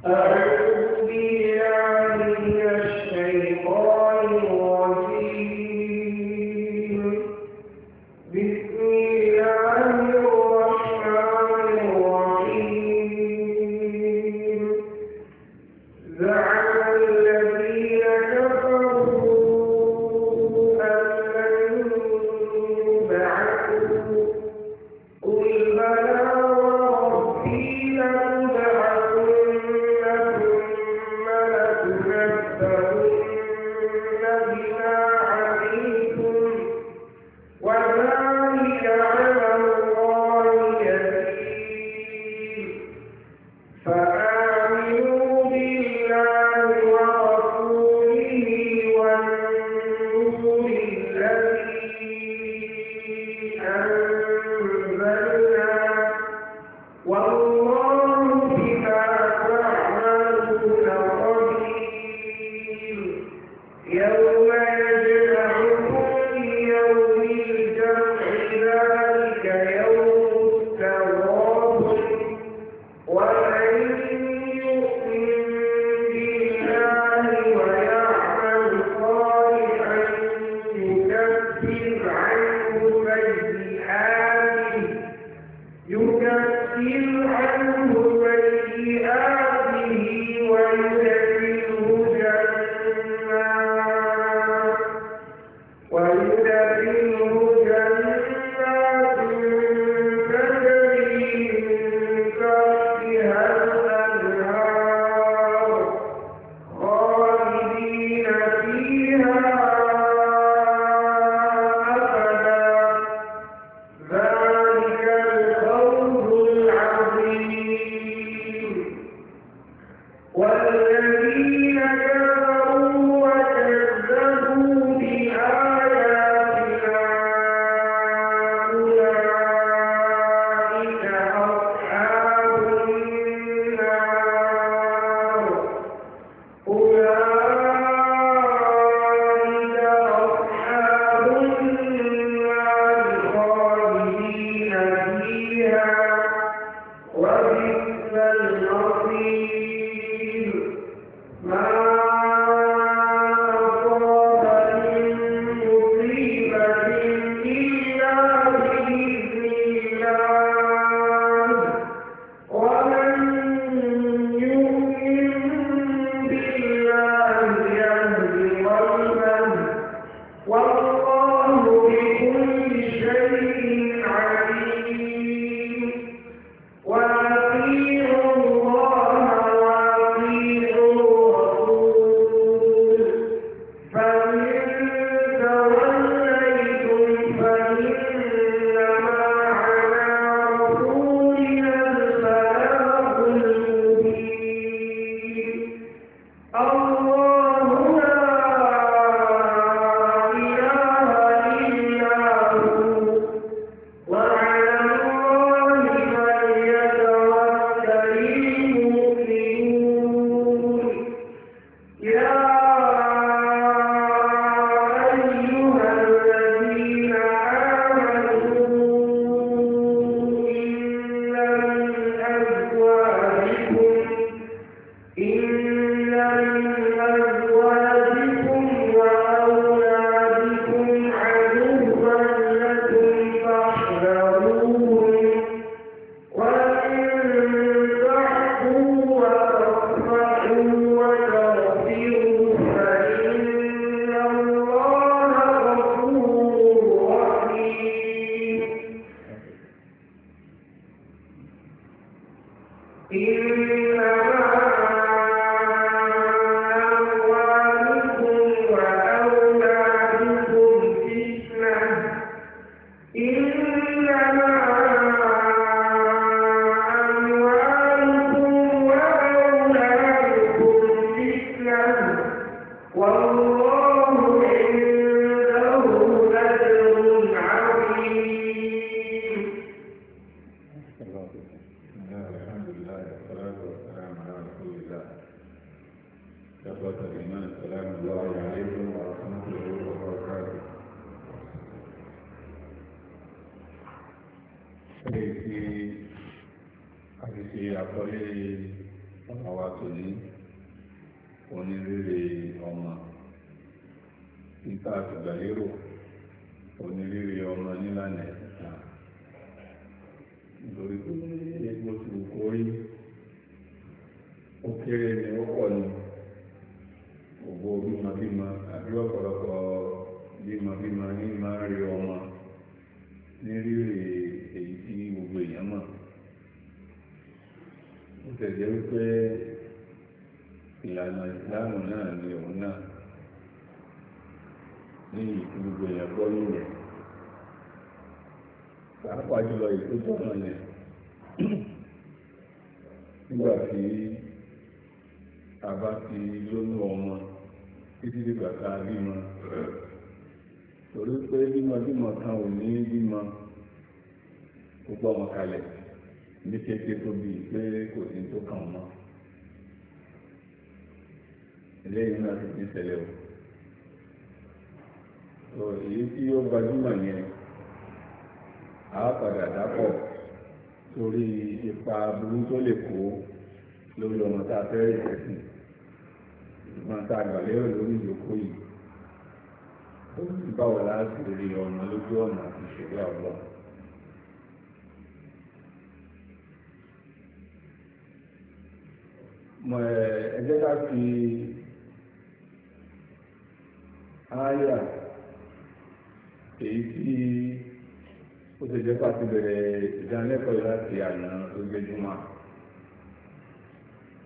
أعوذ بالله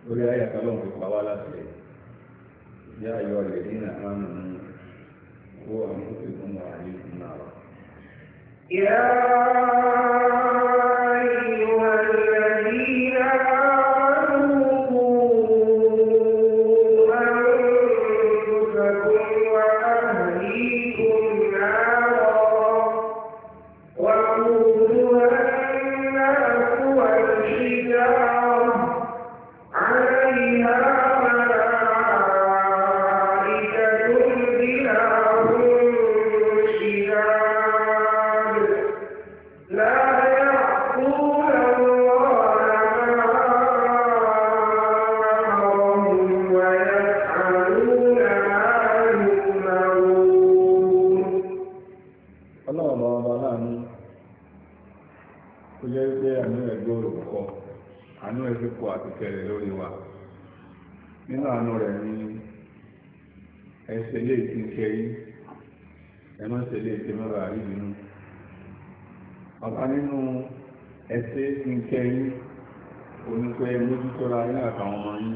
lórí ayé àkọlọ́hùn fi pa wá láti yá ayọ̀ rẹ̀ nínú àmánù kó àwọn tó fi fún náà. tẹ̀lé ètí kẹrí ẹ má tẹ̀lé ètí mẹ́wàá àrí ọ̀pá nínú ẹsẹ̀ ètí kẹrí onípẹ́ mójútọ́ra ní àtàwọn ọmọ yín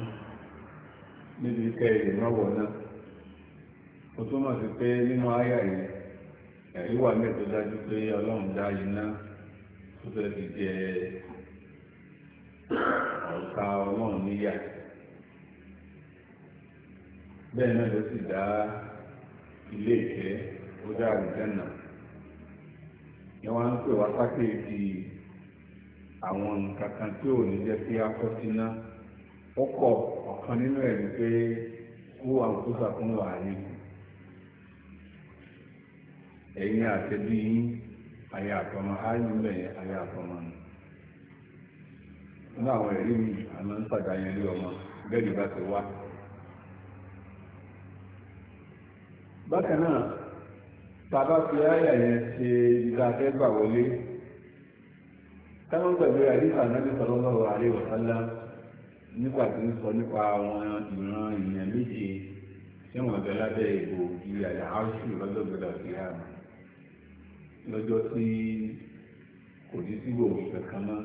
níbi kẹrì ìrànwọ́ náà ó túmọ̀ sí pé nínú àyà yìí ẹ̀rí wà mẹ́tọ́ dájú pé ọlọ́run dá iná tó fẹ́ fi jẹ ọ̀tá ọlọ́run níyà. bẹ́ẹ̀ náà ló sì dá ilé ìkẹ́ ó dá àlùjànnà ni wọ́n ń pè wá sákèéjì àwọn nǹkan kan tí ò ní jẹ́ kí a kọ́ síná ó kọ̀ ọ̀kan nínú ẹ̀ ni pé ó wà kó sàkúnlọ ààyè ẹ̀yin àtẹ̀bí yín àyà àtọmọ áyù mẹ́yẹ àyà àtọmọ nù nínú àwọn ti wá. bákan náà tàbá fi àyà yẹn ṣe ìdáfẹ́ gbà wọlé táwọn pẹ̀lú àdìsá nábì sallallahu alaihi wasallam nígbà tí ń sọ nípa àwọn ìran èèyàn méje tí wọ́n bẹ lábẹ́ ìbò ìyá àyà áṣù lọ́jọ́ gbọdọ̀ sí àmà lọ́jọ́ tí kò ní síbò kankan mọ́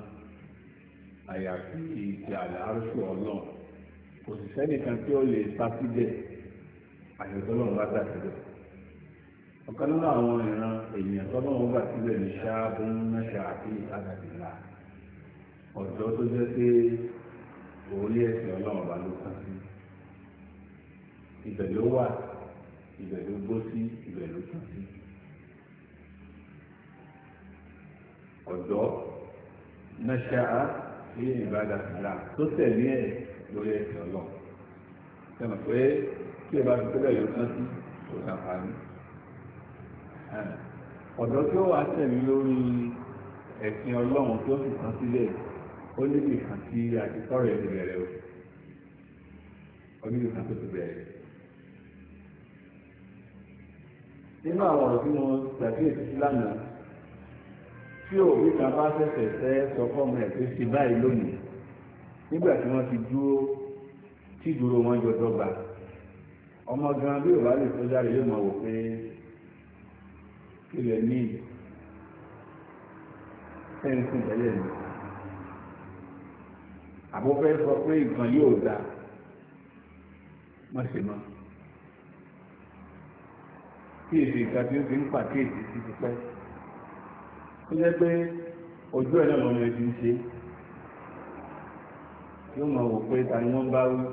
àyàfi ti àyà áṣù ọlọ́run kò sì sẹ́nìkan tí ó lè sá síbẹ̀ àyẹ̀tọ́lọ́run bá gbà síbẹ̀ ọ̀kan nínú àwọn ìran èèyàn tọ́lọ́run gbà síbẹ̀ ní ṣáàbù mẹ́ṣà àti àgàdìlà ọ̀dọ́ tó jẹ́ pé òun ẹ̀sìn ọlọ́run bá ló kàn sí ibẹ̀ ló wà ibẹ̀ ló gbó sí ibẹ̀ ló kàn sí ọ̀dọ́ mẹ́ṣà ní ìbàdàn ìlà tó tẹ̀lé ẹ̀ lórí ẹ̀sìn ọlọ́run tí ẹ bá fi tẹ́lẹ̀ yóò tán sí kò sàǹfààní. ọ̀dọ́ tí ó wà tẹ̀lé lórí ẹ̀sìn ọlọ́run tí ó sì tán sílẹ̀ ó ní ìkan tí àtìkọ́ rẹ̀ ti bẹ̀rẹ̀ o onílù kan tó ti bẹ̀rẹ̀. nínú àwọn ọ̀rọ̀ tí mo ṣàkíyèsí sí lánàá tí òbí kan bá ṣẹ̀ṣẹ̀ fẹ́ sọ fọ́ọ̀mù ẹ̀ pé ṣe báyìí lónìí nígbà tí wọ́n ti dúró tí dúró wọn jọ dọ́gba ọmọ gan bí òbá lè tó jáde yóò máa wò pé kílẹ̀ ní fẹ́ǹsì tẹ́lẹ̀ ní àbúfẹ́ sọ pé nǹkan yóò dáa wọ́n sì mọ́ kí èsì ìka tí ó fi ń pàkíyèsí sí ti pẹ́ ó jẹ́ pé ojú ẹ̀ náà lọ́mọ ẹ̀ ti ń ṣe yóò máa wò pé ta ni wọ́n bá wí.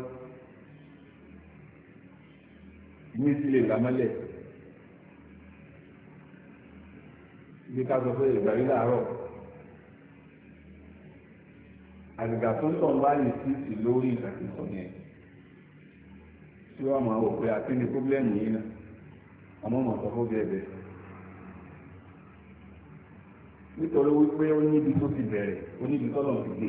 ní ti lè làmọ́lẹ̀ bí ká sọ pé ìgbàrí làárọ̀ àgbègbà tó ń tàn bá yìí sí ti lórí ìtàkùnsọ yẹn tí wọ́n máa wò pé àti ní pọ́blẹ́mù yìí náà àmọ́ mọ̀ sọ fún bẹ́ẹ̀ bẹ́ẹ̀ nítorí wípé ó níbi tó ti bẹ̀rẹ̀ ó níbi tọ́lọ̀ ti gbé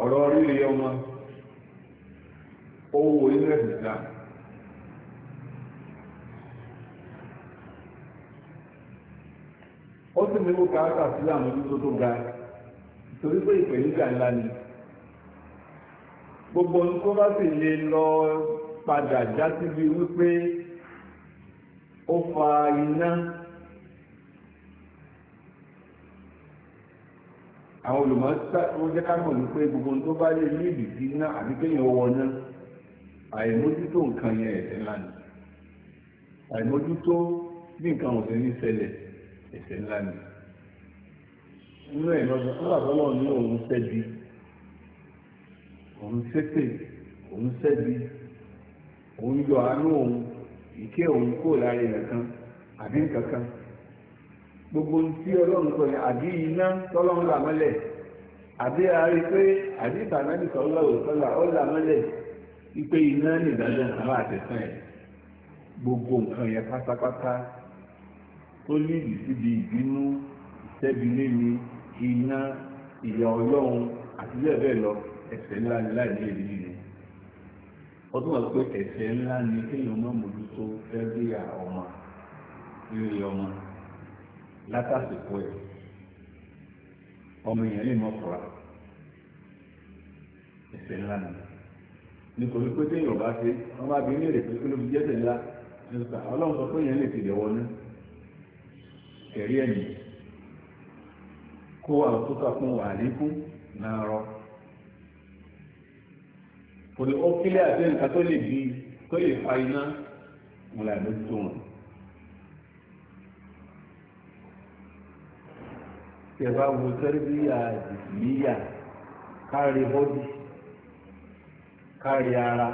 ọ̀rọ̀ rírí ọmọ owó inú ẹ̀sìn ó sì ní kó káàkà sí àmójútó tó ga torí pé ìpèníjà ńlá ni gbogbo ohun tó bá sì lè lọ padà já síbi wípé ó fa iná àwọn olùmọ̀ tó jẹ́ ká mọ̀ ní pé gbogbo tó bá lè ní ìdìdí náà àbí kéèyàn wọ náà àìmójútó nǹkan yẹn ẹ̀ṣẹ̀ ńlá ni àìmójútó bí nǹkan ọ̀sẹ̀ ní ṣẹlẹ̀ ẹ̀ṣẹ̀ ńlá ni nínú ẹ̀ lọ́dọ̀ nígbà tó lọ́wọ́ ní òun ṣẹ́bi òun ṣépè òun ṣẹ́bi òun yọ àánú òun ìké òun kó lára ẹ̀ kan àbí nǹkan kan. gbogbo tí ọlọ́run sọ ní àbí iná tọ́lọ́run là mọ́lẹ̀ àbí àárí pé àbí ìtànàbì sọ́lọ́ òsọ́là ó là mọ́lẹ̀ wípé iná nìdájọ́ àwọn àtẹ̀sán ẹ̀ gbogbo nǹkan yẹn pátápátá tó níbi síbi ìbínú iná ọlọ́run àti lọ ńlá ni ó tún wà pé ńlá ni kéèyàn má látàsìkò ẹ̀ ọmọ èèyàn lè mọ̀ fura ẹ̀ṣẹ̀ ńlá ni nítorí pé téèyàn bá ṣe wọn bá bí ní èrè pé kí ló fi jẹ́sẹ̀ ńlá nípa ọlọ́run sọ pé èèyàn lè fìdí ọwọ́ ní kẹ̀rí ẹ̀yìn kó àtúntà fún àlékún náà rọ kò ní ó kílẹ̀ àti nǹkan tó lè bí tó lè fa iná mo là ló tó wọn. tẹ bá wo sẹ́ríbíyà ìdìbíyà kárí bọ́dì ara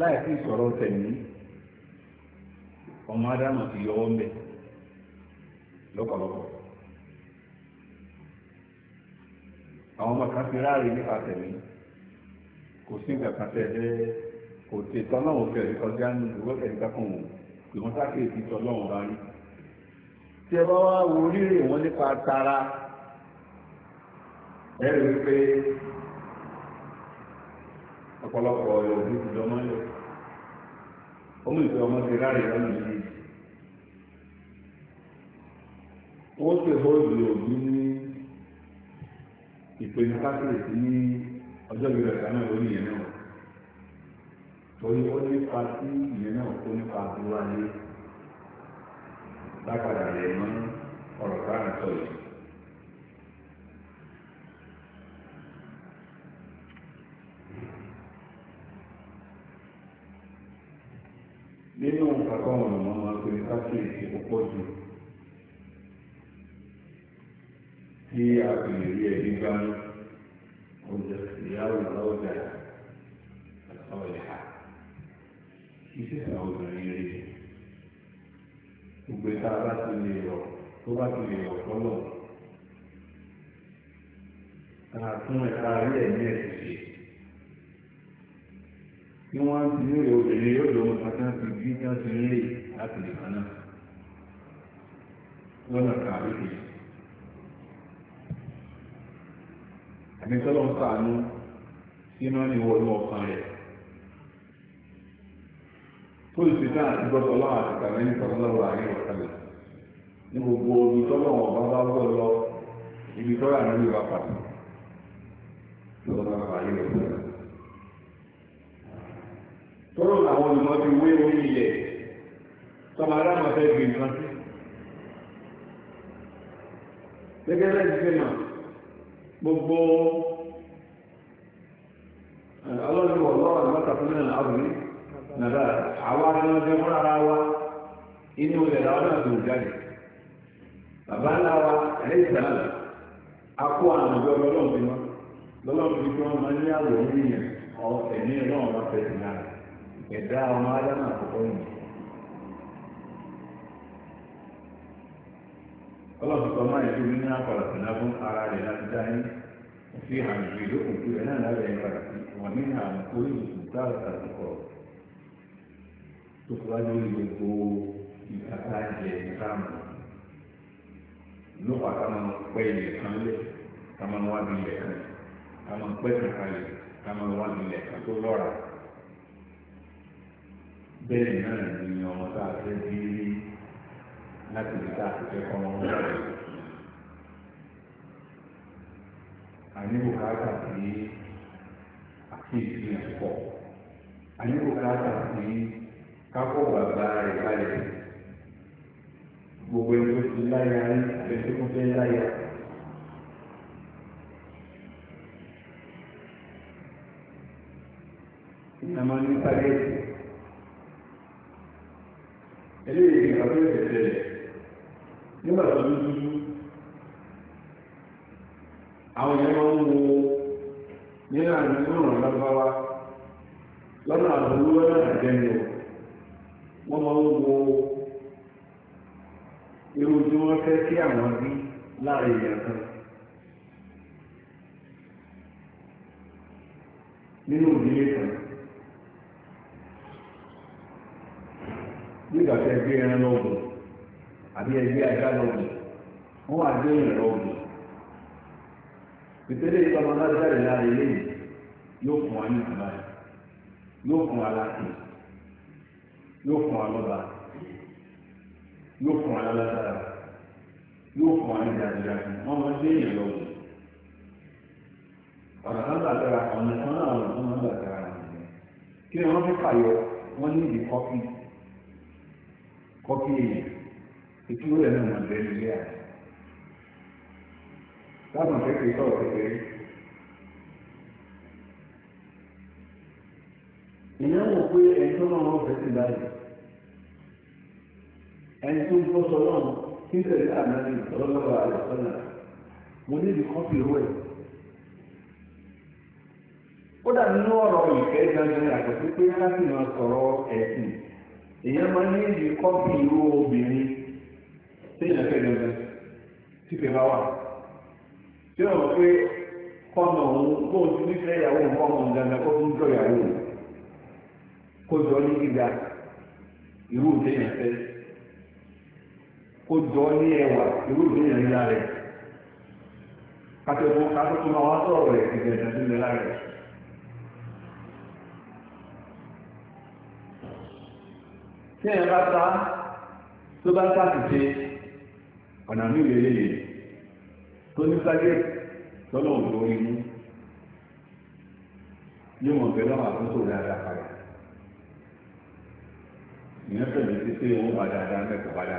láì sí tẹ̀mí ọmọ ti yọ ọ́ lọ́pọ̀lọpọ̀. àwọn ọmọ kan fi ráàrí nípa tẹ̀mí kò sí nǹkan kan kò tètè ọlọ́run fẹ̀rí kọjá nínú ìwọ́fẹ̀rí wò pé wọ́n sáké ọlọ́run tí ẹ bá wá wo wọn nípa tara ẹ wípé ọ̀pọ̀lọpọ̀ ọ̀yọ̀ ní ìjọ ọmọ yọ ọmọ ìjọ ọmọ ti rárẹ̀ lọ́nà yìí wọ́n ṣe bọ́ọ̀lù òbí ní ìpinnu kákìrìsì ní ọjọ́ ìrìn àgbà náà ìyẹn náà torí nípa sí lápàdà rẹ̀ mọ́ ọ̀rọ̀ bá ń sọ yìí. nínú nǹkan ọ̀rọ̀ mọ́ máa pè kákìrìsì púpọ̀ jù tí a kò lè rí ẹbí bá ní ọjà ìyáwó ọlọ́jà àtọ́jà ìṣẹ̀lẹ̀ obìnrin rèé. ìgbé tá ah, a bá ti lè si tó bá ti lè rọ̀ tọ́lọ̀ tá a tún si rí ẹ̀mí ṣe. ti ní obìnrin yóò lọ́wọ́ pátá ti bí ti ń lè láti lè kan náà kàwé kejì. Àmì tọ́lọ́ ń sàánú sínú kóòlù títà ìgbọ́sọ̀ ọlọ́run àti kàlẹ́ ní ìfọ̀lọ́wọ́ àyè ìwọ̀kálẹ̀ ní gbogbo ibi tọ́lọ̀ wọn bá bá wọ́ lọ ibi tọ́lọ̀ àná ìwà pàtó lọ́wọ́ àyè ìwọ̀kálẹ̀. tọ́lọ̀ làwọn olùmọ́ ti wé orí ilẹ̀ tọ́mọ adáàmọ̀ fẹ́ gbé nǹkan sí. gẹ́gẹ́ bẹ́ẹ̀ ti fẹ́ mọ̀ gbogbo ọlọ́run wọ̀ lọ́wọ́ àgbàtà fún náà nàbà awa ni wọ́n jẹ́ fún ara wa inú bàbá ńlá wa akó ti lọ́lọ́run ti ní àwọ̀ ẹ̀mí fẹ́ sí náà ẹ̀dá ọmọ àkọ́kọ́ yìí. ọlọ́run máa nínú àpàlà náà fún ara rẹ̀ láti dá yín fi hàn ìlú náà lábẹ́ ìpàdé tó wá lórí gbogbo ìkàtà jẹ ìkàmù lọ́pàá ká máa pẹ́ ilẹ̀ kan lẹ̀ ká máa wá bí ilẹ̀ kan ká máa pẹ́ kàkà lẹ̀ ká máa wá bí kan tó lọ́ra bẹ́ẹ̀ náà ni ọmọ tá a fẹ́ bí rí láti lè tá a ti fẹ́ kọ́ ọmọ náà àníbùkátà sí àkíyèsí ẹ̀kọ́ àníbùkátà sí. kápọ̀ bàbá rẹ̀ balẹ̀ gbogbo ẹni tó ti láya rí àbẹ̀tí kò fẹ́ láya. Ìyàmọ́ ní pálẹ́tì. Eléyìí ni àwọn ẹ̀sẹ̀ tẹ̀lẹ̀. Nígbà tó ń dúdú, àwọn èèyàn máa ń wo nínú àná ìrànlọ́wọ́ lọ́nà àbúrò lọ́nà wọ́n máa ń wo irú tí wọ́n fẹ́ kí àwọn bí láàrin èèyàn nínú ìdílé kan nígbà tí ẹgbẹ́ ẹran lọ́gùn àbí ẹgbẹ́ ajá lọ́gùn wọ́n wà gbé ìrìn ìpínlẹ̀ ìpamọ́ láàrin lẹ́yìn yóò fún wa ní yóò fún wa láti. yóò fún wa yóò fún wa yóò fún wa wọn máa dé èèyàn lọ́wọ́ ọ̀nà kan gbàgbára ọ̀nà kan náà ọ̀nà kan máa gbàgbára nìyẹn kí ni wọ́n fi fàyọ wọ́n ní ìdí kọ́pì kọ́pì èèyàn ìtúwó rẹ̀ náà máa bẹ̀rẹ̀ ilé àná kékeré sọ̀rọ̀ kékeré. ìyẹn wò pé ẹjọ́ náà wọ́n fẹ́ báyìí. ẹni tó ń bọ́ sọ́lọ́ kí n tẹ̀lé ànáni lọ́lọ́wọ́ àlọ́sọ́nà mo ní ìdí kọ́pì rú ẹ̀. ó dà nínú ọ̀rọ̀ ìfẹ́ gangan àgbẹ̀sí pé láti máa sọ̀rọ̀ ẹ̀sìn èèyàn máa ní rú obìnrin fẹ́ tí fẹ́ bá wà. tí mọ̀ pé kọ́nà òun ti nífẹ̀ẹ́ ìyàwó jọ ìyàwó jọ ní gíga ó jọ ní ẹwà irú ìgbéyà nílá rẹ̀ kátẹ́kù kátẹ́kù máa wá sọ̀rọ̀ rẹ̀ ìgbẹ̀sẹ̀ sí nílá rẹ̀. tí ẹ bá ta tó bá sàtìṣe ọ̀nà mí lélẹ́yìn tó ní sáyé lọ́nà òjò inú yóò mọ̀ bẹ́ẹ̀ lọ́wọ́ àtúntò dáadáa padà ìyẹn pẹ̀lú títí owó padà dáa mẹ́kọ̀ọ́ padà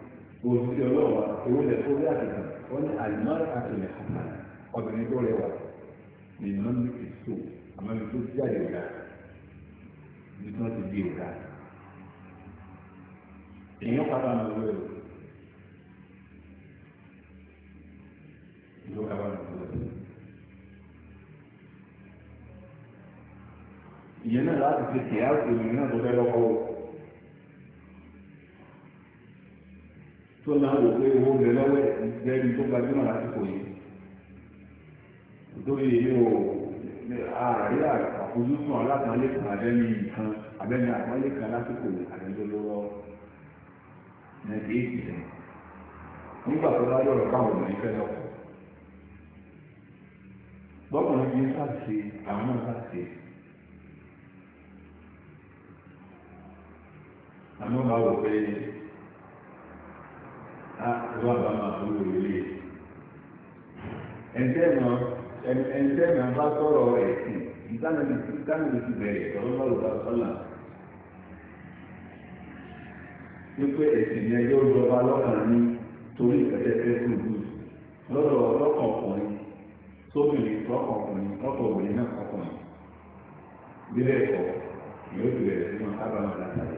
òṣìṣẹ́ ọlọ́wà owó lẹ̀ tó rí àtìkà wọ́n ní àìmọ́ra àtìlẹ̀ àtà obìnrin tó rẹwà ní mọ́mí èso àmọ́mí tó jáde ọ̀gá ní tí wọ́n ti di ọ̀gá. èèyàn padà máa wọ ẹ̀rọ ìlú kaba ní ọ̀gá. ìyẹn náà láti fi kìí àwọn tó fẹ́ lọ́kọ́ wọ̀. tó náà rò pé owó rẹ lọ́wọ́ gẹ́gẹ́ bí tó gbajúmọ̀ lásìkò yìí nítorí èmi ò ààrẹ àfojúsùn aláàpọ̀nlé kan abẹ́ni kan abẹ́ni àpọ̀nlé kan lásìkò àrẹ́jọ́ lọ́wọ́ nàìjíríà ìpìlẹ̀ nígbà tó bá yọ̀rọ̀ káwọn obìnrin fẹ́ lọ. gbọ́kùnrin yìí láti àwọn náà láti àwọn náà wò pé Ah, wà bá máa fún mi lè. ẹ̀ńtẹ́ náà bá sọ̀rọ̀ ẹ̀sìn ìtànàbí ti bẹ̀rẹ̀ ọlọ́lọ́rù bá sọ́là. wípé ẹ̀sìn yẹn yóò jọba lọ́kàn ní torí ìfẹ́fẹ́fẹ́ fún ìlú lọ́dọ̀ ọlọ́kàn ọkùnrin sóbìnrin lọ́kàn ọkùnrin lọ́kàn obìnrin náà ọkùnrin. bílẹ̀ ẹ̀kọ́ yóò bẹ̀rẹ̀ sí wọn kábàámọ̀ látàrí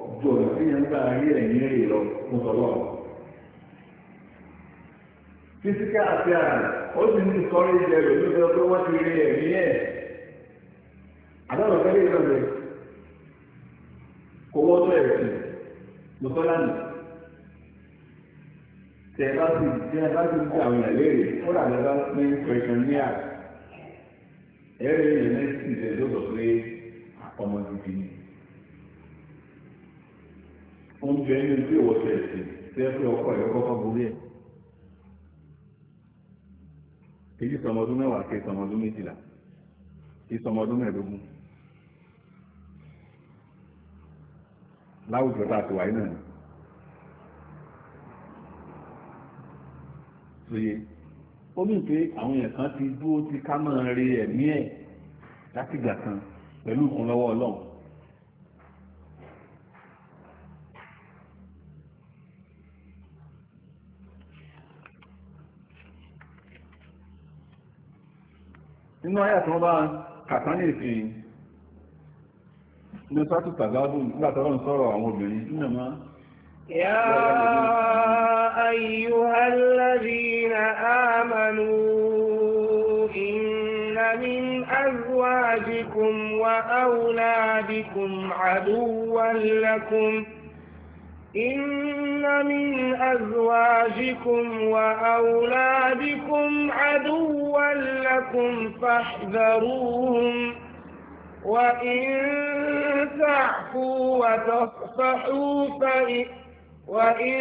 ju ọ̀nà tí yẹn ń gbà rí ẹ̀yìn rè lọ fún tọ́lọ́. fisika àti àrùn ó sì ní ìsọ̀rí ìjẹ rẹ̀ ló fẹ́ pé wọ́n ti rí ẹ̀yìn ẹ̀. àdáwọ̀ fẹ́lẹ́ ìlú rẹ̀ kò wọ́n tó ẹ̀sìn lọ́sọ́lá nù. tẹ̀ bá sì jẹ́ bá sì ń jẹ́ àwọn ìlérí fúnra rẹ̀ bá ní pẹ̀sẹ̀ ní àrùn. ẹ̀rẹ́ ìlú ní ìṣẹ̀lẹ̀ lọ́dọ̀ pé ọmọ tuntun ni oúnjẹ inú ilé ìwọ̀sẹ̀ ẹ̀sìn tẹ́ fún ọkọ̀ ẹ̀yọ́ kọ́kọ́ borí ẹ̀ èyí sọmọdún mẹ́wàá kí sọmọdún méjìlá kí sọmọdún mẹ́ẹ̀ẹ́dógún láwùjọ tá a ti wáyé náà ni lóye ó mú pé àwọn èèyàn kan ti dúró ti ká máa rí ẹ̀mí ẹ̀ látìgbà kan pẹ̀lú ìkúnlọ́wọ́ ọlọ́run nínú ayé àti bá kàtán ní ìfihìn ní sọ́tù tàzábù nígbàtọ́rọ̀ ń sọ̀rọ̀ àwọn obìnrin nínú ma yá alárí na ámàlú ìrìnàmín azwajikum wa áwúlá àdíkùn àdúwà lakum إن من أزواجكم وأولادكم عدوا لكم فاحذروهم وإن تعفوا وتصفحوا وإن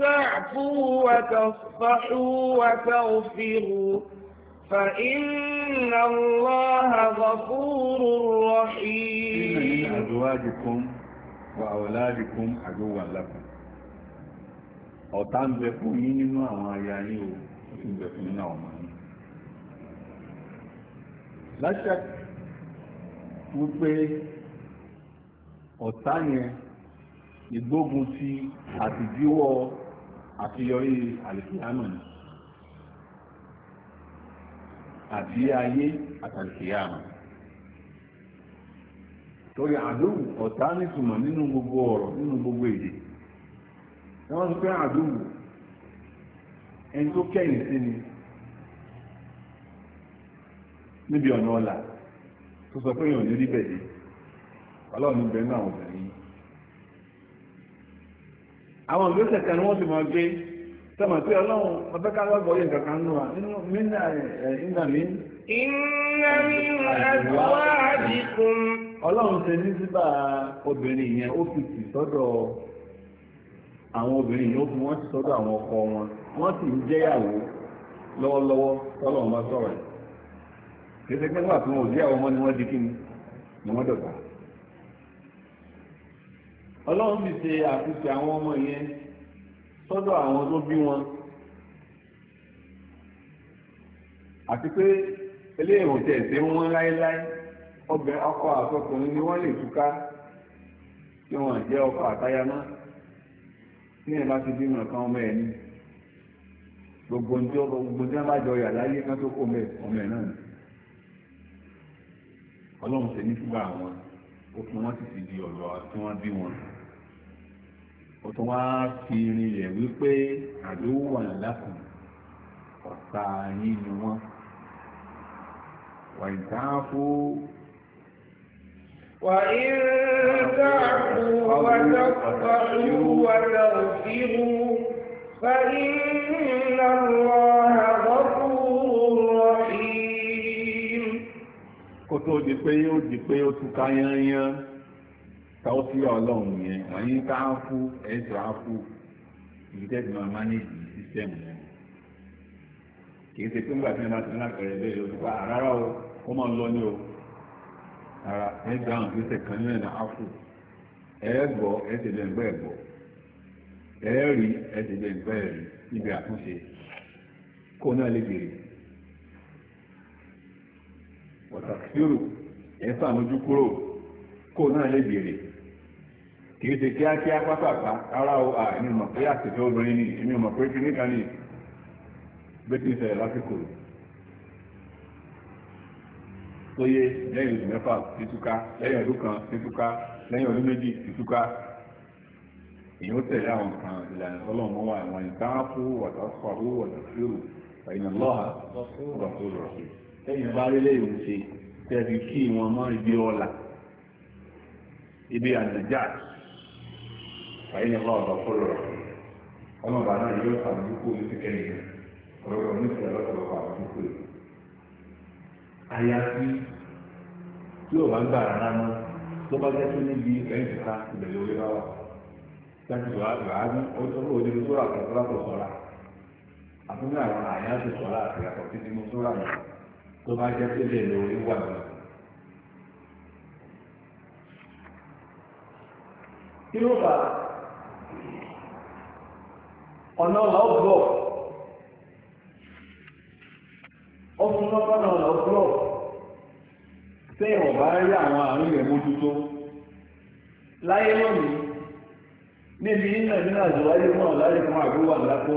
تعفوا وتصفحوا وتغفروا فإن الله غفور رحيم إن من أزواجكم wà ọ̀làdìkún àjọwà lápá ọ̀tá ń bẹ fún yín nínú àwọn aya yín o ó sì ń bẹ fún nínú àwọn ọmọ yín láṣà wípé ọ̀tá yẹn ìgbógun ti àtìdíwọ́ àfiyọrí àlìkìyámà ni àti ayé àtàlìkìyámà ni. torí àdúgbò ọ̀tá nìtumọ̀ nínú gbogbo ọ̀rọ̀ nínú gbogbo èdè wọ́n sọ pé àdúgbò ẹni tó kẹ́yìn sí ni níbi ọ̀nà ọ̀la tó sọ pé èèyàn ní rí bẹ̀dẹ̀ ọlọ́run níbẹ̀ náà obìnrin yìí àwọn ìgbésẹ̀ kan ni wọ́n sì máa gbé sọ́mà pé ọlọ́run mi. ọlọ́run ṣe ní síbà obìnrin yẹn ó fi tì sọ́dọ̀ àwọn obìnrin yẹn ó fi wọ́n ti sọ́dọ̀ àwọn ọkọ wọn wọ́n sì ń jẹ́yàwó lọ́wọ́lọ́wọ́ tọ́lọ́run bá sọ̀rọ̀ ẹ̀ kéde pé nígbà tí wọn ò jẹ́yàwó mọ́ ni wọ́n di kí ni ni wọ́n dọ̀gba. ọlọ́run sì ṣe àfihàn àwọn ọmọ yẹn sọ́dọ̀ àwọn tó bí wọn àti pé eléyìí ò tẹ̀ ṣe wọn láéláé ọbẹ̀ ọkọ àtọkùnrin ni wọ́n lè túká tí wọ́n jẹ́ ọkọ àtayá náà ní ẹ̀ bá ti bímọ kan ọmọ ẹ̀ ní gbogbo ní gbogbo ní abájọ yà láyé kan tó kó mẹ ọmọ ẹ̀ náà ni ọlọ́run ṣe ní fúgbà wọn ó fi wọ́n sì ti di ọ̀rọ̀ tí wọ́n bí wọn ó tún wá fi rinlẹ̀ wípé àdéhùn wà lákùn ọ̀tá yín ni wọ́n wà ìdáhùn fún. وإن تعفوا وتقطعوا وتغفروا فإن الله غفور رحيم ara ẹgbẹ́ àwọn ìgbésẹ̀ kan náà ní áfù ẹgbọ ẹ̀ẹ́dẹ̀dẹ̀ ń bẹ́ẹ̀ ẹgbọ ẹ̀ẹ́rí ẹ̀ẹ́dẹ̀dẹ̀ ń bẹ́ẹ̀ rí níbi àtúnṣe kó náà lè bèrè ọ̀tàkìrò ẹ̀ẹ́fà lójú kó náà lè bèrè kìí ṣe kíákíá pátápá ara à ẹni pé obìnrin ni ẹni pé kíníkan ni ti tó yé lẹ́yìn oṣù mẹ́fà títúká lẹ́yìn ọdún kan títúká lẹ́yìn ọdún méjì títúká èyí ó tẹ̀lé àwọn kan ìlànà ọlọ́run mọ́ àwọn ìtaáfù wàtàfàwù wàtàfìrù ẹ̀yìn lọ́ha rọ̀kúrọ̀ lẹ́yìn bá rí lẹ́yìn ṣe tẹ́bi kí wọn mọ́ ibi ọ̀la ibi ànàjà ẹ̀yìn lọ́ha rọ̀kúrọ̀ ọlọ́run bá náà yóò sàmójúkú ní síkẹ́yìn ọ̀rọ̀ ní àyàfi tí o bá gbà rárá mọ́ tó bá jẹ́ tó níbi ẹ̀yìn ìta ìbẹ̀ lórí wa wà láti ní ọjọ́ òde tó rà sọ́ra sọ́ra àwọn sọ́ra àti àtọ̀ títí sọ́ra mọ́ tó bá ó fún lọ́gbọ́nà ọ̀nà òkúrò tẹ́ ìwọ̀n bá rí àwọn àrùn rẹ̀ mójútó láyé lónìí níbi iná nínú àjùwáyé fún ọ̀la lè fún àgbówà lápò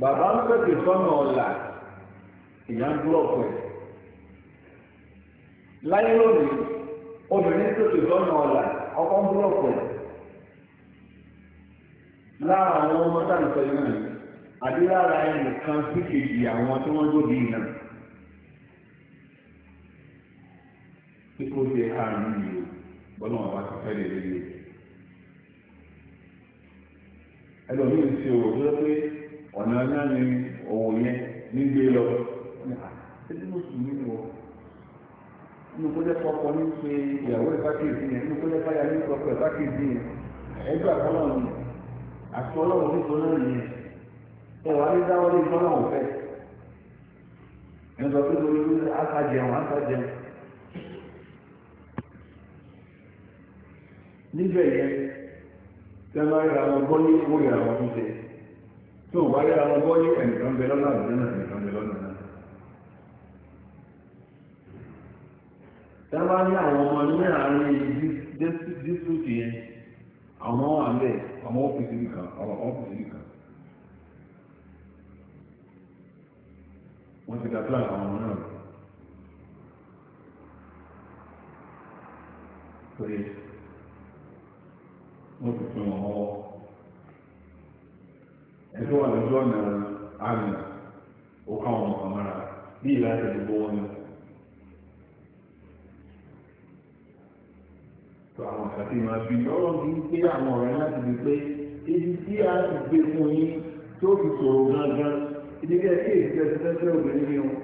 bàbá ń pèpè sọ́nà ọ̀la ìyá ń láyé lónìí obìnrin sọ́nà ọ̀la ọkọ̀ ń lára àwọn ọmọ sọ yìí àdúrà kan sí kejì àwọn tí wọ́n gbòdì iná tí kò ṣe àrùn yìí o bọ́lá wọn bá ti fẹ́ lè lélẹ̀. ẹlòmíì ṣe òwò tó pé ọ̀nà náà ni yẹn nígbé lọ ẹni mo sùn nínú ọ inú kó pọpọ ní ìyàwó yẹn inú kó ní pọpọ yẹn náà nìyẹn. ẹ ní dáwọ́lé ìfọ́nà òfẹ́ ẹ̀sọ́ tó lórí wíwí àkàjẹun àkàjẹun níbẹ̀ yẹn tẹ́ máa ń ra wọn ní owó ìra wọn tó ṣe tó wà rí àwọn gbọ́ ní ẹ̀nìkan bẹ lọ́nà àbúrò náà ẹ̀nìkan bẹ lọ́nà náà. tẹ́ máa àwọn ọmọ ní àárín dísúùtì yẹn àwọn àmì ọmọ ọ́fíìsì nìkan ọmọ ọ́fíìsì nìkan. wọ́n ti dàpọ̀ àwọn ọmọ náà pé wọ́n ti fún wọn ọwọ́ ẹ̀tọ́ wà lójú ọ̀nà àmì ó káwọn ọmọ kan mọ́ra bí ìlà ìdìbò wọn ni. tó àwọn àti máa bí ọ̀rọ̀ kì í pé àwọn ọ̀rẹ́ láti di pé ibi tí a ti gbé fún yín tó fi sọ̀rọ̀ gángan. ìdíkẹ́ kí èsì ẹ̀sẹ̀ tẹ́ obìnrin ni wọn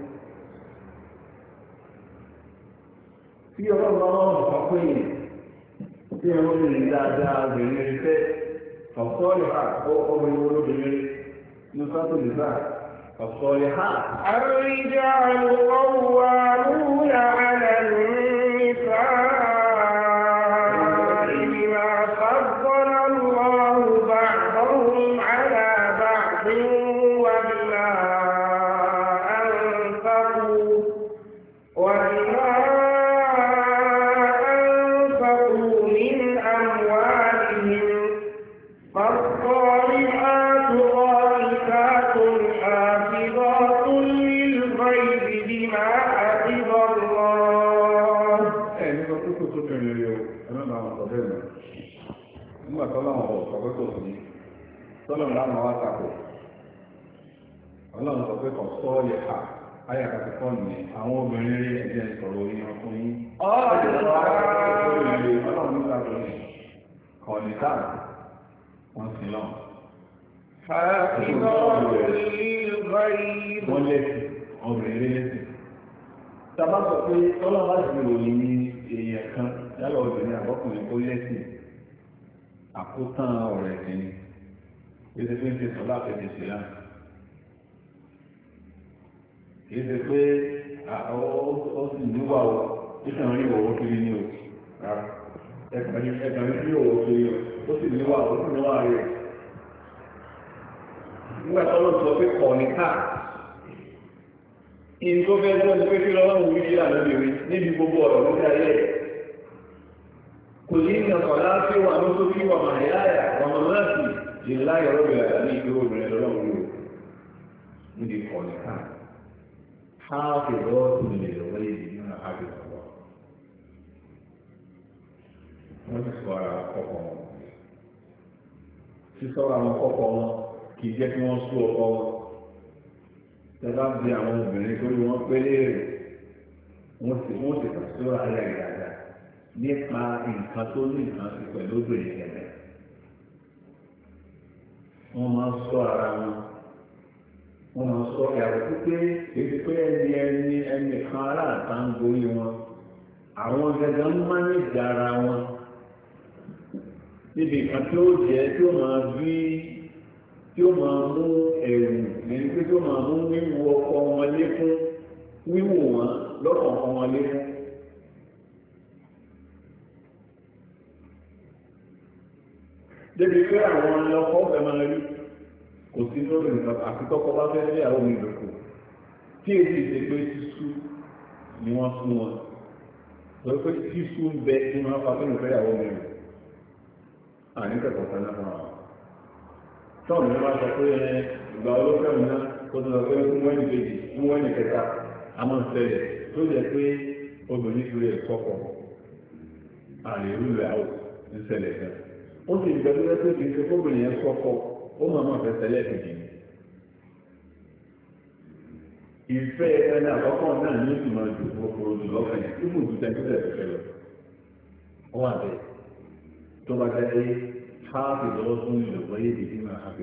tí ọlọ́run ọlọ́run ọ̀pá pé yìí tí ẹ wọ́n lè dáadáa obìnrin rí fẹ́ ọ̀sọ́ọ̀lì ha ọkùnrin ha. àfihàn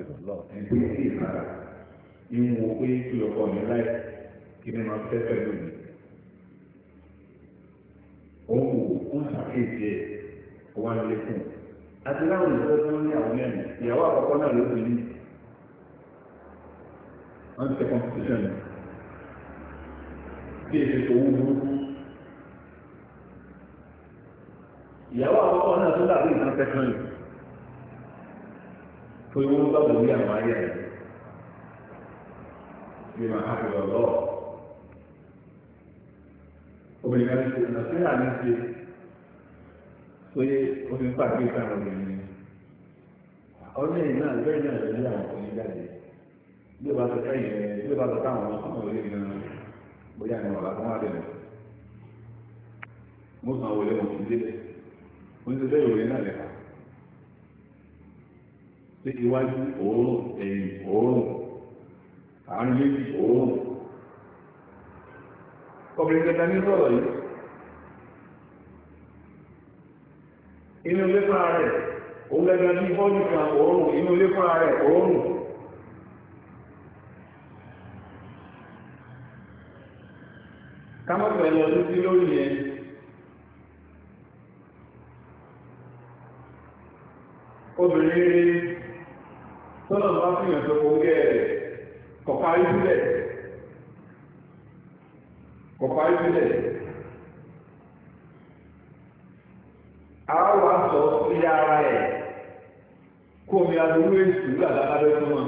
ẹgbẹ́ sí ìmọ̀ra ìwọ̀n pé kí ọkọ mi láì kí ni máa fẹ́ pẹ̀lú mi. òun kò wọ́n ṣàkíyèsí ẹ̀ wọ́n á lé fún un. àti láwọn ìṣẹ́ tó ń ní àwọn mẹ́rin ìyàwó àkọ́kọ́ náà ló fi ní. wọ́n ti ṣe competition bí èsì tó wú burúkú. ìyàwó àkọ́kọ́ náà tó dàbí ìtàn tẹ́kàn yìí torí wọn bá wòlíì àwọn ayé rẹ bí wọn á fi lọ obìnrin kan ṣe nàìjíríà ní ṣe sóyè obìnrin pàdé ìtàn obìnrin ọdún yìí náà bẹ́ẹ̀ náà lórí àwọn ọkùnrin jáde bí o bá sọ kẹ́yìn rẹ bí o bá sọ káwọn ọmọ òye gan bóyá ni ọ̀la kan wá bẹ̀rẹ̀ mo sàn wọlé mo ti dé mo ti dé ìròyìn náà lẹ́kọ̀ọ́ pé iwájú òórùn ẹ̀yìn òórùn àárín méjì òórùn ọkùnrin kẹta ní sọ̀rọ̀ yìí inú ilé fúnra rẹ̀ òun gẹ́gẹ́ bí bọ́ọ̀lù kan òórùn inú ilé fúnra rẹ̀ òórùn kámọ́pẹ̀ lọ títí lórí yẹn obìnrin tọ́nà bá fi hàn tó oúnjẹ sílẹ̀ sílẹ̀ àwọn ilé ara ẹ̀ kó omi fún wọn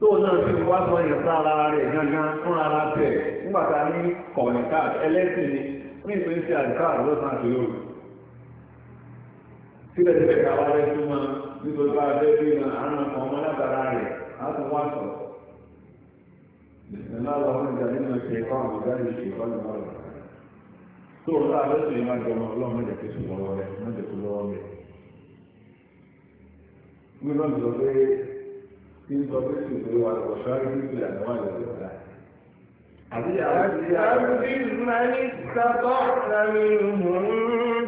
tó náà wá sọ ara rẹ̀ gángan fún ara tẹ̀ a ní ẹlẹ́sìn ni ní ìpínlẹ̀ àdìkà sílẹ̀ nítorí bá a fẹ́ bí iná àwọn ọmọ ọmọ látara rẹ̀ á tún wá sọ. ìsìnkú náà lọ́wọ́ nígbà nínú ṣe kọ́ àwọn ọ̀gá yìí ṣe kọ́ lọ́wọ́ rẹ̀. tó o lọ àbẹ́ sùn ìwájú ọmọ ọlọ́run mẹ́jọ kí sùn lọ́wọ́ rẹ̀ mẹ́jọ kí lọ́wọ́ rẹ̀. mílíọ̀n sọ pé kí n sọ pé sùn pé wà lọ́wọ́ sáré nípìnlẹ̀ àwọn àlejò فاستفزز من استطعت منهم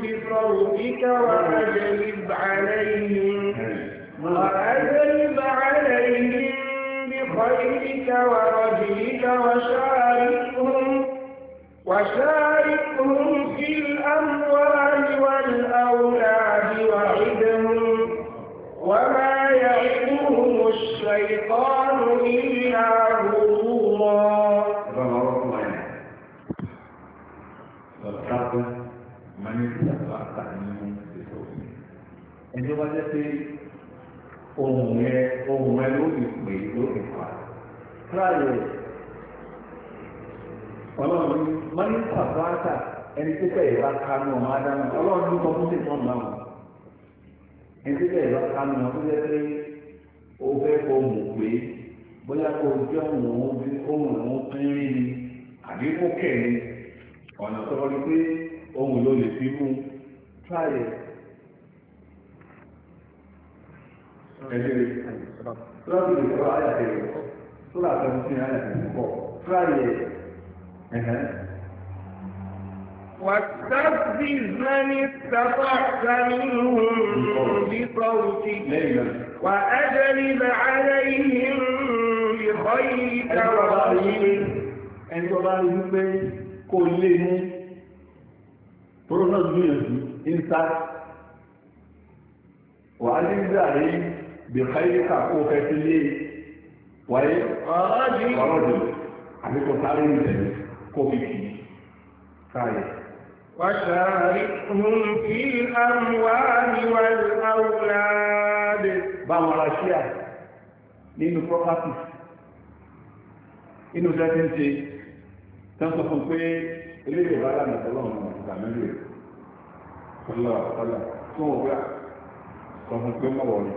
بصوتك وأجلب عليهم وأذلب عليهم بخيرك ورجلك وشاركهم وشاركهم في الأموال والأولاد وعدهم وما يعدهم الشيطان إلا غرورا من يتبع تعليم إن ohun yẹn ohun ẹ ló fi pè ló fi pa tíráyè ọlọ́run pàtàkì ẹni tí bẹ́ẹ̀ bá kánú ọmọ ádámù ọlọ́run ní kọ́kún sí fún ọmọ ẹni tí bẹ́ẹ̀ bá kánú ọmọ tó yẹ pé ó fẹ́ kó mọ̀ pé bóyá kó jẹ́ òun pínrín ni àbí kó ni ọ̀nà pé ló lè fi mú ẹ̀jẹ̀ lọ́ọ̀dì ìṣòro ayàtẹ̀ sọ́là seventeen ayàtẹ̀ pọ̀ fúláyẹ̀ ẹ̀hẹ́. واستفزز من استطعت منهم بصوتك وأجلب rí bí xayirika kó fẹ́ fi lé wáyé ọ̀rọ̀dì àbí kò sáré ní tẹ̀lé kó fi kì í káyè. وشاركهم في الأموال والأولاد báwọn ará ṣíà nínú property inú sẹ́tíǹtì tán sọ fún pé eléyìí bá lànà tọ́lọ́run ìgbà mẹ́lẹ̀ tọ́lọ́ tọ́lọ́ tí wọ́n gbà sọ fún pé mọ̀wọ́ rẹ̀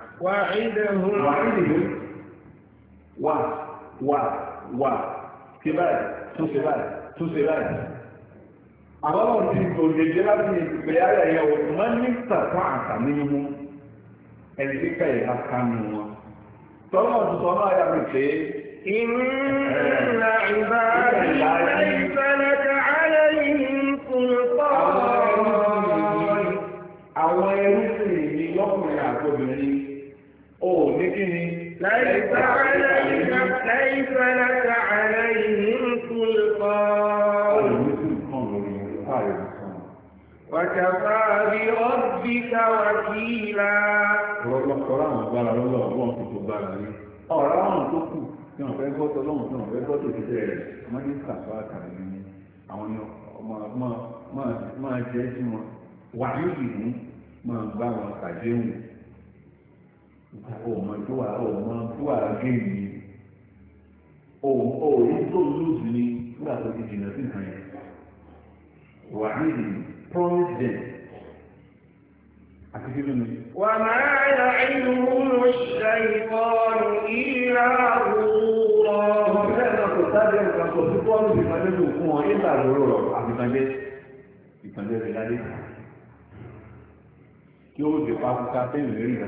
وعدهم وعدهم و و و ṣe báyìí tún ṣe báyìí tún ṣe báyìí. àwọn ọ̀rọ̀ ti òjèjì láti ìpìlẹ̀ ayé ẹ̀yẹ wò má ní sàkún àǹfààní mú ẹni kíkà ìlà kánú wọn. tọ́lá ọ̀tún sọ náà pé. ìrìnà ìbáraẹni ليس عليك ليس لك عليهم سلطان وكفى بربك وكيلا ọ̀rọ̀ ọ̀hún tó máa wọn ọmọ tó wà ọmọ tó wà géèmì òun òun tó lóòzù ni nígbà tó ti jìnnà sí nǹkan yẹn wà á nìyí promise them àti kí ló ní. wà á máa yà inú mo ṣe ìbọn ìlà òwúrọ̀. ọ̀sẹ̀ náà kò sábẹ́ nǹkan kan tó kọ́ ọ́nù ìpàdé tó fún ọ nígbà lóró rọ̀ àbíkanjẹ́ ìpàdé rẹ̀ lálẹ́ kí ó lè pa kúta bẹ́ẹ̀ lórí ìgbà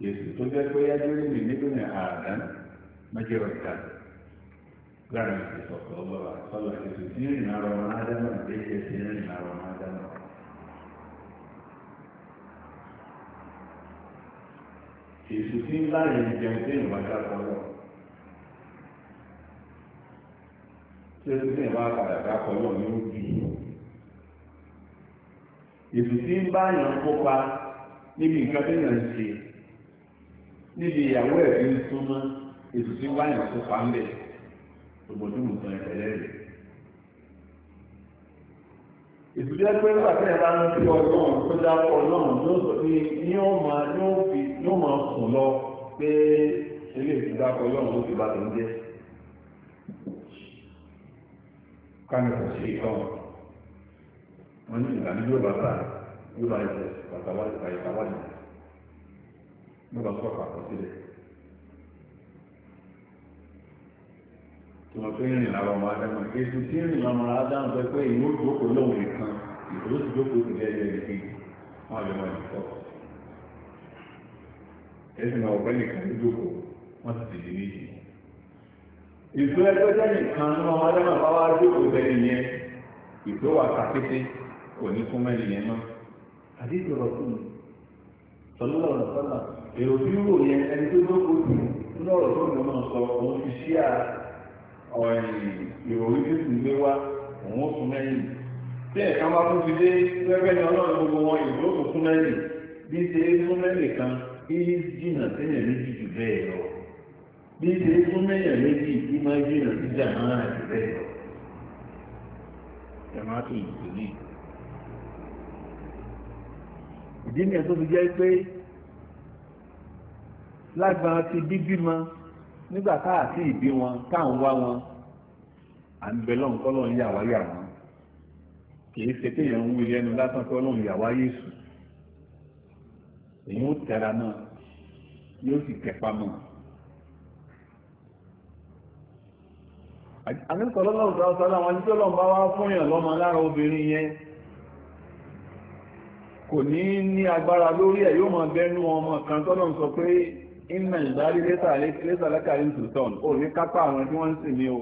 èsì tó jẹ́ pé yájú ní nígbìnrin àádán méjì ọ̀gá láàrin ìsọ̀kọ̀ ọlọ́wà sọ́lọ̀ èsì tí ìrìn àrọ̀ wọn ádámà lè jẹ́ sí ìrìn àrọ̀ wọn ádámà. èsì tí láàrin ìjẹun tí ìwà dákọ̀ lọ. tí ó sì wá padà dákọ̀ lọ ní òbí. èsì níbi ìyàwó ẹ̀rí ń súnmọ́ ètò tí wáyà tó pa ń bẹ̀ ògbọ́dún nǹkan ìtẹ̀lẹ́ rẹ̀. ìtújẹ́ pé nígbà tí ẹ̀rọ ń fi ọlọ́run tó dáwọ́ ọlọ́run ló sọ pé ní ó máa ní ó fi ní ó máa sùn lọ pé ilé ìtúdákọ ọlọ́run ló fi bá tó ń jẹ́. kánú kò sí ìtọ́wọ̀ wọn ní ìgbà ní yóò bá bá yóò bá yẹ bàtà wáyé bàtà wáyé ló bá sọ̀rọ̀ àkọsílẹ̀. tòun tó rìn lára ọmọ adámọ̀ ètò tí rìn lára ọmọ adámọ̀ sọ pé ìwé ìjókòó lóun nìkan ìwé ìjókòó ti lẹ́yìn ẹ̀rí kejì wọn lè wọn ìtọ́. ẹsìn náà ọ̀pẹ́ nìkan ló jókòó wọ́n ti tètè méjì. ìfẹ́ ẹgbẹ́jẹ́ nìkan ní ọmọ adámọ̀ bá wá jókòó bẹ́ẹ̀ nìyẹn ìfẹ́ wà kàkété kò ní fún mẹ́rin yẹn náà. àdéhùn ọ̀rọ̀ fún mi sọlọ́wọ́ ọ̀rọ̀ sọ́nà èrò tí ń rò yẹn ẹni tó ló kó tù nínú ọ̀rọ̀ tó náà sọ òun fi à ìròyìn tó sì gbé wá òun ó sún lẹ́yìn tí ẹ̀ka bá tún fi dé kan jìnnà méjì jù bẹ́ẹ̀ lọ bí ṣe é méjì kí máa jìnnà sí jàmá bẹ́ẹ̀ lọ. ìdí lágbára ti bíbímọ nígbà káàtì ìbí wọn táwọn wá wọn à ń bẹ lọ́run kọ́ lọ́run yà wá yà wọ́n kìí ṣe téèyàn ń wú lẹ́nu lásán kọ́ lọ́run yà wá yéṣù èyí ó tẹra náà yóò sì tẹpa mọ́ àmìkọ̀ lọ́lọ́run tó sọ láwọn ẹni tó lọ́n bá wá fún yàn lọ́mọ lára obìnrin yẹn kò ní ní agbára lórí ẹ̀ yóò máa bẹ́nu ọmọ kan tọ́lọ́run sọ pé ìmọ̀ ìbárí lẹ́sà lẹ́kàrí sultan ò ní kápá àwọn tí wọ́n ń sìn ní o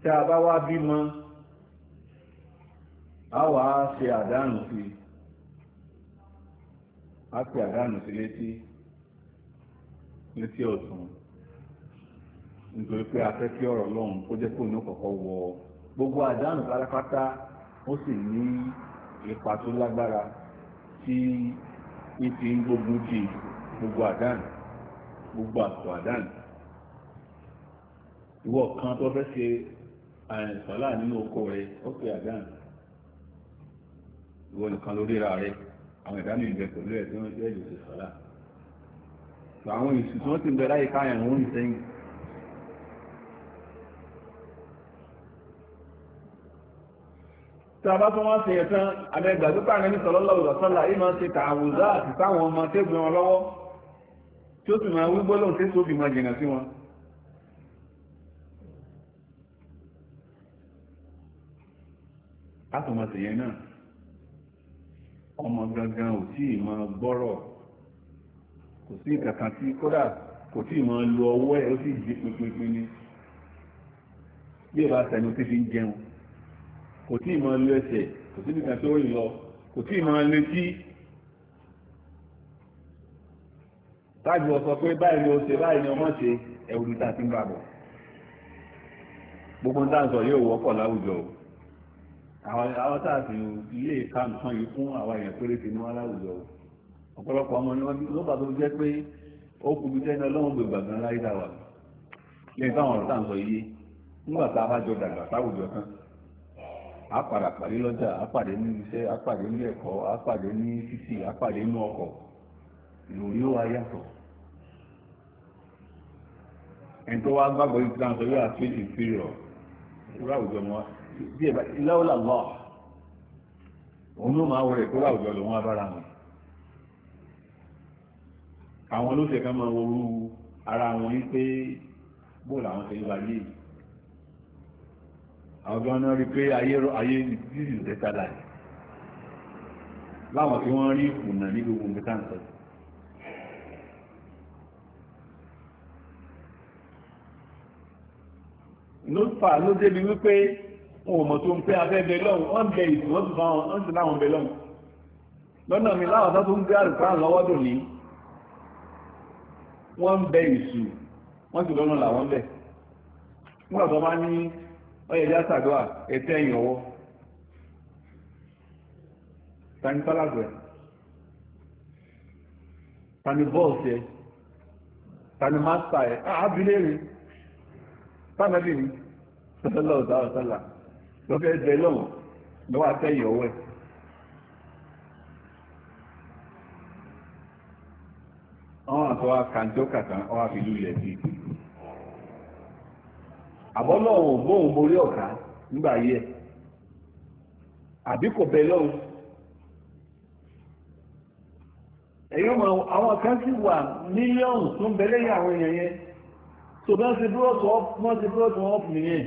tí a bá wá bímọ a wà á ṣe àdánù sí a ṣe àdánù sí létí létí ọ̀tún nítorí pé a fẹ́ kí ọ̀rọ̀ lọ́hùn kó jẹ́ kó ní kọ̀kọ́ wọ gbogbo àdánù pátápátá ó sì ní ipa tó lágbára tí ìtì ń gbógun ti gbogbo àdánù gbogbo àtọ̀ àdánù ìwọ kan tó fẹ́ ṣe àìsànlá nínú oko rẹ ó pe àdánù ìwọ nìkan lórí ra rẹ àwọn ìdánù ìgbẹ pẹ̀lú ẹ̀ tí wọ́n jẹ́ ìlú ìsọ̀lá àwọn ìsìn tí wọ́n ti ń bẹ láyé káyàn wọ́n ń sẹ́yìn tàbá tó wọ́n ṣe ẹ̀tàn àmẹ́gbà tó pàrẹ ní sallallahu alaihi wasallam ìmọ̀ ṣe tààwùzá àti táwọn ọmọ tẹ́gbìn wọn lọ́wọ́ tí ó sì máa wí gbólóhùn tí tó fi máa jìnà sí wọn látọmọ̀tẹ̀yẹ náà ọmọ gangan ò tí ì máa gbọ́rọ̀ kò sí kankan tí kódà kò tí ì máa lo ọwọ́ ẹ̀ ó sì jí pinpin ni bí ìbá sẹnu tí fi ń jẹun kò tí ì máa lu ẹsẹ̀ kò tí nìkan tó rìn lọ kò tí ì máa létí táàbù ọ̀sọ̀ pé báyìí ni ó ṣe báyìí ni ọmọ ṣe ẹ̀wù ní ta ti ń bàbọ̀ gbogbo ń dáǹsọ̀ yóò wọ́pọ̀ láwùjọ o àwọn àwọn tá a sì ilé ìka nǹkan yìí fún àwọn èèyàn péréte ní wọn láwùjọ o ọ̀pọ̀lọpọ̀ ọmọ ni wọ́n ló bá tó jẹ́ pé ó kú bí sẹ́ni ọlọ́run gbègbà gan láyé dà lẹ́yìn táwọn ọ̀rọ̀ táǹsọ̀ yìí nígbà tá a bá jọ dàgbà táwùjọ kan apàdà pàdé lọ́jà apàdé ní iṣẹ́ apàdé ní ẹ̀kọ́ apàdé ní títì apàdé ní ọkọ̀ ìròyìn ó wá yàtọ̀ ẹni tó wá gbàgbọ́ yìí tíra sọ yóò àti èdè inferior ìrọ̀ àwùjọ wọn bí ẹ̀ bá ma lọ́ òun ló máa wọlé ìkórà àwùjọ lòun wá bára wọn àwọn olóṣèlú máa ara wọn yìí pé bóòlù àwọn ṣe ń àwọn gan náà rí pé ayé ìdíjì lẹ́tà láì láwọn tí wọ́n rí ìkùnà ní gbogbo nǹkan tá à ń sọ. ló fà ló débi wípé wọn ò mọ̀ tó ń pé afẹ́bẹ̀ lọ́wọ́ wọ́n bẹ ìsìn wọ́n ti fa wọn wọ́n ti láwọn bẹ lọ́wọ́ lọ́nà mi láwọn tó ń gbé àlùkò lọ́wọ́ dùn ní wọ́n ń bẹ ìsù wọ́n sì lọ́nà làwọn bẹ̀ nígbà tó bá ní ọ̀yẹ̀dá sàdúà ẹ̀tẹ́ ẹ̀yìn ọwọ́ tani pálàgbẹ̀ tani bọ́ọ̀sì ẹ̀ tani mástà ẹ̀ àábílẹ̀ rẹ̀ tánàbí ni sọ́lọ́ ọ̀sálà lọ́fẹ́ ẹ̀dẹ̀ lọ́wọ́ lọ́wọ́ àtẹ́yìn ọwọ́ ẹ̀ àwọn àtọ́wà kàńtó kàtà ọwà fìlú ilẹ̀ sí i àbọ́lọ̀ ò bóun borí ọ̀tá nígbà ayé ẹ̀ àbí kò bẹ lọ́hùn ẹ̀yọ́ mọ̀ àwọn kan sì wà mílíọ̀nù tó ń bẹ lẹ́yìn àwọn èèyàn yẹn tó bá ń ṣe búrọ́ọ̀tù wọ́n ṣe búrọ́ọ̀tù wọn fún nìyẹn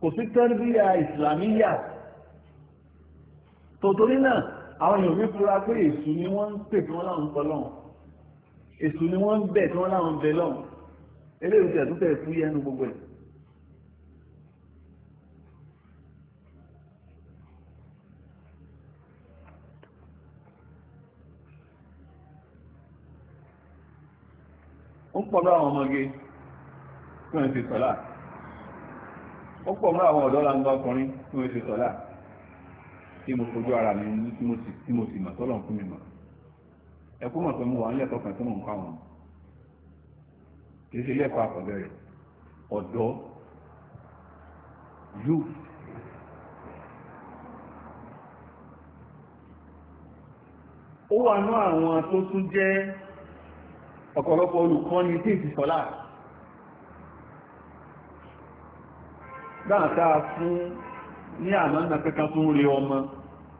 kò sí tẹ́rìbíyà ìsìlámíyà tòtòrí náà àwọn èèyàn wí fúra pé èṣù ni wọ́n ń pè tí wọ́n láwọn ń pọ̀ lọ́hùn èṣù ni wọ́n ń bẹ̀ tí wọ́n láwọn ń bẹ lọ́hùn eléyìí tẹ̀ tó tẹ̀ fún yẹnu gbogbo ẹ̀. ó pọ̀ mọ́ àwọn ọmọge tí wọ́n ti ó pọ̀ mọ́ àwọn ọ̀dọ́ ọkùnrin tí wọ́n ti fojú ara mi ní tí mo sì mọ̀ tọ́lọ̀ fún mi mọ̀ ẹ̀kú mọ̀ pé mo wà ń lẹ́kọ̀ọ́ kì í ṣe ilé ẹ̀kọ́ àkọ́bẹ̀rẹ̀ ọ̀dọ́ youth ó wà ní àwọn tó tún jẹ́ ọ̀pọ̀lọpọ̀ olùkọ́ni tí ìsìn sọ́lá dáadáa fún ní àmọ́ ìgbà kankan tó ń rí ọmọ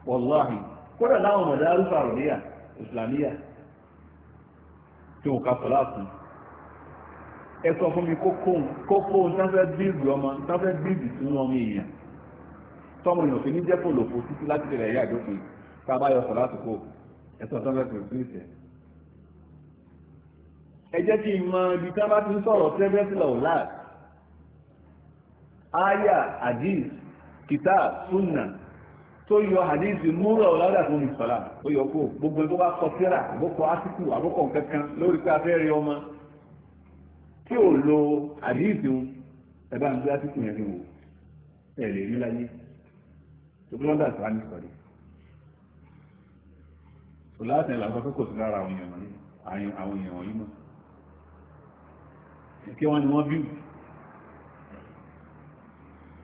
wọ̀láhì kódà láwọn ọ̀dá arúfà rọ̀lẹ́yà ìsìlámíyà tí wọ́n ká sọ́lá fún ẹ sọ fún mi kókó ohun tán fẹ́ bíìlì ọmọ tán fẹ́ bíìlì sínú ọmọ èèyàn tọ́mọ èèyàn fi ní jẹ́ kó lòfo títí láti tẹ̀lé ẹ̀yà àdókùn tá a bá yọ sọ̀ láti kó ẹ̀sọ́ tán fẹ́ pèsè ìṣẹ̀. ẹ jẹ́ kí n mọ ibi tí wọ́n bá ti ń sọ̀rọ̀ tẹ́fẹ́sìlọ̀ ọ̀la aya hadith kitab sunna tó yọ hadith múra ọ̀làdà fún mi sọ̀la ó yọ kó gbogbo ẹ̀ tó bá kọ síra àbókọ ásìkò àbókọ nǹkan kan lórí pé afẹ́ rí ọmọ tí ò lo àdíìsì ń ẹ bá ń gbé àtìkù yẹn fi wò ẹ lè rí láyé tóbi wọn dàgbà ní sọrí sọláàtì ẹ làwọn kókò sí lára àwọn èèyàn wọ̀nyí mọ kí wọn ni wọn bí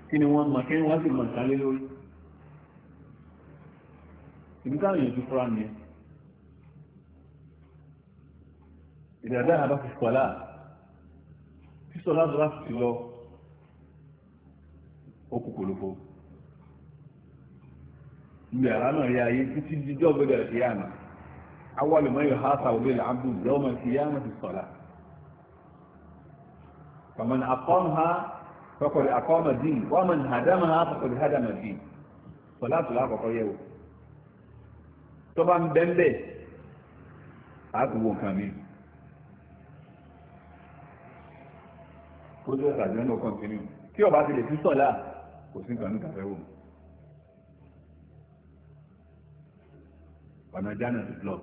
kí ni wọn mọ kí wọn sì mọ ìsàlẹ̀ lórí ìbí táwọn èèyàn ti fura nìyẹn ìdàdá àbá fi sọlá. sísọ láti bá sì lọ okùn kòlòfò ya ara náà rí ayé títí dídọ́ gbẹdẹ̀ sí àná awọ́lù mọ́yọ̀ ha sàwọ́lẹ̀ làbù yọ́mọ sí yáná ti sọ̀la faman akọ́mha faqad aqama dín wọ́n mọ̀ ní hadamaha faqad hadama dín sọ̀lá tó lákọ̀ọ́kọ́ yẹ̀ wò tó ń bẹ́ńbẹ́ àá ha nǹkan mìíràn. process àjọ náà continue kí ọba ti lè fi sọ̀lá kò sí nǹkan nǹkan fẹ́ wò. ọ̀nà jánà ti block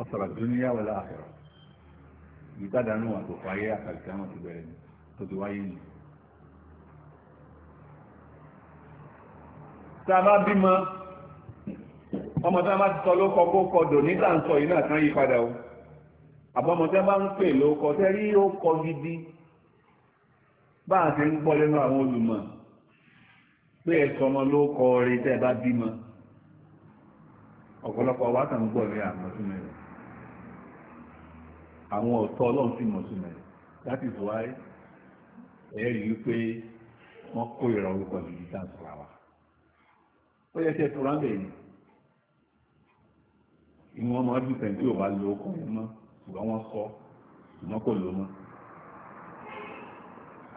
ọ̀sọ̀rọ̀ dúníyà wọlé àfẹ́rọ̀ ìgbádànù àtòkọ̀ ayé àkàlùkẹ́ wọn ti bẹ̀rẹ̀ tó ti wáyé nìyí. tàbá bímọ ọmọ tàbá ti sọ ló kọ kó kọdò nígbà ń sọ yìí náà kan yí padà o àbọ̀mọ̀tẹ́ bá ń pè ló kọ tẹ́rí ó kọ gidi bá àti ń pọ́ lẹ́nu àwọn olùmọ̀ pé ẹ̀sọ́ ọmọ ló kọ rí tẹ́ bá bímọ ọ̀pọ̀lọpọ̀ wa kàn gbọ́ rí àwọn ọ̀túnmẹ̀ rẹ̀ àwọn ọ̀tọ́ ọlọ́run sì mọ̀ ọ̀túnmẹ̀ rẹ̀ that is why ẹ̀ rí pé wọ́n kó ìrọ̀ orúkọ gidi dáńsì ra wa ó yẹ kí ẹ tó ráńbẹ̀ yìí ìwọ̀n ọmọ ọdún tẹ̀ tí ò bá lo ọkọ̀ yẹn mọ́ ṣùgbọ́n wọ́n sọ ṣùgbọ́n kò lómú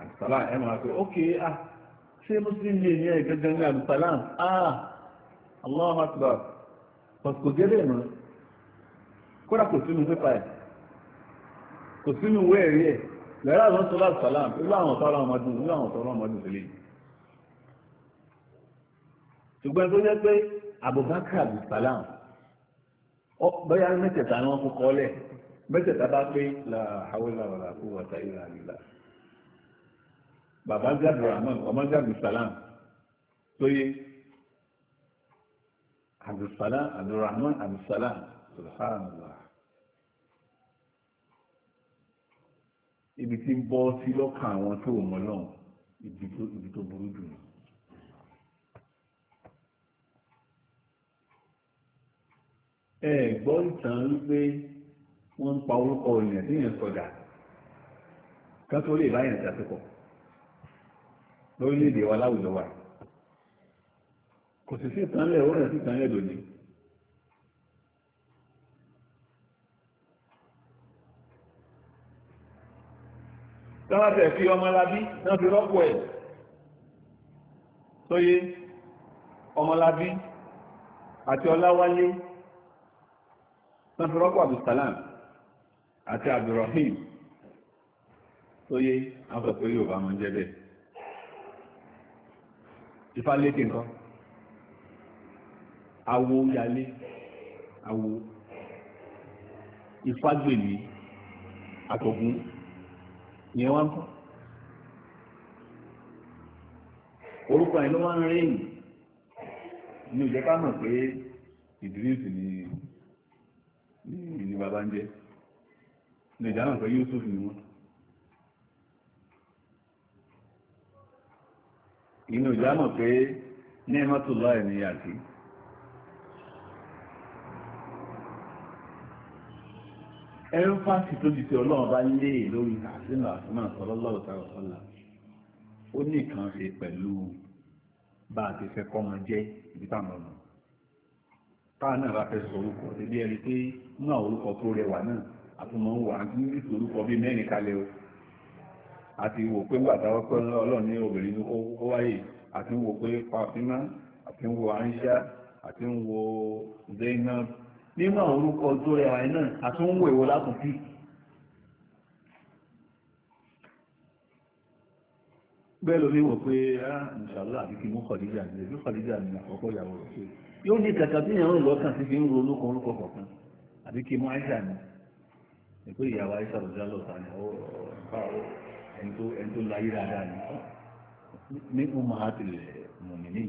àtìsálà ẹ máa pé ókè à ṣé muslim lè ní ẹ̀ gẹ́gẹ́ ní àtìsálà à Allahu Akbar pàṣípò gẹ́gẹ́ mọ́ kódà kò sínú pépà ẹ̀ kò sínú ìwé ẹ̀rí ẹ̀ lẹ́yìn àwọn sọlá àtìsálà irú àwọn tọ́lá ọmọdún irú àwọn tọ́lá ọmọdún sílẹ̀ ṣùgbọ́n tó yẹ pé Abubakar àtìsálà bóyá mẹ́tẹ̀ẹ̀ta ni wọ́n kọ́ lẹ̀ mẹ́tẹ̀ẹ̀ta bá pé la hawla wala quwwata illa billah bàbá gàdù rahman ọmọ gàdù salam tóye abdulsalam abdulrahman abdulsalam subhanallah ibi tí ń bọ́ sí lọ́kàn àwọn tó mọ̀ náà ibi tó burú jù lọ. ẹ gbọ́ ìtàn wípé wọ́n ń pa orúkọ èèyàn tí èèyàn sọjà kan tó lè báyìí ìdásípọ̀ lórílẹ̀-èdè wa láwùjọ wa kò sì sí ìtànlẹ̀ ó rẹ̀ sí ìtànlẹ̀ lónìí tọ́wọ́tẹ̀ fi ọmọlábí náà fi rọ́pò ẹ̀ sóyé ọmọlábí àti ọláwálé náà fi rọ́pò àbùsàlámù àti abdulrahim tó yé àwọn pẹ̀lú yorùbá mọ́ jẹ́ bẹ́ẹ̀ ifá lékè nǹkan awo yalé awo ifá gbèlè àtọ̀gún ìyẹn wá ń kọ́ orúkọ yìí ló wá ń rìn ní ìjọba mọ̀ pé ìdírísì ni ni bàbá ń jẹ́ lè dáhùn pé Yusuf ni wọ́n inú ìdámọ̀ pé ní ẹmọ́tòlá ẹ̀mí àti ẹ̀rọ́fàṣì tó ti tẹ ọlọ́run bá lé e lórí àṣínà àṣínà sọlọ́lọ́rọ̀ tààrà sọ́là ó ní nǹkan ṣe pẹ̀lú bá a ti fẹ́ kọ́mọ jẹ́ ibi táwọn ọ̀nà náà bá fẹ́ sọ orúkọ débi ẹni pé nínú orúkọ tó rẹwà náà àtúmọ̀ ń wà ní ìtòlúkọ bíi mẹ́rin kalẹ̀ o àti wò pé gbàtà ọpẹ́ ọlọ́run ní obìnrin ó wáyé àti ń pé Fatima àti ń wo àti ń Zainab nínú àwọn orúkọ tó rẹwà yìí náà àti ah, inshallah àti kí mú ní ní àkọ́kọ́ ìyàwó rẹ̀ yóò ní ti fi ń ronú orúkọ kọ̀ọ̀kan àti kí mú pé ìyàwó ayé sàròjá lọ́ta ni ẹni tó ẹni tó láyé dáadáa ni ní ọmọ àtìlẹ̀ mọ̀mìnì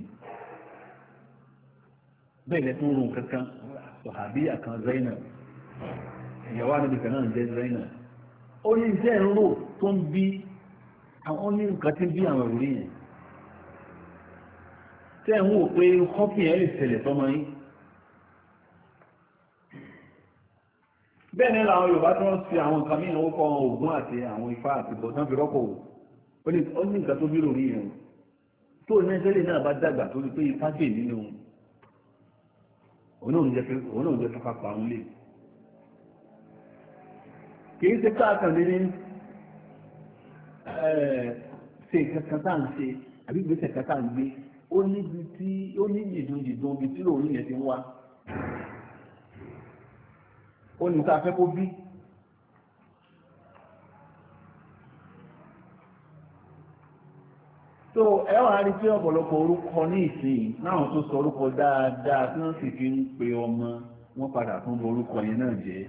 bẹ́ẹ̀ lẹ́tọ́ ń rún kankan sọ̀hábíyà kan zainab ìyàwó àdúgbò kan náà jẹ́ zainab ó ní iṣẹ́ ìró tó ń bí àwọn ní nǹkan tí ń bí àwọn ìròyìn tẹ́ ń wò pé kọ́pì ẹ̀ lè ṣẹlẹ̀ tọ́mọ yín bẹ́ẹ̀ náà làwọn Yorùbá tí wọ́n fi àwọn nǹkan mí ìnáwó kọ́ Ògún àti àwọn Ifá àti bọ̀dán fi rọ́pò ó ní nǹkan tó bí lórí yẹn tó ní ẹgbẹ́lẹ̀ náà bá dàgbà tó ní pé Ifá gbè nínú òun náà jẹ́ fífa pa òun lè kìí ṣe káàkàn ní ṣe kankan tá à ń ṣe àbí ìgbésẹ̀ kankan tá à ń gbé ó níbi tí ní ìdùn ibi tí lòun yẹn ti ń wá ó ní tá a fẹ́ kó bí so ẹ wà rí pé ọ̀pọ̀lọpọ̀ orúkọ ní ìsìn náà tó sọ orúkọ dáadáa tí wọ́n sì fi ń pe ọmọ wọn padà tún bọ orúkọ yẹn náà jẹ́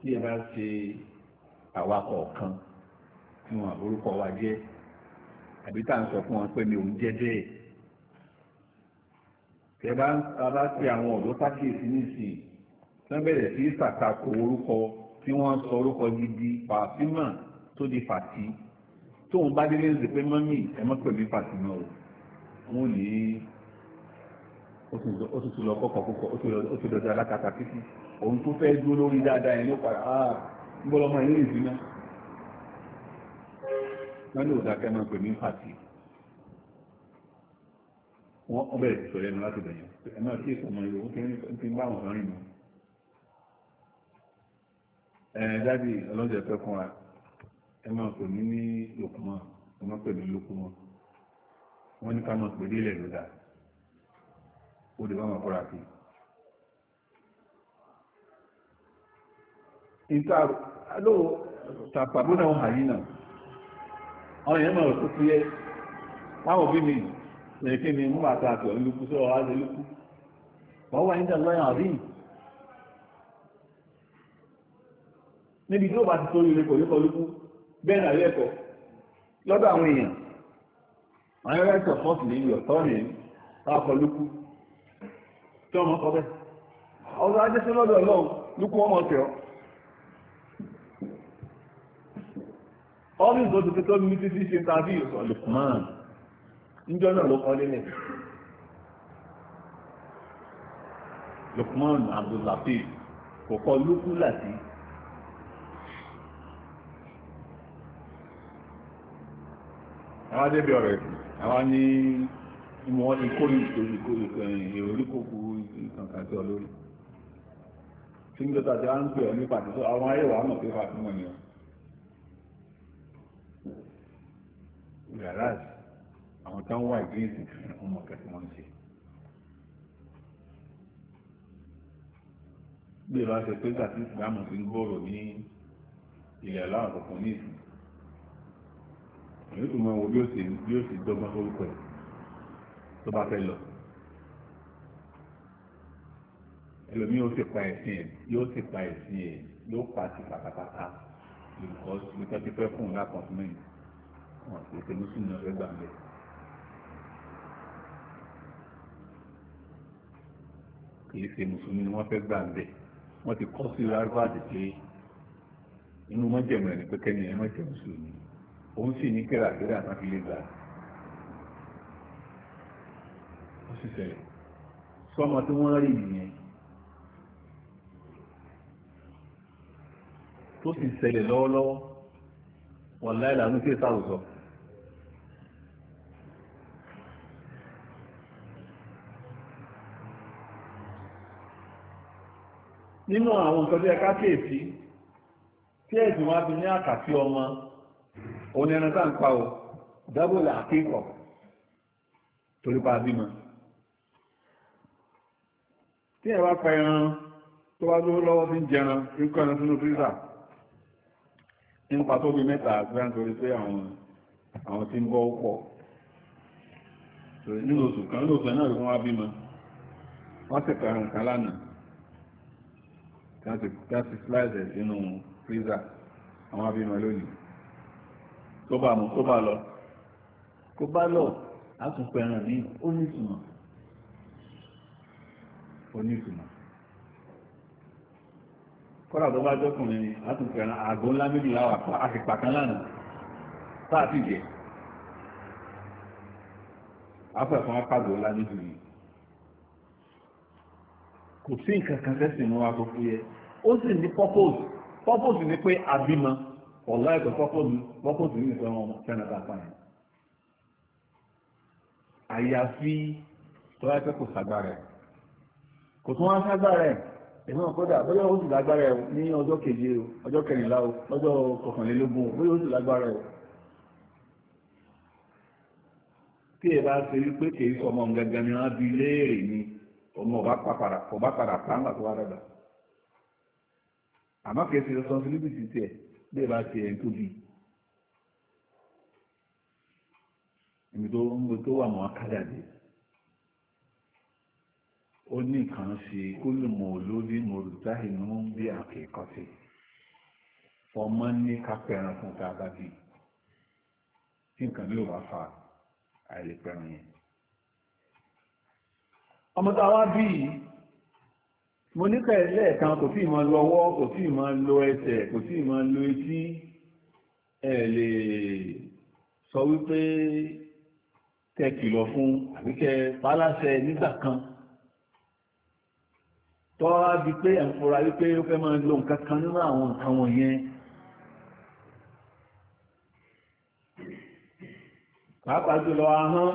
tí ẹ bá ṣe àwakọ̀ kan tí wọn àbórúkọ wa jẹ́ àbí tá à ń sọ fún wọn pé mi ò ń jẹ́ bẹ́ẹ̀ tẹ̀bá bá ti àwọn ọ̀dọ́ sákèsí nísìnyí tán bẹ̀rẹ̀ sí ṣàtakò orúkọ tí wọ́n sọ orúkọ gidi fàtímà tó di fàtí tóun bá délé ń zèpé mọ́mì ẹ mọ́ pẹ̀lú fàtímà o wọ́n ní ó sì tún lọ kọ́kọ́ púpọ̀ ó ti dọ̀dọ̀ alákatà títí òun tó fẹ́ dúró lórí dáadáa ẹ̀ ló padà áà ń bọ́ lọ́mọ ẹ̀ ní ìdí náà wọ́n ní òdàkẹ́ máa pè ní fàtí wọ́n bẹ̀rẹ̀ sọ̀rọ̀ ẹnu láti bẹ̀yẹn ẹ máa kí èso ọmọ yòówó tí ń bá wọn rìn mọ́. ẹ dábì ọlọ́jà ẹ̀fẹ́ fún wa ẹ máa pè mí ní lòkùmọ̀ ẹ máa pè mí lókùmọ̀ wọ́n ní ká máa pè délẹ̀ lọ́dà ó lè bá wọn kọ́ra sí. ìta ló tàpá bó náà wọ́n hà yín náà àwọn èèyàn máa rọ̀ tó fi yẹ táwọn bí mi lẹ́kí ni mú àtàkì olúkú sọ wá sí olúkú wọ́n wà níta lọ́yàn àrí níbi tí ó bá ti tó ilé kò nípa olúkú bẹ́ẹ̀ náà lẹ́kọ̀ọ́ lọ́dọ̀ àwọn èèyàn àwọn ẹgbẹ́ ìtọ̀ fọ́ọ̀tì lè yọ tọ́ ní káàkọ olúkú tí wọ́n mọ́ kọ́ bẹ́ẹ̀ ọ̀rọ̀ ajé sí lọ́dọ̀ ọlọ́run lúkú wọn mọ̀ tẹ̀ ọ́ ọ́rìn tó ti tó ní títí ṣe tàbí ìsọ̀lùkùnmáà níjọ́ náà ló kọ́ lélẹ̀ Lukman Abdullahi kò kọ́ lukú láti àwọn adébẹ̀ ọ̀rẹ́ àwọn ní ìmọ̀ ìkórè ìròlíkòkò eh, ìkànkàtì ọlórí tí ń gbẹ́ta tí a ń pè ọ ní pàtí tó àwọn ayéwà á mọ̀ pé fàtí mọ̀ ni ọ àwọn tán wà ìgbésì ọmọ kẹsì wọ́n ṣe bí ìbá ṣe pé gbà tí ìsìlámù ti ń gbòòrò ní ilẹ̀ aláwọ̀ tuntun ní ìsìn èyí tó mọ wo bí ó sì bí ó sì dọ́gbọ́n orúkọ ẹ̀ tó bá fẹ́ lọ ẹlòmíì ó sì pa ẹ̀sìn ẹ̀ yóò sì pa ẹ̀sìn ẹ̀ yóò pa sí pátápátá olùkọ́ sí pé tẹ́tí fẹ́ fún un lápọ̀tmẹ́ǹtì wọn sì ṣe mú sínú ẹgbàá mẹ́rin. kìí ṣe mùsùlùmí ni wọ́n fẹ́ gbà ń bẹ̀ wọ́n ti kọ́ sí harvard pé inú mọ́jẹ̀mú ẹni pé kẹ́ni ẹ̀ mọ́jẹ̀ mùsùlùmí òun sì ní kẹ́rà kẹ́rà náà fi lè gbà ó sì ṣẹlẹ̀ sọ́mọ tí wọ́n rí nìyẹn tó sì ṣẹlẹ̀ lọ́wọ́lọ́wọ́ wọ́n láìláà sí ìsàlùsọ̀ nínú àwọn nǹkan tó yẹ ká kéèsí tí ẹ̀sùn wá fi ní àkàtí ọmọ òun ẹran tá ń pa o dábòlà àkíkọ̀ torí pa bímọ tí ẹ wá pa ẹran tó wá lówó lọ́wọ́ fi ń jẹran ikú ẹran sínú fírísà nípa tó bí mẹ́ta gbá nítorí pé àwọn àwọn tí ń bọ́ pọ̀ nínú oṣù kan lóòótọ́ náà ló wá bímọ wọ́n sì ẹran kan lánàá láti slice ẹ̀ sínú freezer àwọn abímọ lónìí tó bá mú tó bá lọ kó bá lọ àtúnpẹ̀ràn ní ó ní ìtumọ̀ ó ní ìtumọ̀ kọ́lá tó bá jọ́kùnrin ni àtúnpẹ̀ràn àgọ́ ńlá méjì láwà pa àfipà kan lánàá sáà sì jẹ́ afẹ́fọ́n apàgọ́ ńlá méjì yìí kò sí nǹkan kan tẹ́sìn mú wa gbogbo yẹ ó sì ní purpose purpose ni pé àbímọ ọ̀la ẹ̀kọ́ purpose purpose ní ìfẹ́ wọn fẹ́ràn bàbá yẹn. àyàfi tọ́lá ẹ̀kọ́ kò ságbára ẹ̀ kò tún wá ságbára ẹ̀ ìmọ̀ kódà bóyá ó sì lágbára ẹ̀ ní ọjọ́ keje o ọjọ́ kẹrìnlá o lọ́jọ́ kọkànlélógún o bóyá ó sì lágbára ẹ̀ o. tí ẹ bá ṣe wípé kì í sọ ọmọ gangan ni wọn á bi léèrè ni ọmọ kò bá padà pàǹgbà tó wá dàgbà àmọ́ kìí ṣe responsibility tiẹ̀ bẹ́ẹ̀ bá ti ẹ̀ tó bí tó ń bo tó wà mọ́ akádàdé ó ní nǹkan ṣe kó lè mọ̀ lórí mọ̀lútáì ní wọ́n bí àkẹ́kọ̀ọ́ sí ọmọ ní kápẹ́ran fún tá a bá bí nǹkan ní ò bá fa yẹn ọmọta wá bí i mo níkà ẹ̀lẹ́ kan kò tíì máa lo ọwọ́ kò tíì máa lo ẹsẹ̀ kò tíì máa lo etí ẹ lè sọ wípé kẹ kìlọ̀ fún àbí kẹ pálásẹ nígbà kan tọ́ á di pé ẹ̀ ń fura wípé ó fẹ́ máa lo nǹkan kan nínú àwọn nǹkan wọ̀nyẹn pàápàá jùlọ ahọ́n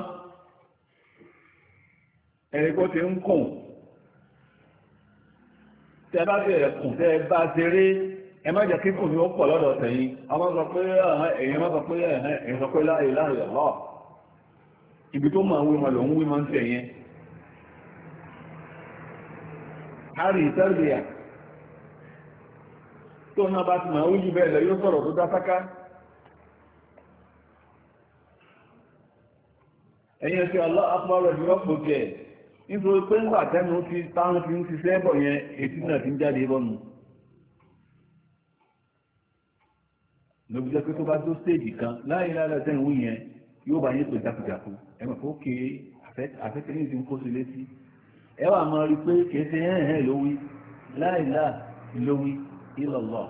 ẹni ti ń kùn tẹ bá bẹ̀rẹ̀ kùn tẹ bá ṣeré ẹ má jẹ́ kí kùn ní ó pọ̀ lọ́dọ̀ tẹ̀yìn ọmọ sọ pé èèyàn má sọ pé èèyàn sọ pé láàyè láàyè lọ ibi tó máa ń wí wọn lòún wí máa ń tẹ̀ yẹn harry serbia tó náà bá ti máa ń wíjú bẹ́ẹ̀ lọ yóò sọ̀rọ̀ tó dá ẹ̀yìn ẹ̀sìn aláàpọ̀ rẹ̀ ni wọ́n pò jẹ́ nítorí pé ńgbà tẹ́nu ti táwọn fi ń ṣiṣẹ́ bọ̀ yẹn etí náà ti ń jáde bọ́nu lóbi jẹ́ pé tó bá tó stéèjì kan láyé lára tẹ́nu yẹn yóò bá yín pè jákujàku ẹ mọ̀ fún kí afẹ́kẹ́lẹ́ ti ń kó sí létí ẹ wà máa rí i pé kìí ṣe hẹ́n hẹ́n ló wí láyé láà ló wí ìlọ̀lọ̀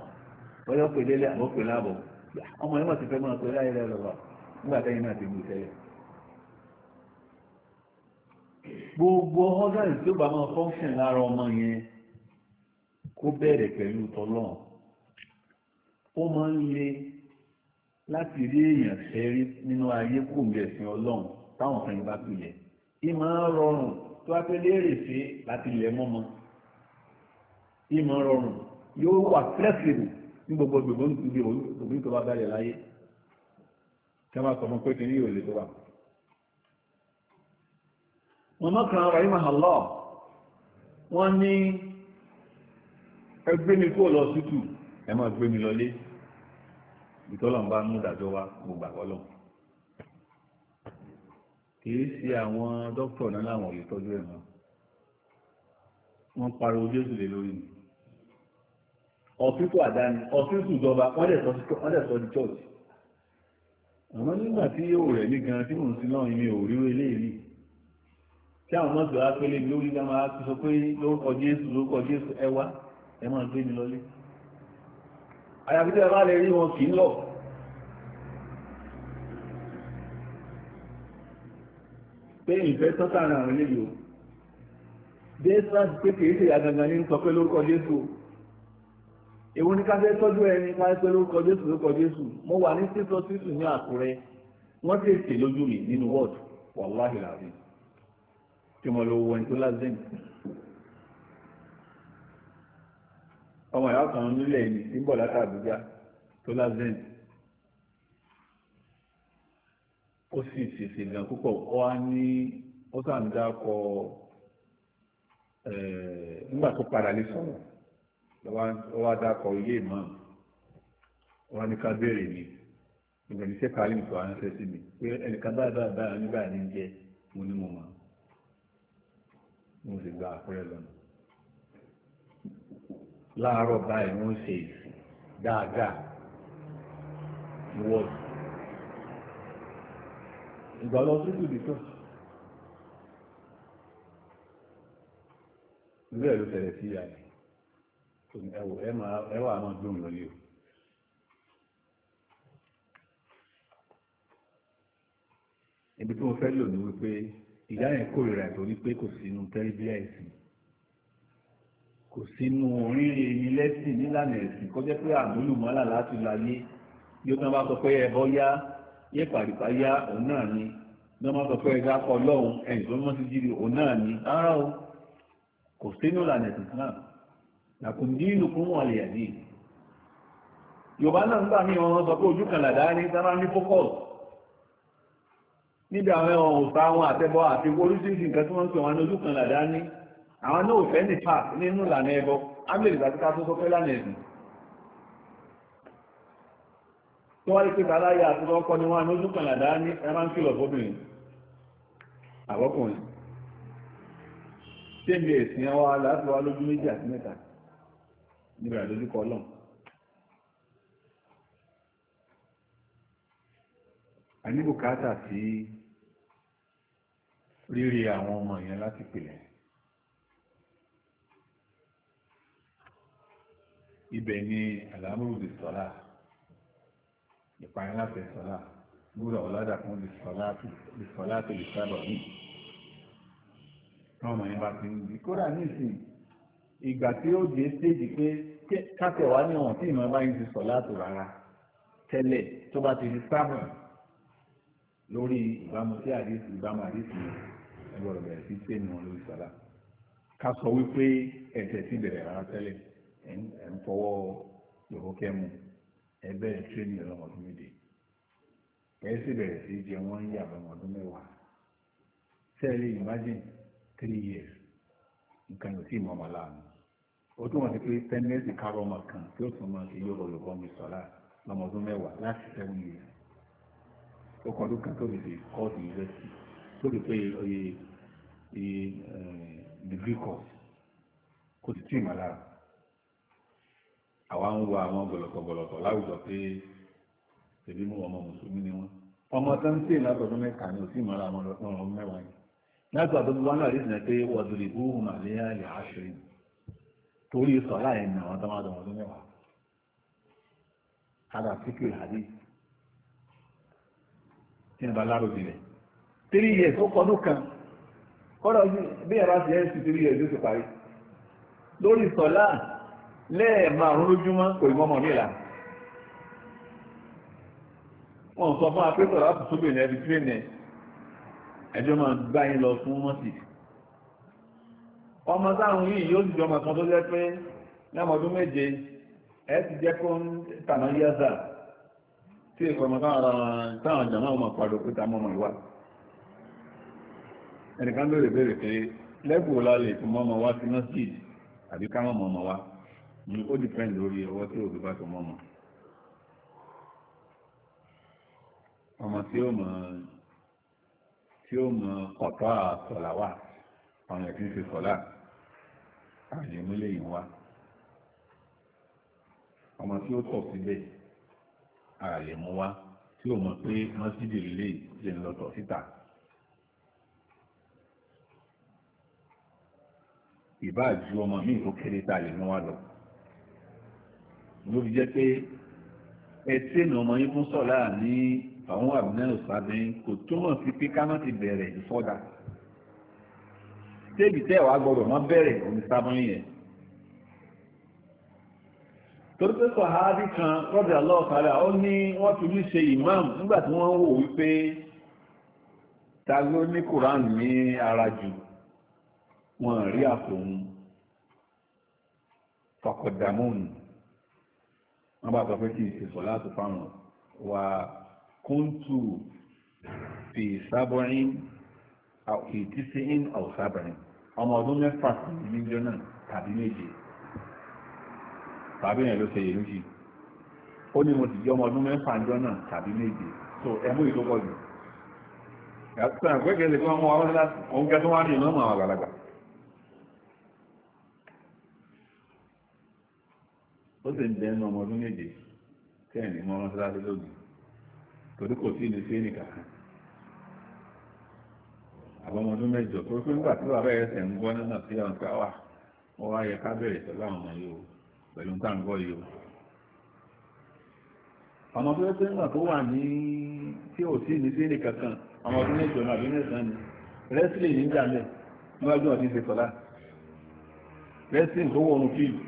bọ́yọ̀ pè lélẹ̀ àbọ̀ pè láàbọ̀ ọmọ yẹn mọ̀ ti fẹ́ máa pè láyé láà lọ́wọ́ nígbà tẹ́yìn náà ti mú ìtẹ́yẹ̀. gbogbo ọ́gán tí ó bá máa fọ́nkìn lára ọmọ yẹn kó bẹ̀rẹ̀ pẹ̀lú tọ́lọ́n ó máa ń le láti rí èèyàn fẹ́rí nínú ayé kò ń bẹ̀sìn ọlọ́run táwọn kan bá pilẹ̀ ì máa ń rọrùn tó wá pé léèrè sí láti ilẹ̀ mọ́mọ́ ì máa ń rọrùn yóò wà flexible ní gbogbo gbogbo nítorí òbí tó bá bẹ̀rẹ̀ láyé kí wọ́n bá sọ fún pé kí ní ìròlé tó wà mọ̀mọ́ kan rahimah allah wọ́n ní ẹgbẹ́ mi kó lọ sítù ẹ máa gbé mi lọlé ìtọ́lọ̀ ń bá mú ìdájọ́ wa mo gbà kọ́lọ̀ kìí ṣe àwọn dókítà náà láwọn olè tọ́jú ẹ̀ náà wọ́n pariwo jésù lé lórí mi ọ̀fíìsù àdáni ọ̀fíìsù ìjọba wọ́n dẹ̀ sọ di church àwọn nígbà tí yóò rẹ̀ ní gan tí mò ń sin náà mi ò ríro eléyìí kí àwọn mọ́tò wá pélé lórí ká sọ pé lórúkọ Jésù lórúkọ Jésù ẹ wá ẹ máa gbé mi lọlé rí wọn kì í lọ. pé ìfẹ́ tọ́ka ara àwọn eléyìí o Jésù láti pé kìí Jésù èwo Jésù lórúkọ Jésù mo wà ní sísọ sísù ní kí mo lọ wọ ẹni tó lázìm ọmọ ìyá kan nílẹ̀ ní níbọ̀ látà Àbújá tó lázìm ó sì ṣèṣe gan púpọ̀ ó wá ní ó sàn dákọ nígbà tó padà lè sọ̀rọ̀ ó wá dákọ ilé ìmọ̀ ó wá ní ká béèrè mi ìgbẹ̀lú sẹ́kàálì mi tó sí mi pé ẹnìkan báyìí báyìí báyìí nígbà ní jẹ mo ní mo mọ̀ mo sì gba àkúrẹ́ lọ́nà láàárọ̀ báyìí wọ́n ṣe ìsìn dáadáa ìwọ́sùn ìgbà lọ sí ìdí tó bẹ́ẹ̀ ló tẹ̀lẹ̀ sí ìyá rẹ̀ ẹ̀wọ̀ ẹwà àwọn gbóhùn lórí o ibi tí mo fẹ́ lò ní wípé ìyá yẹn kórìíra torí pé kò sínú tẹ́lifíà ẹ̀sìn kò sínú oríire ẹni lẹ́sìn nílànà ẹ̀sìn kọjá pé àmúlùmọ́là láti láyé yóò tán bá sọ pé ẹbọ yá yé pàdùpá yá òun náà ni lọ́ máa sọ pé ẹ̀dá kọ lọ́hùn ẹ̀yìn tó mọ́ sí jírí òun náà ni rárá o kò sínú ìlànà ẹ̀sìn náà làkùnjí ìlú kún wọn lè yà ní yorùbá náà ń gbà mí wọn sọ pé ojú kan làdá ní sábà ní fókọ̀sì níbi àwọn ẹ̀wọ̀n òta àwọn àtẹ́bọ àti oríṣiríṣi nǹkan tí wọ́n ń pè wọn lójú kan làdá ní àwọn náà fẹ́ ní pa nínú ìlànà ẹbọ ámìlì àti ká tó sọ fẹ́ lánà ẹ̀sìn tó wáyé pé tàláyà àti ọkọ ni wọ́n lójú kan làdá ní ẹran ń kìlọ̀ fóbìnrin àwọ́kùnrin tẹ́mi ẹ̀sìn wa láti wá lójú méjì àti mẹ́ta nígbà lójúkọ ọlọ́run àníbùkátà sí rírí àwọn ọmọ yẹn láti pìlẹ̀ ibẹ̀ ni àlámùrùdì sọ́lá ìparí láti sọ́lá gbúdọ̀ ọ̀làdà fún ìsọ́lá tó lè sábà ní ọmọ yẹn bá ti ń di kódà nísìn ìgbà tí ó dé stéèjì pé kátẹ̀wá ní ọ̀hún tí ìmọ̀ bá yín ti sọ́lá tó rárá tẹ́lẹ̀ tó bá ti di sábà lórí ìbámu sí àdéhùn ìbámu àdéhùn yẹn gbọ́dọ̀ bẹ̀rẹ̀ sí pé nù lórí sàlá ká sọ wípé ẹ̀tẹ̀ ti bẹ̀rẹ̀ rárá tẹ́lẹ̀ ẹ̀ ń fọwọ́ yòókù kẹ́mu ẹ bẹ̀rẹ̀ tírénì ọlọ́mọ ọdún méje ẹ sì bẹ̀rẹ̀ sí jẹ wọ́n ń yà ọlọ́mọ ọdún mẹ́wàá sẹ́ẹ̀lì imagine three years nǹkan yóò sì mọ ọmọ láàánú ó tún wọ́n ti pé ten years kárọ̀ ọmọ kan tí ó tún mọ sí yóò lọ́ọ́ mi sọ́lá lọ́mọ mẹ́wàá láti seven years ó kọ́ ọdún kan tó fi ṣe kọ́ọ̀tù yunifásitì tó fi pé oye degree course kò sì tí ì mọ̀ lára àwa ń wo àwọn bọ̀lọ̀kọ̀bọ̀lọ̀kọ̀ láwùjọ pé tèmi mú ọmọ mùsùlùmí ni wọn ọmọ tó ń tè látọ̀dún mẹ́ta ni òsì mọ́ra ọmọ ọmọ mẹ́wàá yìí láti àtọ́jú wọn náà lẹ́sìn pé wọ́dùrì búhùn màlẹ́yà lè aṣọ́rin torí sọ láì nà wọn tọ́mọ́ ọdún ọdún mẹ́wàá ada síkìrì àdé tí ń bá láròjìnlẹ̀ tírí yẹ tó kọdún kan kọ́dọ̀ sí bí ẹ̀rọ ti ẹ̀ sì torí ẹ̀jú ti parí lórí sọ̀lá lẹ́ẹ̀márùn lójúmọ́ kò ì mọ́mọ́ mi là wọ́n sọ fún apẹ́sọ̀ láti sóbè ní ẹbí tírẹ̀nì ẹjọ́ máa gbá yín lọ fún mọ́tì ọmọ sáwọn yìí yóò sì jọmọ kan tó jẹ́ pé lámọdún méje ẹ ti jẹ́ kó ń tàná yẹ́sà tí ìfọ̀mọ̀ táwọn jàmáà ọmọ pàdó pé ta mọ́mọ́ ìwà ẹnìkan lórí ìbéèrè pé lẹ́gbù la lè fún mọ́mọ́ wá sí masjid àbí ká mọ́ mọ́mọ́ wá ní ó dìpẹ́ǹd lórí ọwọ́ tí òbí bá tó mọ́mọ́ ọmọ tí ó mọ̀ tí ó mọ̀ ọ̀tọ́ àtọ̀là wà àwọn ẹ̀kí ń fi sọ̀lá àyè múlẹ̀ yìí wá ọmọ tí ó tọ̀ síbẹ̀ àyè mú wá tí ó mọ̀ pé masjid lè jẹ́ ńlọ́tọ̀ síta. ìbá ju ọmọ míì tó kéré tá a lè mú wa lọ. ló fi jẹ́ pé ẹ tẹ́nu ọmọ yín fún sọ́lá ní àwọn àbúnáyò sábẹ́ kò túmọ̀ sí pé ká má ti bẹ̀rẹ̀ ìfọ́dà. tẹ́bi tẹ́ wàá gbọ́dọ̀ má bẹ̀rẹ̀ òní sábọ́n yẹn. torí pé sọ̀háábì kan rọ́bì aláọ̀sára ó ní wọ́n fi mí ṣe ìmáàmù nígbà tí wọ́n wò wípé ta ló ní kùránù ní ara jù wọn rí àtòun fakọ̀dàmọ́nù wọ́n bá sọ pé kí n ṣe sọ láti fáwọn wà kúntù fi sábọ̀rin àti sí in ọ̀sábọ̀rin ọmọ ọdún mẹ́fà sí mílíọ̀nà tàbí méje tàbí ẹ̀ ló ṣe yẹ lójì ó ní mo ti jẹ́ ọmọ ọdún mẹ́fà jọ náà tàbí méje so ẹmú ìtọ́pọ̀ jù yàtọ̀ àgbẹ̀kẹ̀lẹ̀ kí wọ́n wa wọ́n láti òun tó wá ní ìnáwó àwọn àgbàlagbà ó sì ń bẹnu ọmọ ọdún méje tẹ́ẹ̀ ní mọ́ mọ́sálásí lónìí torí kò sí ní fíìnì kankan àbọ̀mọ ọdún mẹ́jọ tó fún ìgbà tí wà bẹ́ẹ̀ ẹsẹ̀ ń gbọ́ nínú àti àwọn ká wà wá yẹ ká bẹ̀rẹ̀ pẹ̀lú àwọn ọmọ yìí o pẹ̀lú ń tàǹgọ́ yìí o ọmọ tó fẹ́ náà tó wà ní tí ò sí ní fíìnì kankan ọmọ ọdún mẹ́jọ náà àbí mẹ́sàn-án ni rẹ́sìlì ní ìjàmbẹ̀ níwájú ọ̀sìn ṣe sọ́lá rẹ́sìlì tó wọ̀ fíìlì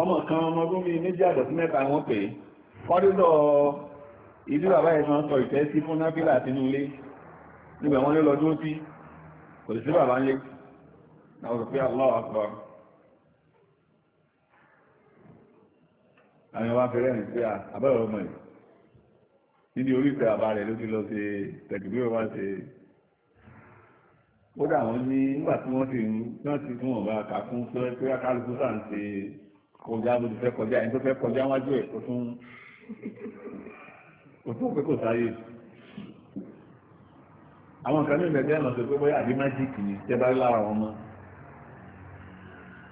ọmọ kan ọmọ gómìnà méjì àdọ̀tí mẹ́ta wọ́n pè é kọ́dúdọ̀ ìlú bàbá ẹ̀ máa ń sọ ìfẹ́ sí fún nábìlà sínú ilé nígbà wọn lé lọ dúró sí kò sí bàbá ń lé na ọ̀rọ̀ pé aláwọ̀ àpọ̀ àwọn ọba fẹ́rẹ́ ní pé àbẹ́rẹ̀ ọmọ yìí níbi orí ìfẹ́ bàbá rẹ̀ ló ti lọ sí tẹ̀gbẹ́ ọba ṣe kódà wọn ní nígbà tí wọ́n ti ń tí wọ́n ti fún ọba kà fún pé kálukú sáà ń ṣe kọjá ló ti fẹ́ kọjá ẹni tó fẹ́ kọjá wájú ẹ̀ kó tún kò tún pé kò sáyé àwọn nǹkan ní ìgbẹ́jẹ́ ìlànà tó pé bóyá àbí májíìkì ni tẹ́ bá lára wọn mọ́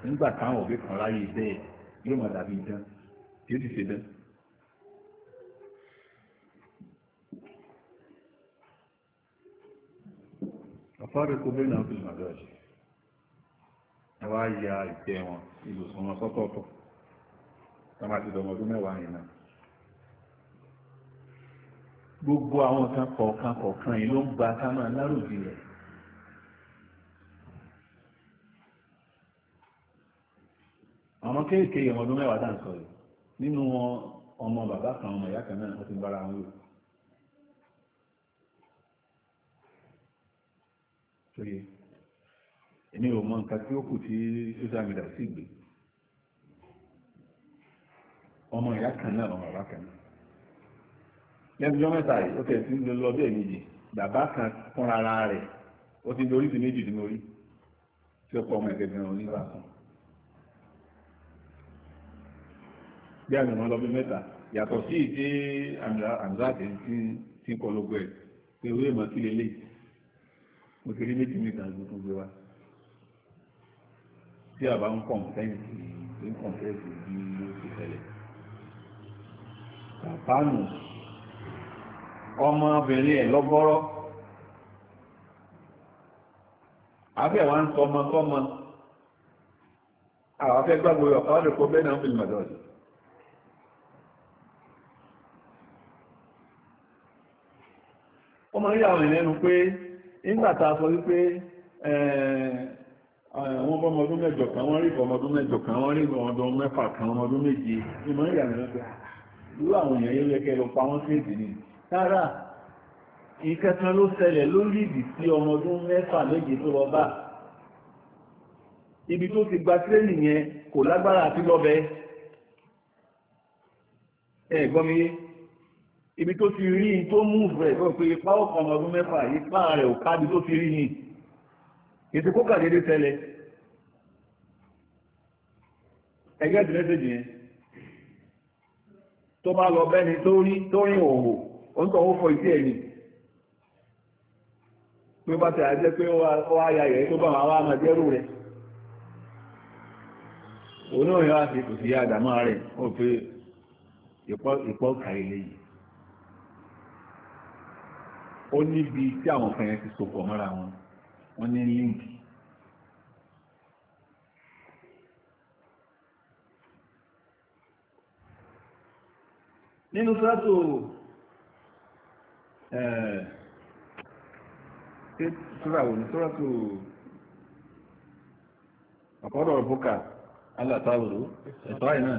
nígbà táwọn òbí kan ráyè bẹ́ẹ̀ yóò máa dàbí idán yóò ti ṣe dán. àfáàrí kò bẹ́ẹ̀ náà fi màdọ́ọ̀ṣì ẹ wá ya ìtẹ́ wọn ìlòsàn wọn sọ́tọ̀ọ̀tọ̀ ọmọ àti ọmọ ọdún mẹ́wàá yìí náà gbogbo àwọn kan kọ̀ọ̀kan kọ̀ọ̀kan yìí ló ń gba ká máa láròjì rẹ̀ àwọn kéèkéé ọmọ ọdún mẹ́wàá dáhùn sọ̀rọ̀ nínú wọn ọmọ bàbá kan ọmọ ìyá kan náà wọ́n ti bára wọn lò ṣòye èmi ò mọ nǹkan tí ó kù tí social sì gbé ọmọ ìyá kan náà ọmọ bàbá kan náà lẹ́gbẹ̀ẹ́ mẹ́ta yìí ó tẹ̀sí ń lọ bẹ́ẹ̀ méjì bàbá kan fúnra ara rẹ̀ ó ti dorí ti méjì ní orí tí ó pọ̀ ọmọ ẹ̀gẹ́ gan-an onígbà kan bí àmì wọn lọ bí mẹ́ta yàtọ̀ sí ìdí àmìláàtẹ̀ tí ń kọ lógo ẹ̀ pé orí ìmọ̀ kí lélẹ̀ mo ti rí méjì mi kan gbogbo gbé wa tí àbá ń kọ̀ǹtẹ́ǹtì ń kọ̀ǹtẹ́ǹtì bí ó ti tẹ̀lẹ̀. bàbá nù ọmọbìnrin ẹ̀ lọ́gọ́rọ́ ń sọ ọmọ kọ́mọ àwọn afẹ́ gbàgbọ́ ọ̀pá lè bẹ́ẹ̀ náà fi mọ̀ ọmọ rí àwọn ìlẹ́nu pé nígbàtà sọ wípé àwọn ọmọdún mẹ́jọ kan wọ́n rí ọmọdún mẹ́jọ kan wọ́n rí ọmọdún mẹ́fà kan ọmọdún méje ìmọ̀ irú àwọn èèyàn yóò yẹ́kẹ́ lọ pa wọ́n sí èdè ni rárá ìkẹtàn ló ṣẹlẹ̀ ló lìdì sí ọmọ ọdún mẹ́fà méje tó lọ bá ibi tó ti gba tírénì yẹn kò lágbára àti lọ́bẹ ẹ gbọ́ mi ibi tó ti rí tó mú rẹ̀ tó pé ipá ọ̀kan ọmọ ọdún mẹ́fà ipá rẹ̀ ò kábi tó ti rí ni ètò kókà dédé ṣẹlẹ̀ ẹgbẹ́ ìdílẹ́sẹ̀jì yẹn tó bá lọ bẹ́ni tó rí tó rí òwò ó ń tọ́ ó fọ ìdí ẹ̀yìn pé bá tẹ̀ àjẹ́ pé ó wá ya ìrẹ́ tó bá wà máa jẹ́rù rẹ̀ olóòyìn wá sí kò àdàmọ́ rẹ̀ ó pé ìpọ́ kàrí léyìí ó níbi tí àwọn ti sopọ̀ mọ́ra wọn wọ́n ní nínú sọ́tò ṣúràwò ní sọ́tò ọ̀pọ̀lọ̀ bókà alátàwòrò ẹ̀tọ́ àì ni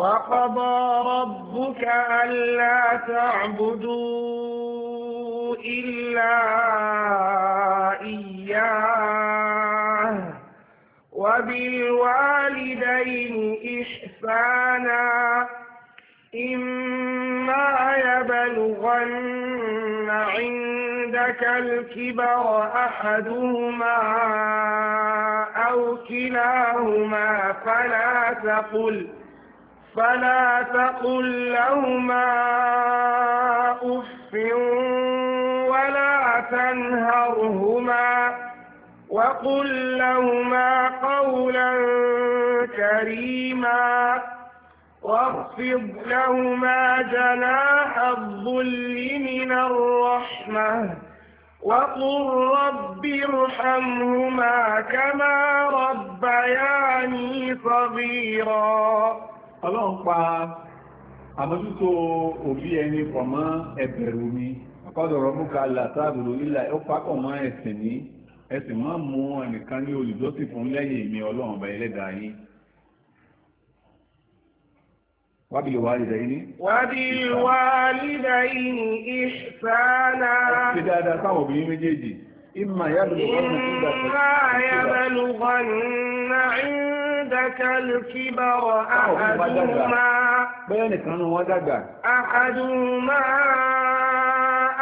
وَقَضَى رَبُّكَ أَلَّا تَعْبُدُوا إِلَّا إِيَّاهُ وَبِالْوَالِدَيْنِ إِحْسَانًا إحسانا إما يبلغن عندك الكبر أحدهما أو كلاهما فلا تقل فلا تقل لهما أف ولا تنهرهما وقل لهما قولا كريما واخفض لهما جناح الظل من الرحمة وقل رب ارحمهما كما ربياني صغيرا ọlọ́run pa àmójútó òbí ẹni pọ̀ mọ́ ẹ̀bẹ̀rù mi ọ̀kọ́dọ̀rọ̀ mú ka làtàbùrù ilà ó pákọ̀ mọ́ ẹ̀sìn ní ẹ sì má mú ẹnìkan ní olùjọ́sìn fún lẹ́yìn mi ọlọ́run ọba ẹlẹ́dàá yín wábìlì wàlìdà yìí ní. wábìlì wàlìdà yìí ní ìṣàlá. ṣe dáadáa sáwọn obìnrin méjèèjì ìmà yàbẹ̀lùgbọ̀nà ìdàkàlùkìbọ̀rọ̀ àhàdùmá. bẹ́ẹ̀ nìkan ni wọ́n dàgbà. àhàdùmá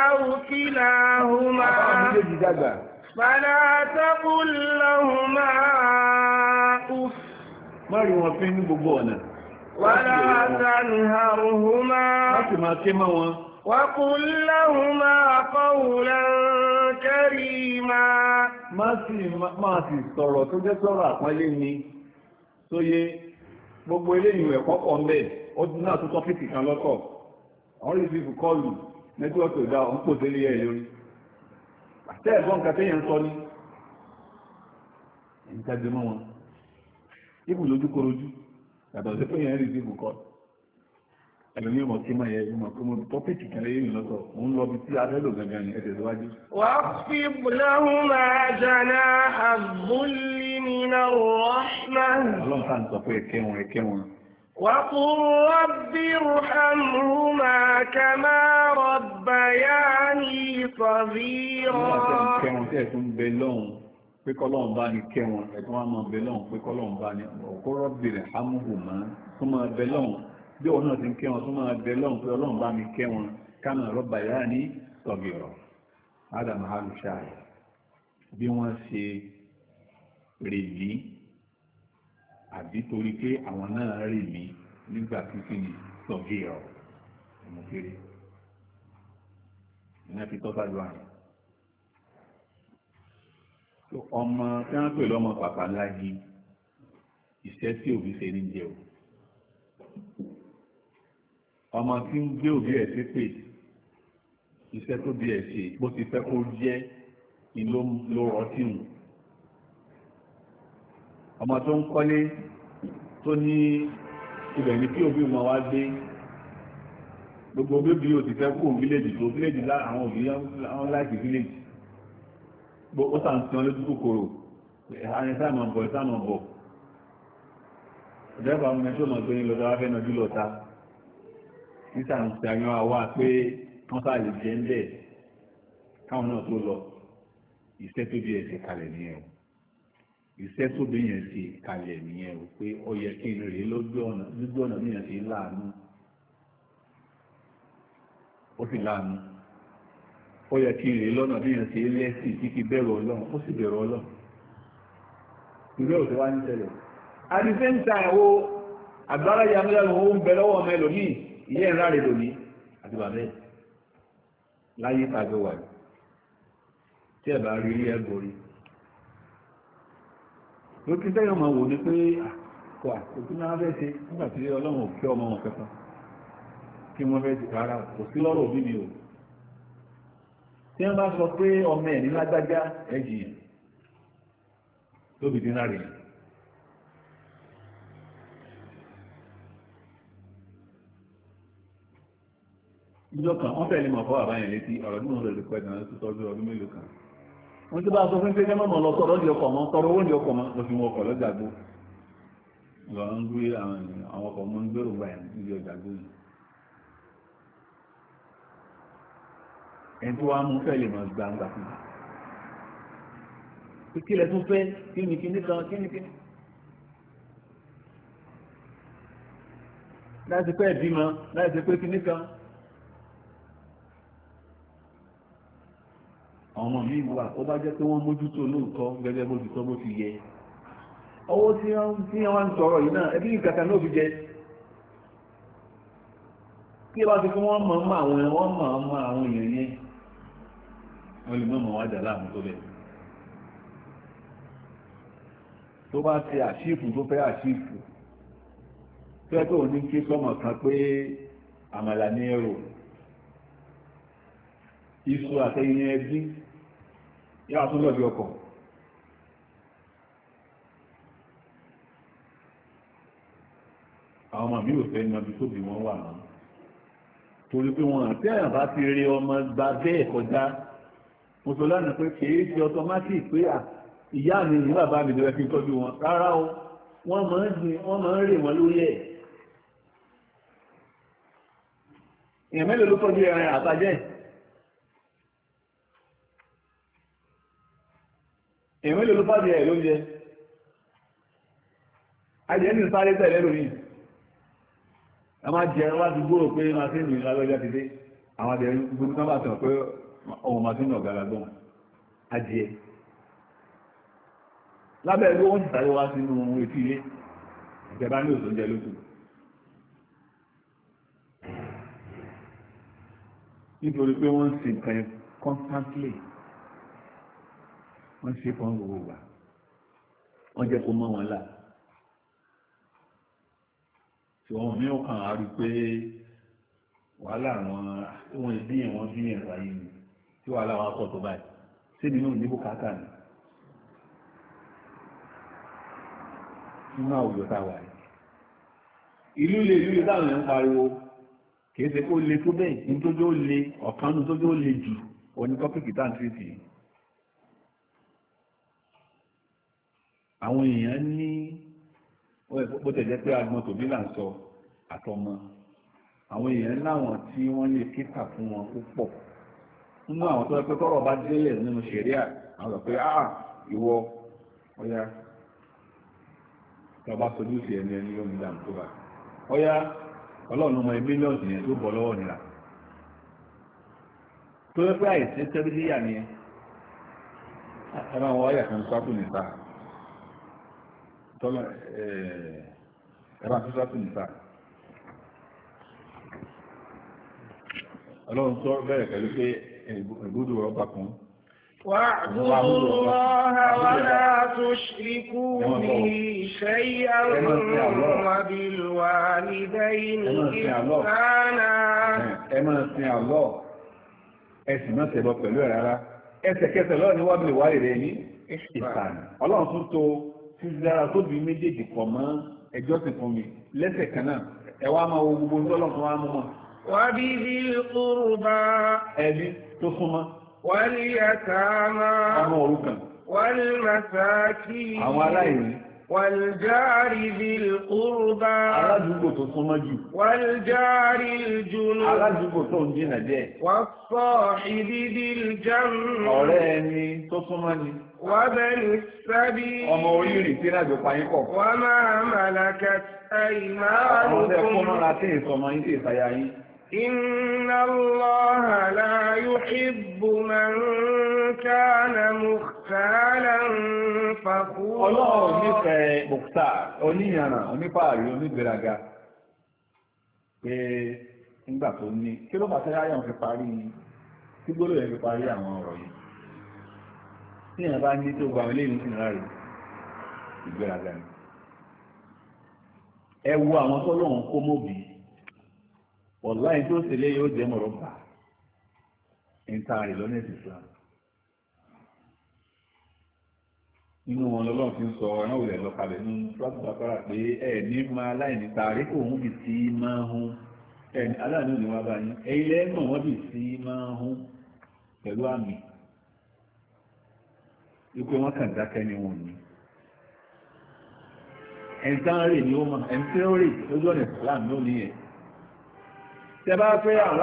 àwùkìlà hùmá. àwọn méjèèjì dàgbà. فلا تقل لهما أف mari wọn fi ní gbogbo ọ̀nà wala tanharhuma láti máa ké mọ́ wọn wa qul lahuma qawlan máa máa sì sọ̀rọ̀ tó jẹ́ sọ̀rọ̀ ni tó yé gbogbo eléyìí kọ́kọ́ ń bẹ̀ náà tó kan àwọn dá àtẹ́ẹ̀gbọ́n nǹkan tẹ́yẹ̀ ń sọ ní ìjáde mọ́ wọn ibù lójú korojú yàtọ̀ sí pé yẹn rí sí kọ́ ẹlòmí ọmọ kí máa yẹ ìmọ̀ pé mo tọ́pìkì kan lẹ́yìn lọ́sọ̀ mo lọ bí tí abẹ́ lò gangan ni ẹ̀tẹ̀ síwájú. wà á fi bùláhùn máa jàná àbúlí وقل رب ارحمهما كما ربياني صغيرا kẹwọn tí ẹ̀tún bẹ lọ́hùn pé kọ́lọ́hùn bá ní kẹwọn ẹ̀tún wá máa bẹ lọ́hùn pé kọ́lọ́hùn bá ní ọ̀kọ́ rọ́bì rẹ̀ hámùhùmá tó máa bẹ lọ́hùn bí òun náà ti ń kẹwọn tó máa bẹ lọ́hùn pé ọlọ́hùn bá ní kẹwọn kánà rọ́bà yá ní sọ̀gìrọ̀ adam halushai bí wọ́n ṣe rèé àbí torí pé àwọn náà rí mi nígbà kíkí ni sọ̀gẹ́ọ̀ ọmọ kéré ìyẹn fi tọ́ta ju àrùn ọmọ tí wọ́n pè lọ́mọ pàpà ńlá yìí iṣẹ́ tí òbí ṣe ní jẹ́ o ọmọ tí ń gbé òbí ẹ̀ sí pè iṣẹ́ tó bí ẹ̀ ṣe bó ti fẹ́ kó jẹ́ ni ló rọtí hùn ọmọ tó ń kọ́lé tó ní ibẹ̀ ní kí òbí wọn wá gbé gbogbo bébí o ti fẹ́ kó fíléèjì tó fíléèjì àwọn òbí àwọn láìsí fíléèjì ó sàn sí wọn lójú kòkòrò ààrin sáàmù bọ̀ sáàmù bọ̀ ọ̀dẹ́fà ọmọ ẹ̀ṣọ́ mọ̀ tó ní lọ́dọ̀ wá fẹ́ náà jù lọ́ta níta ń ti àyàn àwa pé wọ́n sáà lè jẹ́ ń bẹ̀ káwọn náà tó lọ ìṣẹ́ tó bí ẹ̀ṣẹ̀ kalẹ̀ nìyẹn o iṣẹ́ tóbi yẹn ti kalẹ̀ nìyẹn o pé ó yẹ kí n rè é lójú ọ̀nà lójú ọ̀nà bí yẹn ti láàánú ó sì láàánú ó yẹ kí n rè é lọ́nà bí yẹn ti lẹ́sìn tí kì í bẹ̀rù ọlọ́run ó sì bẹ̀rù ọlọ́run ìwé òtún wá ní tẹ́lẹ̀ at the same time wo àgbára yà mílíọ̀nù owó ń bẹ lọ́wọ́ ọmọ ẹlòmíì ìyẹ́ ń ráre lòmí àti bàbá ẹ̀ láyé tàbí wà tí ẹ̀ bá rí rí ẹ̀ lókè sẹ́yìn ọmọ wò ní pé àkọ́ òkú náà fẹ́ ṣe nígbà tí ọlọ́run òkè ọmọ wọn kẹta kí wọ́n fẹ́ ṣe rárá kò sí lọ́rọ̀ òbí mi o tí wọ́n bá sọ pé ọmọ ẹ̀ ní lágbájá ẹ̀jì yẹn lóbi dín náà rèé ìjọ kan wọ́n fẹ́ lè mọ̀ fọ́ àbáyẹn létí ọ̀rọ̀ tí mo lè lè kọ́ ẹ̀dá tó tọ́jú ọdún mélòó kan mo ti bá a sọ fún pé kẹ́mọ́ lọ sọ̀rọ̀ ní ọkọ̀ mọ́ sọ̀rọ̀ owó ní ọkọ̀ mọ́ lọ fi wọn ọkọ̀ lọ́jà gbó lọ ń gbé àwọn ọkọ̀ mọ́ ń gbèrò báyìí níbi ọjà gbó yìí ẹni tó wá mú fẹ́ lè mọ̀ gbangba fún mi kí lẹ tún fẹ́ kí ni kí ni kan kí ni kí ni. láti pẹ́ bímọ láti pé kí ni kan. ọmọ mi wà ó bá jẹ́ pé wọ́n mójútó lóòótọ́ gẹ́gẹ́ bó ti tọ́ bó ti yẹ owó tí wọ́n ń sọ̀rọ̀ yìí náà ẹbí ìkàkà náà fi jẹ tí ẹ bá ti fún wọn mọ̀ mọ́ àwọn ẹ̀ wọ́n mọ̀ mọ́ àwọn èèyàn yẹn wọ́n lè mọ̀ wá jà láàmú tó bẹ̀ tó bá ti àṣìfù tó fẹ́ àṣìfù tó ẹ pé òní ké sọmọ kan pé àmàlà ní ẹrù iṣu àtẹyìn ẹbí yára tó lọ́dí ọkọ̀ àwọn ọmọ mi ò fẹ́ ní ọdún tó bí wọ́n wà náà torí pé wọn àti àyàn bá ti rí ọmọ gba bẹ́ẹ̀ kọjá mo sọ lánàá pé kì í ṣe automatic pé ìyá mi ní bàbá mi lọ́wọ́ fi tọ́jú wọn rárá o wọ́n máa ń gbìn wọ́n máa ń rè wọ́n lórí ẹ̀ èèyàn mélòó ló tọ́jú ẹran àtàjẹ́ èèyàn lè ló fàájì ẹ̀ ló jẹ ajẹ́ ní sáré tẹ̀lé lórí ẹ máa jẹ wá ti gbúrò pé máa sí ìrìn lábẹ́já ti dé àwọn adẹ̀ gbogbo kan bá tàn pé ohun máa sí ìrìn ọ̀gára gbọ́n ajẹ́ lábẹ́ ẹgbẹ́ wọ́n ti sáré wá sínú etí ilé ìjẹba ní òsùn jẹ lókù nítorí pé wọ́n ń sin nǹkan constantly wọ́n ṣe fún gbogbo wa wọ́n jẹ́ kó mọ́ wọn là ṣùgbọ́n mi ò kàn á rí i pé wàhálà àwọn ìwọ̀n ìbí ìwọ̀n bí ìrìn àyè ni tí wàhálà wọn pọ̀ tó báyìí síbi náà ní bùkátà ni nínú àwùjọ tá a wà yìí ìlú le ìlú le táwọn èèyàn ń pariwo kì í ṣe kó le tó bẹ́ẹ̀ ní tójó le ọ̀kan ní tójó le jù oní tọ́pìkì tá à ń tìrìtì yìí àwọn èèyàn ní bó tẹ̀jẹ́ pé agbọn tòbí là ń sọ àtọmọ àwọn èèyàn láwọn tí wọ́n lè kíkà fún wọn púpọ̀ nínú àwọn tó yẹ pé tọ́rọ̀ bá délẹ̀ nínú ṣẹ̀ríà àwọn pé ah ìwọ ọ̀yá tó bá sojú sí ẹni ẹni yóò ní dàmú tó bá ọ̀yá ọlọ́run ọmọ mílíọ̀nù yẹn tó bọ̀ lọ́wọ́ nira tó yẹ pé àìsí tẹ́bílíyà ni ẹ máa wọ ọ̀yà kan sọ́kùnrin sáà tọ́lọ̀ ẹ̀rọ àtúntà tó nìta ọlọ́run tó bẹ̀rẹ̀ pẹ̀lú pé ẹ̀gbọ́dọ̀ ọba kan واعبدوا الله ولا تشركوا به شيئا وبالوالدين إحسانا ẹ máa sin Allah ẹ sì má ṣẹbọ pẹ̀lú ẹ̀ rárá ẹsẹ̀kẹsẹ̀ lọ́ọ̀ ni wọ́n bí wáyé rẹ̀ ní ìsàn ọlọ́run tún tó títí dára tó bí méjèèjì pọ̀ mọ́ ẹjọ́ sì fún mi lẹ́sẹ̀ kan náà ẹ wá máa wo gbogbo ńlọ́lọ́ fún wa mú mọ́. wà bí bí kúrúbà. ẹbí tó súnmọ́. wàlíyàtàmá. ọmọ òrukàn. wàlíyàtàkì. àwọn aláìní. Wàljáàrí bíl kúrúbá. Aládùúgbò tó súnmọ́ jù. Wàljáàrí jùlọ. Aládùúgbò tó ń dínà díẹ̀. Wà sọ ìdí bíl jáàmù. Ọ̀rẹ́ ẹni tó súnmọ́ ni. Wà bẹ̀rù sábí. Ọmọ oríire tí rájò payín pọ̀. Wà máa màlàkà àìmá àrùn. Àwọn ọ̀sẹ̀ fún mọ́ra tí ìsọmọ yín ti ìsàyà yín. Inna Allah la yuhibbu man kana mukh Ọlọ́run nífẹ̀ẹ́ Bùkútà, oníyànà, onífààrí, onígbèraga. Pé nígbà tó ní, kí ló bàtẹ́ ayé àwọn fi parí, kí gbóló yẹn fi parí àwọn ọ̀rọ̀ yìí. Tí èèyàn bá ní tó gba ilé ìlú sínú láre, ìgbéraga ni. Ẹ wo àwọn tọ́lọ́run kó mọ́bì. Wọ̀láyìn tó sì lé yóò jẹ́ mọ̀rọ̀ bà. Ìntàrí lọ́nà ìsìlámù. inú wọn lọ́lọ́run ti ń sọ ẹran òlẹ̀ lọ́kàlẹ̀ nínú fúlàtì bàbára pé ẹ ní máa láìní tààrí òun bì sí máa hun ẹni aláàánú ni wọ́n bá yín ẹ̀yin náà wọ́n bì sí máa hun pẹ̀lú àmì wípé wọ́n wọ́n ní ń rè ni ó ẹni tí rè lójú ọ̀nà ìsìláàmù ló ní yẹn tẹ bá àwọn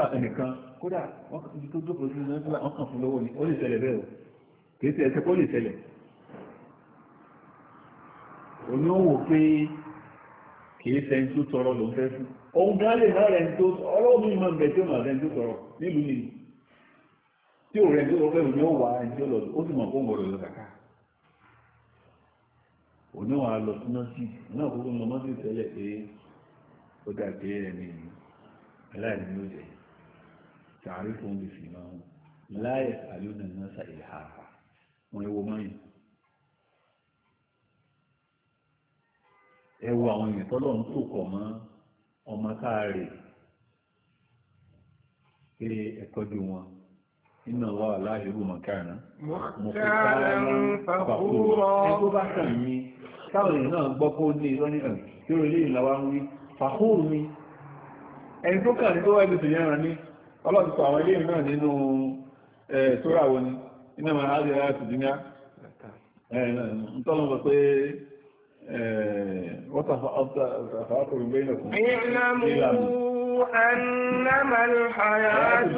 látàrí kódà wọ́n kàn tó jókòó sí iná nígbà fún lọ́wọ́ ni ó lè ṣẹlẹ̀ bẹ́ẹ̀ o kìí ṣe ẹsẹ̀ kó lè ṣẹlẹ̀ òní ó wò pé kìí ṣe ẹni tó tọrọ ló ń fẹ́ fún ohun gan lè má rẹ̀ ń tó ọlọ́wọ́ mi máa ń bẹ̀ tí ó máa rẹ̀ ń tó tọrọ nílùú nìyí tí ò rẹ̀ ń tó tọrọ fẹ́ òní ó wà ẹni tó lọ ó sì mọ̀ kó ń gbọ́dọ̀ lọ kàkà òní wàá lọ sí nọ́ọ̀sì náà kúrú lọ mọ́sí tẹ́lẹ̀ pé ó dà pé ẹni aláìní ló jẹ́ yìí تعرفهم بسيماهم لا يسألون الناس إلحافا wọ́n ẹwọ mọ́yìn ẹwọ àwọn èèyàn tọ́lọ̀ ń tò kọ̀ mọ́ ọmọ káàárẹ̀ pé ẹ̀kọ́jú wọn nínú ọwọ́ aláìrú mọ̀kárán mọ̀kárán fàkúrọ̀ ẹgbẹ́ bá kàn mí táwọn èèyàn náà gbọ́ kó ní ìrọ́ nìkan tí ó lè làwọn wí fàkúrù mi ẹni tó kàn ní tó wá ibi tìyẹn rán ní ọlọ́dún sọ àwọn ilé náà nínú tóráwọ ni iná máa hálì láti dúnyá ntọ́lọ́mọ pé wọ́tàfà ọkùnrin bẹ́ẹ̀ nà fún ìlànà. أنما الحياة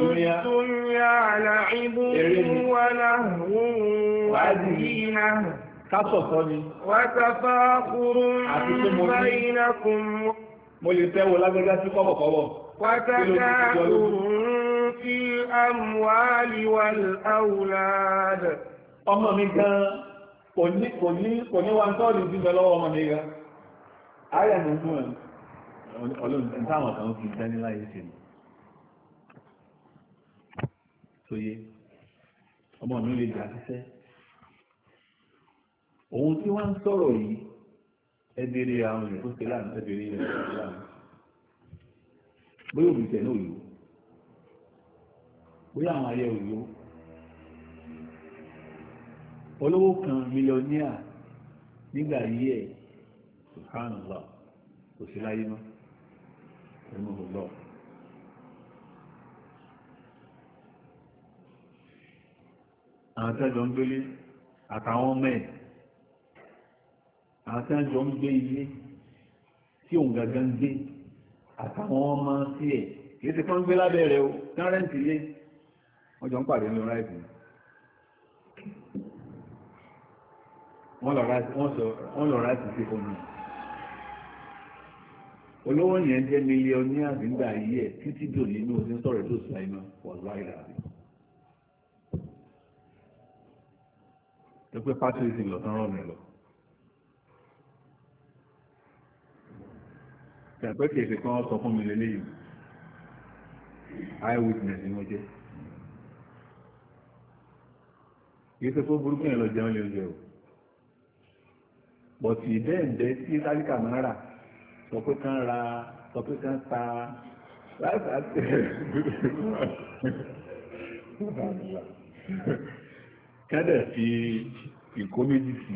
Mo lè tẹ́wọ̀ lágbẹ́gbẹ́ sí kọ́bọ̀kọ́bọ̀. وتكاثر في الأموال والأولاد ọmọ mi gan kò ní kò ní kò ní wá ń tọ́lù sí bẹ lọ́wọ́ ọmọ mi gan ayà ní ọdún ẹ̀ ọlọ́run táwọn kan fi dání láyé sí tó yé ọmọ mi lè jà síṣẹ́ òun tí wọ́n ń sọ̀rọ̀ yìí ẹbẹ̀rẹ̀ àwọn ìfúnṣe láàrín ẹbẹ̀rẹ̀ ìrẹsì láàrín bóyá òbí tẹ̀ náà yòó bóyá àwọn ayẹ òyò olówó kan mílíọ̀níà nígbà yí ẹ̀ subhanallah kò sí láyé mọ́ ẹnu ọ̀lọ́ àwọn tẹ́jọ ń gbélé àtàwọn ọmọ ẹ̀ àwọn tẹ́jọ ń gbé ilé tí òun gbé àtàwọn ọmọ sí ẹ̀ kìí ti fọ́n gbé lábẹ́ rẹ̀ o tárẹ́ǹtì lé wọ́n jọ ń pàdé ní ọ̀rá ìpín wọ́n lọ ráìtì sí fún mi olówó yẹn jẹ́ mílíọ̀nù àbígbà ayé ẹ̀ títí dò nínú òsín sọ̀rọ̀ tó sọ iná wọ́n láì láàbí. tó pé pátí ìsìn lọ tán rọ̀ mí lọ. tẹ̀pẹ́ kèsì kan sọ fún mi lélẹ́yìn eyewitness ni mo jẹ́ kìí ṣe fún burúkú yẹn lọ jẹun lè oúnjẹ o bọ̀tì ìdẹ́ǹdẹ́ tí tálíkà máa rà sọ pé kán ra sọ pé kán ta láti àti kẹ́dẹ̀ fi ìkó méjì sí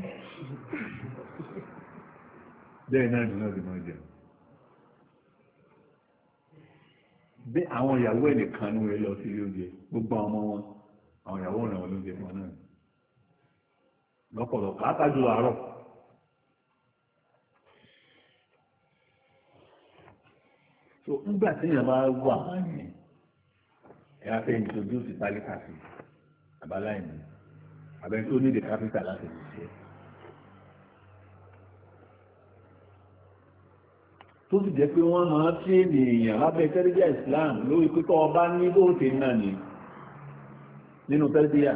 bẹ́ẹ̀ náà ni náà ti máa jẹun. bí àwọn ìyàwó ẹ̀ nìkan ní wọ́n lọ sí ilé oúnjẹ gbogbo ọmọ wọn àwọn ìyàwó ràn wọn lóúnjẹ wọn náà lọ́pọ̀lọpọ̀ látàjú àárọ̀ so nígbà tí èèyàn bá wà ní ẹ̀ á fẹ́ introduce ìtàlíkà sí àbáláìní àbẹ́ńtó ní the capital láti ṣiṣẹ́. tó sì jẹ́ pé wọ́n máa tí ènìyàn lábẹ́ tẹ́lẹ́díà Islam lórí pípọ́ ọba ní bóòtè náà ni nínú tẹ́lẹ́díà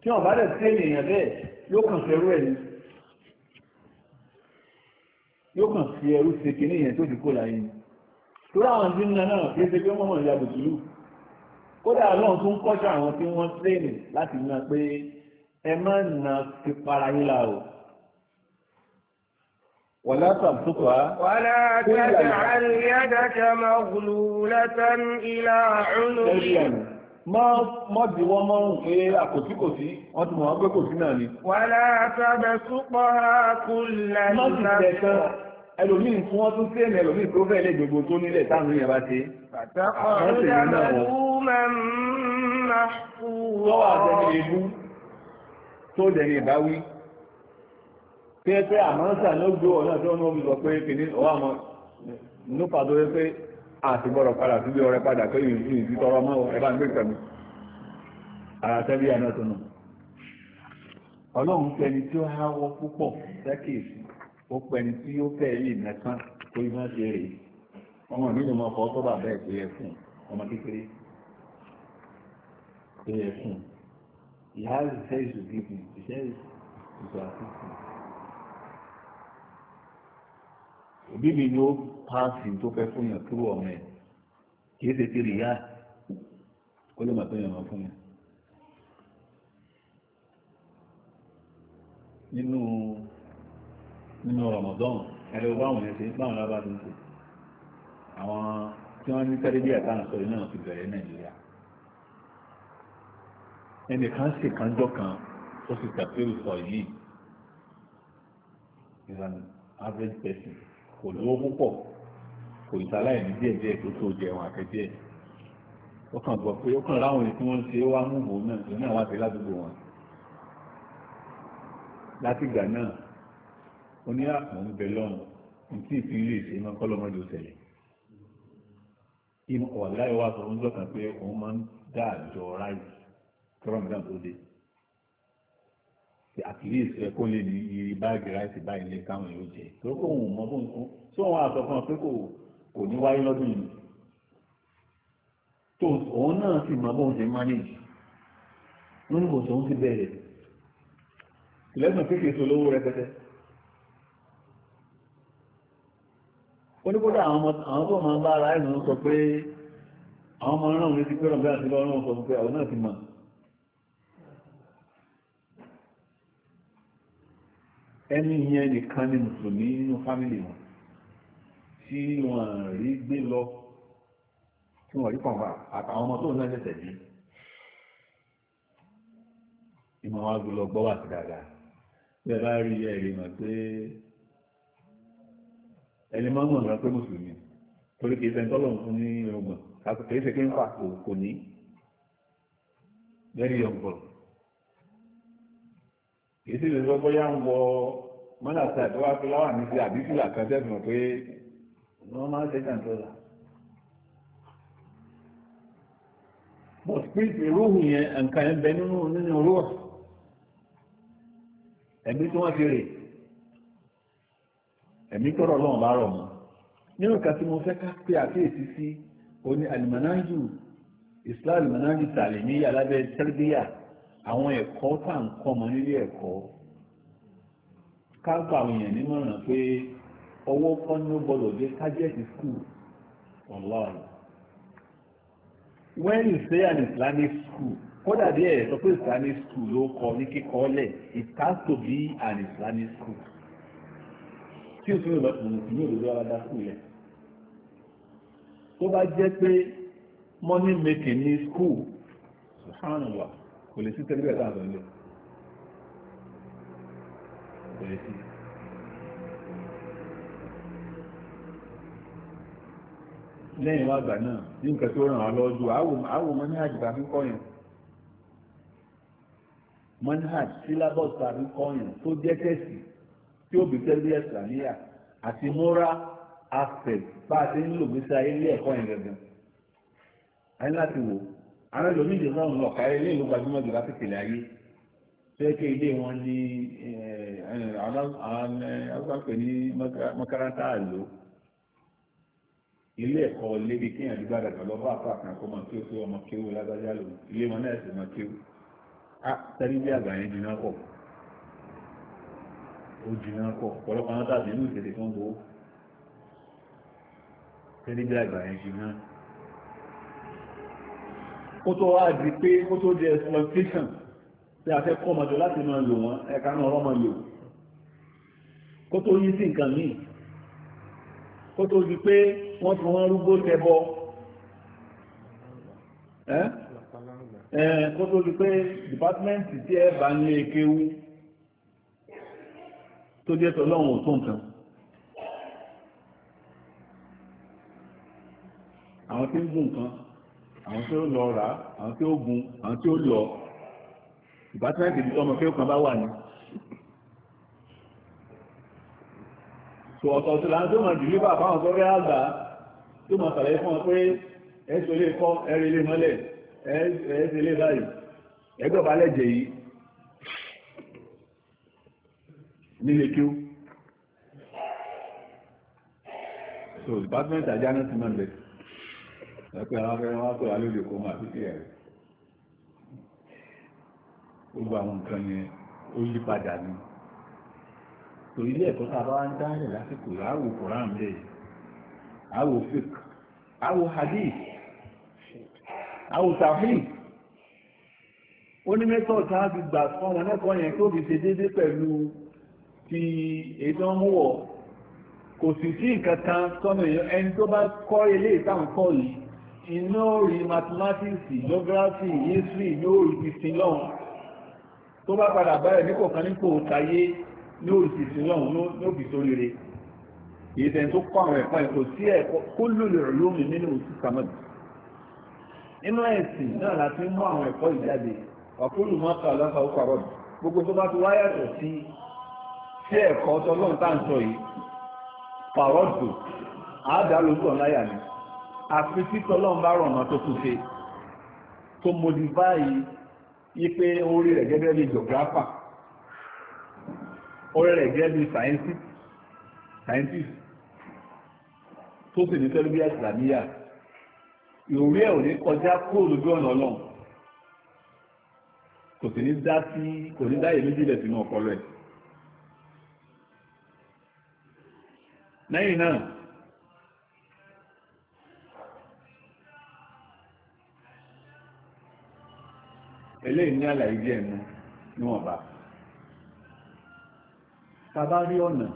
tí wọ́n bá dẹ̀ tí ènìyàn bẹ́ẹ̀ yóò kàn fẹ́rú ẹ̀ ni yóò kàn fi ẹrú ṣe kìíní yẹn tó ti kó láyé ni torí àwọn tí ń na náà kí ṣe pé wọ́n mọ̀ ìyá bùtùlù kódà náà tún kọ́ṣọ́ àwọn tí wọ́n tẹ́ẹ̀nì láti na pé ẹ má na ti para yín la o. ولا تبسطها ولا تجعل يدك مغلولة إلى عنقك ما ما di wọ́n mọ́rùn pé àkòsíkòsí wọ́n ti mọ̀ wọ́n pé kò sí náà ni. wàlá sábẹ̀ súpọ̀ kúlẹ̀ nígbà. má ti tẹ̀ tán ẹlòmíì fún wọn tún sí ẹ̀mí ẹlòmíì tó fẹ́ lé gbogbo tó nílẹ̀ táwọn èèyàn bá ṣe. bàtàkọ̀ ọ̀dà mẹ́lú mẹ́mà fún wọn. lọ́wọ́ àtẹ̀lẹ́ ebú tó dẹ̀ ìbáwí. kí pé àmọ́ńsà ló gbé wọn tí wọ́n mú sọ pé kìíní ọwọ́ àmọ́ ló pàdó pé àti gbọ́dọ̀ padà padà pé yìí tọrọ mọ́ ń gbé ara tẹ́lẹ̀ yà náà tó nù. ọlọ́run pẹni tí ó háwọ́ púpọ̀ sẹ́kìsì ó pẹni tí ó fẹ́ yìí yí máa òbí mi ni ó paasi tó fẹ́ fún yàn kúrò ọmọ ẹ̀ kì í ṣe ti rìyá ó lè mà tó yàn máa fún yàn. nínú nínú Ramadan ẹ̀rọ báwọn yẹn ṣe báwọn lábá ti ń ṣe àwọn tí wọ́n ní tẹ́lẹ̀ bí ẹ̀ka àṣọ yìí náà ti bẹ̀rẹ̀ Nàìjíríà ẹnìkan ṣèkánjọ́ kan ó sì tàbí òsọ yìí is an average person kò lówó púpọ̀ kò ìtàláì ní díẹ̀ díẹ̀ tó tó jẹun àkẹ́díẹ̀ ó kàn gbọ́ pé ó kàn láwọn èyí tí wọ́n ṣe wá mú òun náà òun náà wá sí ládùúgbò wọn láti ìgbà náà ó ní àpò bẹ lọ́run ní tí ìfín lè ṣe máa kọ́ lọ́mọdé ó ìmọ̀ ọ̀láyọ̀ wá sọ fún sọ́kàn pé òun máa ń dá àjọ ráyè tọ́rọ̀ mìíràn tó dé at least ẹ kó lè ní iye báàgì ráìsì báyìí lé káwọn yóò jẹ torí kò òun mọ bó ń kún tí òun àsọ fún ọ pé kò kò ní wáyé lọ́dún yìí tó òun náà sì mọ bó ń ṣe manage wọn ní kò sóun ti bẹ̀rẹ̀ ìlẹ́sìn kékeré sọ lówó rẹpẹtẹ. oníkódà àwọn tó máa ń bá ara ẹ̀ ló ń sọ pé àwọn ọmọ náà ń retí pé rọ̀bẹ́ àti lọ́rùn sọ pé àwọn náà ti mọ̀ ẹni yẹn nìkan ni mùsùlùmí nínú fámìlì wọn tí wọ́n rí gbé lọ tí wọ́n rí kàn wá àtàwọn ọmọ tó ń lẹ́sẹ̀ tẹ̀lé ìmọ̀ wa gbé lọ gbọ́ wà sí dáadáa bí ẹ bá rí ẹ̀rí mọ̀ pé ẹni máa ń mọ̀ nípa pé mùsùlùmí torí kìí sẹ́ńtọ́ lọ́n fún ní ọgbọ̀n kìí ṣe pé ń fà kò ní lẹ́rí ọgbọ̀n kìí sì lè sọ bóyá ń wọ mọ́nà tí àtọ́wá pé láwà ní sí àbí fìlà kan tẹ́sùn pé wọ́n máa ń ṣe jàn tó là. but spirit irúhù yẹn nǹkan ẹ̀ ń bẹ nínú nínú orúwà ẹ̀mí tí wọ́n fi rè ẹ̀mí tọrọ lọ́wọ́n bá rọ̀ mọ́ nínú ìka tí mo fẹ́ ká pé àkíyèsí sí oní alìmọ̀nájú islam alìmọ̀nájú tàlímí alábẹ́ tẹ́lbíyà àwọn ẹ̀kọ́ tá à ń kọ́ ọmọ nílé ẹ̀kọ́ ká gba àwọn èèyàn nímọ̀ràn pé ọwọ́ kọ́ ní ó gbọ́dọ̀ jẹ́ kájẹ́ẹ̀tì school online when you say an Islamic school kódà bí ẹ̀ sọ pé Islamic school ló kọ ní kíkọ́ lẹ̀ it has to be an Islamic school tí o tún lọ mùsùlùmí òdodo aládá school yẹn tó bá jẹ́ pé money making ní school subhanallah kò lè sí tẹ́lẹ̀ láàrín ọ̀lẹ́ kò lè sí lẹ́yìn wá gbà náà ní nǹkan tó ràn án lọ́jọ́ àwò manhaj bá fi kọ́yàn manhaj syllabus bá fi kọ́yàn tó jẹ́ tẹ̀sì tí ó bí tẹ́lẹ̀ ìsàníyà àti moral aspect bá a ti ń lò gbèsè ayé ilé ẹ̀kọ́ yẹn gangan a láti wò ó àwọn ẹlòmíì lè náà lọ káyé ilé ìlú gbajúmọ̀ jù láti tẹ̀lé ayé ṣé kí ilé wọn ní àwọn agbápẹ̀ ní mọ́kárátá àlò ilé ẹ̀kọ́ lébi kéèyàn ti gbàdàgbà lọ bá àpá kan kó mọ kí ó fi ọmọ kí ó lágbájá lò ilé wọn náà sì mọ kí ó á bí àgbà yẹn jiná pọ̀ ó jiná pọ̀ ọ̀pọ̀lọpọ̀ àwọn tàbí inú ìṣẹ̀lẹ̀ fún gbowó tẹ́lí bí àgbà yẹn jiná pọ̀ kó tó wá di pé kó tó di exploitation tí a fẹ́ kọ́ ọmọdé láti máa lò wọ́n ẹ̀ka náà ọlọ́mọ lò kó tó yí sí nǹkan míì kó tó di pé wọ́n fi wọ́n rúgbó tẹbọ kó tó di pé dìpátímẹ́ǹtì tí ẹ bá ní ekewu tó jẹ́ tọ́lọ́run ò tó nǹkan àwọn tí ń gùn nǹkan àwọn tí ó lọ rà àwọn tí ó gun àwọn tí ó lọ ìbátẹ́ǹtì ibi tí ọmọ kéwù kan bá wà ní. tó ọ̀tọ̀ọ̀tọ̀ là ń tó máa dìlíbà fáwọn tó rẹ́ àgbà tó máa sàlẹ̀ fún wọn pé ẹ ṣe lè kọ́ ẹ rí ilé mọ́lẹ̀ ẹ ṣe lè báyìí ẹgbẹ́ balẹ̀ jẹ yìí nílé kíw so department ajá náà ti máa ń bẹ̀rẹ̀ ẹ̀pẹ́ àwọn afẹ́rẹ́ wọn pè wá lórí kó máa fi kẹ́ rẹ̀ gbogbo àwọn nǹkan yẹn ó yí padà ni torí ilé ẹ̀kọ́ tá a bá ń lásìkò àwò koran bẹ́ẹ̀ àwò fik àwò Hadi, àwò tawhid ó ní mẹ́tọ̀ tá a fi gbà fún ọmọ lẹ́kọ̀ọ́ yẹn tó fi ṣe déédéé pẹ̀lú ti èyí tó ń wọ̀ kò sì sí nǹkan kan sọ́nà ẹni tó bá kọ́ ilé ìtàn kọ́ yìí iná orí mathematics geography history ní orí ìsìn lọ́hùn tó bá padà báyẹ̀ ní kọ̀ọ̀kan ní kò tayé ní orí ìsìn lọ́hùn ní òbí tó rere èyí tẹ̀ tó kọ́ àwọn ẹ̀kọ́ ẹ̀kọ́ sí ẹ̀kọ́ kó lòlò lómi nínú òsì samadi nínú ẹ̀sìn náà láti mú àwọn ẹ̀kọ́ ìjáde ọ̀pọ̀lù mọ́ta ọlọ́fà ó parọ́ gbogbo tó bá ti wáyàtọ̀ sí sí ẹ̀kọ́ tọ́lọ́ntàǹtọ̀ yìí parọ́dù àádá lójú ọ̀láyà ni àfi títọ́ lọ́n bá rọ̀nà tó tún ṣe tó modify yí pé orí rẹ̀ gẹ́gẹ́ bí geographer orí rẹ̀ gẹ́gẹ́ bí scientist tó sì ní tẹ́lúbíà ìsìlámíyà ìròrí ẹ̀ ò ní kọjá kúrò lójú ọ̀nà ọlọ́run kò sì ní dá sí kò ní dá èmi jílẹ̀ sínú ọpọlọ ẹ̀ lẹ́yìn náà eléyìí ní àlàyé díẹ̀ nu níwọ̀nba tàbá rí ọ̀nà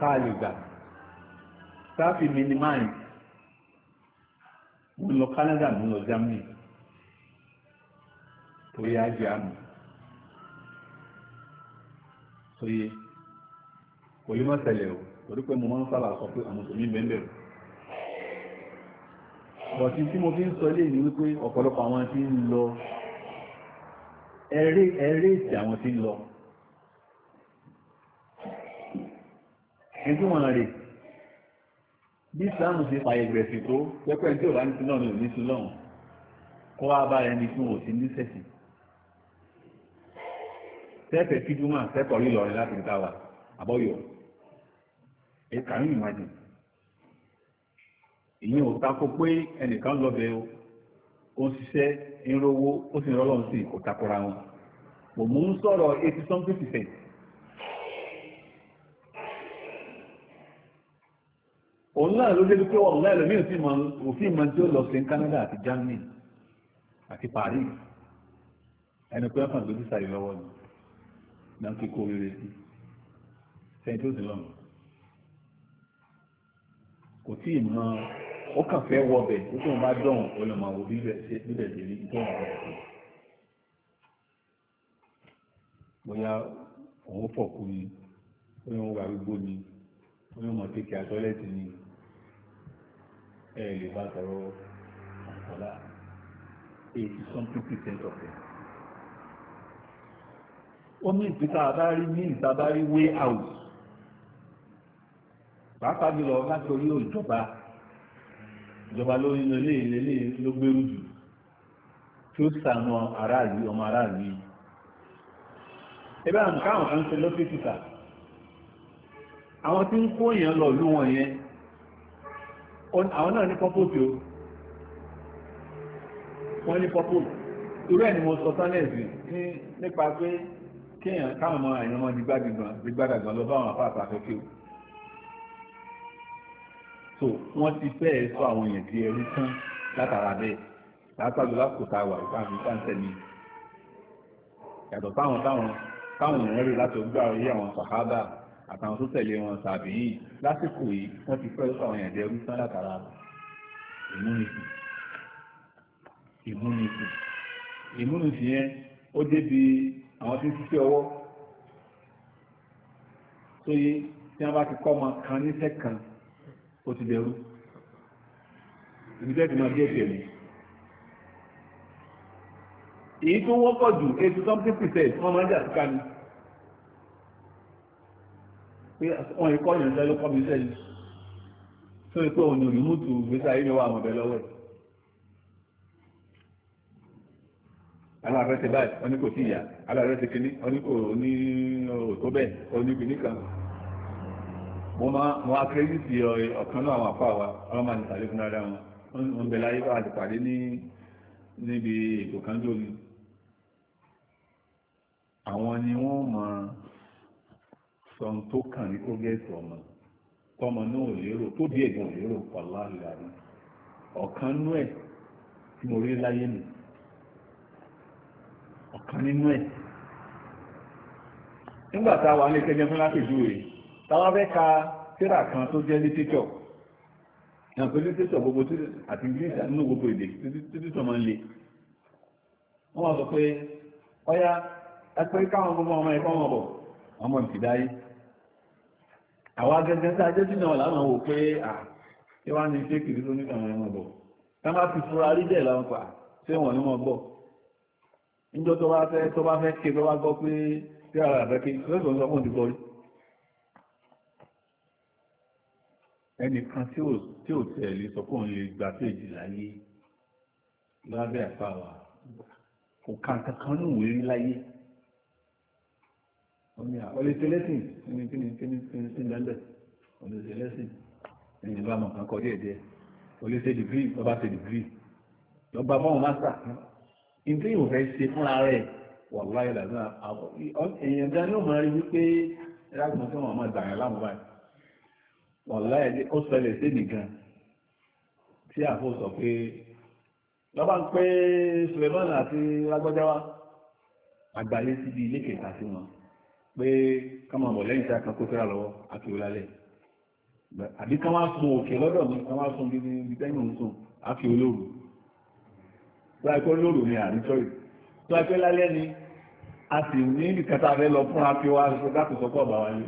tá a lè gbà tá a fi minimize mo lọ Canada mo lọ Germany torí ajé àmì tó yé kò lè má ṣẹlẹ̀ o torí pé mo máa ń sábà sọ pé àwọn tòmí bẹ́ẹ̀ bẹ́ẹ̀ o bọ̀tí tí mo fi ń sọ lè ní wípé ọ̀pọ̀lọpọ̀ àwọn tí ń lọ ẹ̀rẹ́ ìsì àwọn tí ń lọ ẹjú wọn rè bí ìsìláàmù ṣe fàyè gbẹ̀sì tó pẹ́pẹ́ tí ò bá ní sinọ́ ni ò ní sinọ́ kọ́ wá bá ẹni tí wọn ò sí nísẹ̀sì tẹ́ẹ̀fẹ̀ kí júmọ̀ tẹ́ẹ̀kọ̀ rí lọ rẹ̀ láti ìta wa àbọ̀yọ̀ ẹ̀ kàrí ìmájìn ìyẹn ò takò pé ẹnìkan lọ́bẹ̀ o ó ń ṣiṣẹ́ ń rówó ó sì ń rọ́lọ́run sí kò takora wọn kò mú ń sọ̀rọ̀ eighty something percent. òun náà ló débi pé wọn náà lómi òfin mọ tí ó lọ sí Canada àti Germany àti Paris ẹni pé wọn kàn lójú sàyè lọ́wọ́ ni náà kíkó rere sí sẹ́ńtì ó sì lọ́nà kò tí ì mọ ó kàn fẹ́ wọbẹ̀ ó tó ń bá dọ̀hún ó lè máa wo bíbẹ̀ ṣe bíbẹ̀ ṣe rí tó ń bọ̀ sí. bóyá òun fọ̀kù ni bóyá òun wà gbogbo ni bóyá òun mọ̀ kékeré àtọ́lẹ́tì ni ẹ lè bá sọ̀rọ̀ àkọ́lá eighty something percent of them. ó ní ìpínlẹ̀ àbárí ní ìtabárí way out pàápàá jùlọ látòrí òjọba ìjọba lórí ilé ilé ló gbèrú jù tí ó sànù aráàlú ọmọ aráàlú yìí ebe àwọn káwọn kan ṣe lọ́fíìsì ta àwọn tí ń kó èèyàn lọ ìlú wọn yẹn àwọn náà ní pọ́pọ́tì o wọ́n ní pọ́pọ́tì irú ẹ̀ ni mo sọ sánẹ́ẹ̀sì nípa pé kéèyàn káwọn ọmọ àyànmọ́ di gbàdàgbà lọ bá àwọn àpáàpá fẹ́ kí o so wọ́n ti fẹ́ sọ àwọn èèyàn di ẹrú tán látara bẹ́ẹ̀ látàgbé lásìkò tá a wà ìgbà mi bá ń tẹ̀lé yàtọ̀ táwọn táwọn táwọn èèyàn rí láti ọgbà orí àwọn sàhábà àtàwọn tó tẹ̀lé wọn tàbí yìí lásìkò yìí wọ́n ti fẹ́ sọ àwọn èèyàn di ẹrú tán látara ìmúnisìn ìmúnisìn ìmúnisìn yẹn ó débi àwọn tí ń ṣiṣẹ́ ọwọ́ tó yé tí wọ́n bá ti kọ́ ọmọ kan níṣẹ́ kan ó ti dẹrú ìbílẹ̀ tí máa jẹ́ ìṣẹ̀lẹ̀ èyí tó wọ́pọ̀ jù eighty something percent wọ́n máa ń jà síkà ni pé wọ́n ikọ́ yẹn lọ́lọ́ kọ́ mi sẹ́yìn tó ikú òun ni òrìmútù gbèsè ayé ni wà àwọn ọ̀bẹ lọ́wọ́ ẹ̀ aláàrẹ ti báyìí wọ́n ní kò sí ìyá aláàrẹ ti kíní wọ́n ní kò ní òtó bẹ́ẹ̀ wọ́n ní kíní kan wọ́n máa wọ́n akẹ́rìsì ọ̀kan náà àwọn àpá wa wọ́n máa nìtàlẹ́ fún ara wọn wọ́n bẹ̀rẹ̀ ayé bá àti pàdé níbi ètò kan lórí àwọn ni wọ́n máa sọ tó kàn ní kó gẹ̀ẹ́sì ọmọ tọmọ náà ò lérò tó bí ẹ̀gbọ́n ò lérò pàlá ìlàrí ọ̀kan nú ẹ̀ tí mo rí láyé nù ọ̀kan nínú ẹ̀ nígbà tá a wà ní kẹjẹ fún lápèjúwe yìí táwọn fẹ́ ka tíra kan tó jẹ́ lítítọ̀ ìyàn pé lítítọ̀ gbogbo tí àti english nínú gbogbo èdè títítọ̀ máa ń le wọ́n wá sọ pé ọya ẹgbẹ́ káwọn gbogbo ọmọ ẹ̀kọ́ wọn bọ̀ ọmọ ìfìdáyé àwọn agẹgẹ tí ajé sínú ọ̀la máa wò pé à tí wọ́n á ní ṣé kìrì tó nígbà wọn bọ̀ ká má fi fura rí bẹ́ẹ̀ láwọn pa ṣé wọ́n ní wọn gbọ́ níjọ́ tó bá fẹ́ tó bá fẹ́ ké tó bá gbọ́ pé tí ara rẹ̀ kí lóṣù tó ń sọ fún ìdíkọ́ rí ẹnìkan tí ò tẹ̀lé sọ pé òun lè gba péjì láyé lábẹ́ àfàwà kò ka nǹkan kan ní ìwé rí láyé oní ọlẹ́sẹ̀lẹ́sìn ní kí ni kí ni kí ni sí lẹ́lẹ̀ ọlẹ́sẹ̀lẹ́sìn ní ìbámu kan kọ díẹ̀ díẹ̀ ọlẹ́sẹ̀ dìgírì ọba ṣe dìgírì lọ́ba mọ́wọ́n máṣà ìdí ìwò fẹ́ ṣe fúnra rẹ̀ wà láyé làdúrà àwọn èèyàn gan ni ó mọ̀ rí wípé ẹ̀rọ àgbọ̀n tí wọ́n máa dàyàn láwọn báyìí wàlá ẹ̀dẹ́ ó ṣẹlẹ̀ sí nìkan tí àfó sọ pé lọ́bá ń pé Suleiman àti lágbọ́jáwá àgbàlẹ̀ síbi ilé kẹta sí wọn pé káwọn ọmọ lẹ́yìn tí a kan kó síra lọ́wọ́ àti òlálẹ̀ àbí ká wá sun òkè lọ́dọ̀ mi ká wá sun bí ní tẹ́yìn òun sùn á olóòrù tó olóòrù ni àrísọ́rì tó àìpẹ́ lálẹ́ ni a sì ní ìdíkàtà rẹ lọ fún afi wa sọ́kàtù sọ́kọ̀ ọ̀bà wáyé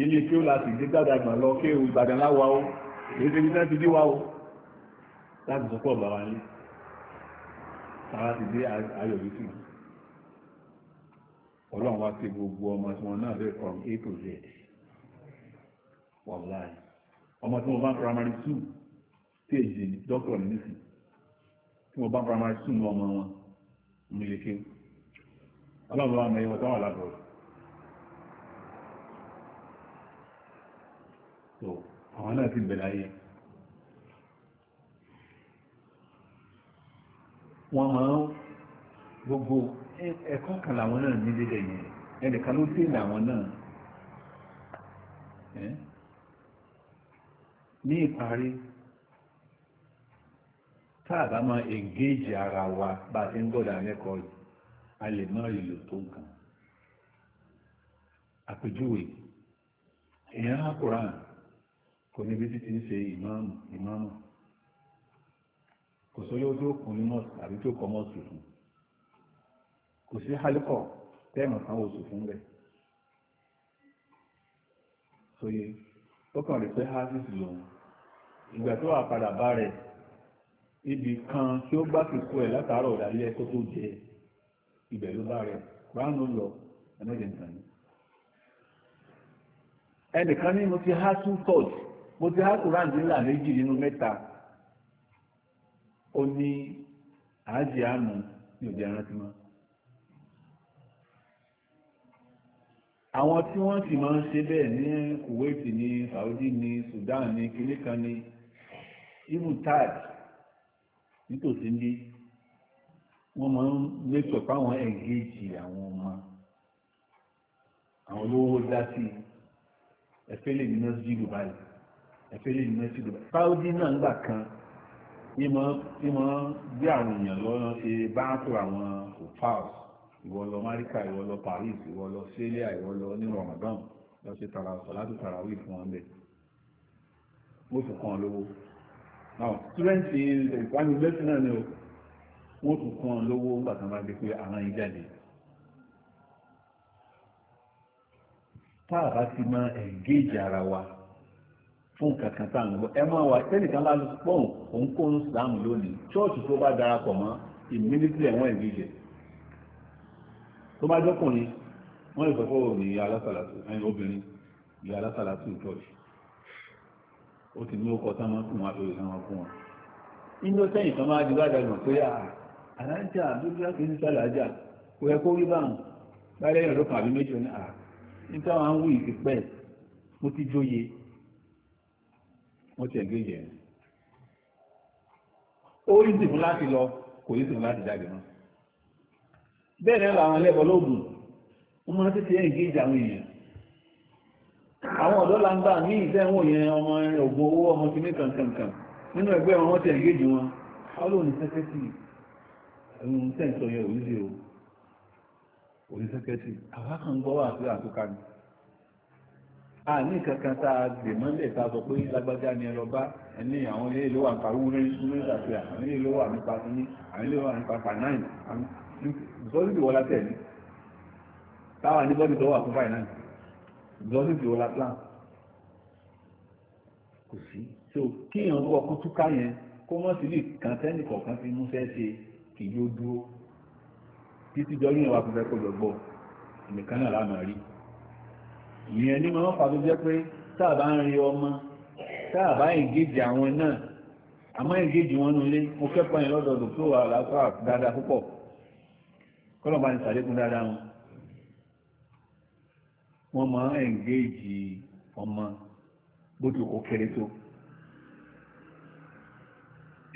ilé kí ó láti dé dàdàgbà lọ kí ewu ìgbàdàn láwa ó èyí tẹ́bí tẹ́ ti dí wa ó láti sọ pọ̀ bàbá yín sára ti dé ayọ̀ yìí sí ọlọ́run wá sí gbogbo ọmọ tí wọn náà lè from a to z wọ́n láì ọmọ tí wọ́n bá primary two tí èjì dọ́kítọ̀ ní nísìn tí wọ́n bá primary two ní ọmọ wọn mo lè ké ọlọ́run wá mẹ́yìn wọ́n táwọn lábọ̀ọ́ tó àwọn náà ti bẹ̀rẹ̀ ayé wọ́n máa ń gbogbo ẹ̀kọ́ kan làwọn náà ní dédé yẹn ẹnìkan ló dé làwọn náà ní ìparí táà bá máa engage ara wa bá ti ń gbọ́dọ̀ akẹ́kọ̀ọ́ a lè má rí lò tó nǹkan àpèjúwe èèyàn á kúrò àrùn kò níbi tí ti ń ṣe ìmáàmù ìmáàmù kò sóyó tó kún ní mọ́ọ̀sì àbí tó kọ́ mọ́ọ̀sì fún kò sí hálíkọ̀ tẹ́ẹ̀mù sanwó oṣù fún bẹ́ẹ̀ sóyè ó kàn rí pé hasis lòun ìgbà tó wà padà bá rẹ̀ ibì kan tí ó gbá kíkó ẹ̀ látàárọ̀ ìdálẹ́ kó tó jẹ ibẹ̀ ló bá rẹ̀ ránú lọ ẹ̀mẹ́jẹ̀ nìkan ni ẹnìkan ní mo ti há two thoughts mo ti la kúrán nílà méjì nínú mẹ́ta ó ní àájì àmọ́ ní òjò ẹrántí mọ́ àwọn tí wọ́n sì máa ń ṣe bẹ́ẹ̀ ní Kuwait ní Saudi ní Sudan ní kinní kan ní ibu tag nítòsí ní wọ́n máa ń mẹ́tọ̀ fáwọn ẹ̀gẹ́jì àwọn ọmọ àwọn olówó dá sí ẹ̀fẹ́ ní nọ́ọ̀sì jìlù báyìí ẹ̀fẹ́ lè ní ẹtì dùbà sáúdí náà ńgbà kan ìmọ̀ ìmọ̀ bí àwọn èèyàn lọ́nà ṣe bá ń tó àwọn hotels ìwọ lọ Amẹ́ríkà ìwọ lọ Paris ìwọ lọ Australia ìwọ lọ ní Ramadan lọ ṣe tara sọ̀látù tarawí fún wọn bẹ́ẹ̀ mo sì kàn lówó now student ìpanilẹ́sìn náà ni o wọ́n tún kàn lówó ńgbà kan máa gbé pé àwọn yìí jáde tá a bá ti máa engage ara wa fún kankan tá à ń gbọ́ ẹ máa wà tẹ́nìkan bá pọ̀n òun kó ń sàmù lónìí ṣọ́ọ̀ṣì tó bá darapọ̀ mọ́ ìmílítì ẹ̀wọ̀n ìgbìjẹ̀ tó bá jọ́kùnrin wọ́n lè sọ pé òun ìyá alásàlátù ẹni obìnrin ìyá alásàlátù ṣọ́ọ̀ṣì ó ti ní ó kọ sáwọn fún wọn àtòyè sáwọn fún wọn. inú sẹ́yìn kan máa di bá dàgbà pé àlájà dúdú láti ní sàlájà kò yẹ kó rí báwọn báyẹn lọ́kàn àbí méjì ní à níta wọn á ń wí wọ́n ti ẹ̀gẹ́ yẹn ó rí fún láti lọ kò rí sì fún láti jáde mọ́ bẹ́ẹ̀ náà làwọn ẹlẹ́bọ̀ lóògùn wọ́n máa tètè ẹ̀gẹ́ ìjà àwọn èèyàn àwọn ọ̀dọ́ ń ní yẹn ọmọ owó ọmọ ní kankankan nínú ẹgbẹ́ wọn ti jù wọn ọlọ́run ní sẹ́kẹ́tì ẹ̀rùn yẹn sẹ́kẹ́tì kan gbọ́ wà sí a ní kankan tá a dè mọ́lẹ̀ tá a sọ pé lágbájá ni ẹlọ bá ẹni àwọn ilé ìlú wà nípa wúrẹ́ wúrẹ́ ìdàpẹ́ àwọn ilé ìlú wà nípa ní àwọn ilé ìlú wà nípa fanáìn ìsọ́sí ti wọlá tẹ̀lé táwa ní bọ́dì tó wà fún fanáìn ìsọ́sí ti wọlá plan kò sí so kí èèyàn tó ọkọ̀ túká yẹn kó mọ́ sí lè kàn tẹ́nì kọ̀ọ̀kan fi mú fẹ́ ṣe kì yóò dúró títí jọ yín wà fún fẹ́ kó lọ gbọ́ ìmìkan náà ìyẹn ní mọ́ fà tó jẹ́ pé táàbá ń rí ọmọ táàbá ìgéjì àwọn náà àmọ́ ìgéjì wọn nulẹ̀ mo kẹ́kọ̀ọ́ yẹn lọ́dọ̀ dòkítọ́ àlàáfà dáadáa púpọ̀ kọ́lọ̀ bá ní sàlékún dáadáa wọn wọ́n máa ń ẹ̀ǹgéjì ọmọ bójú ó kéré tó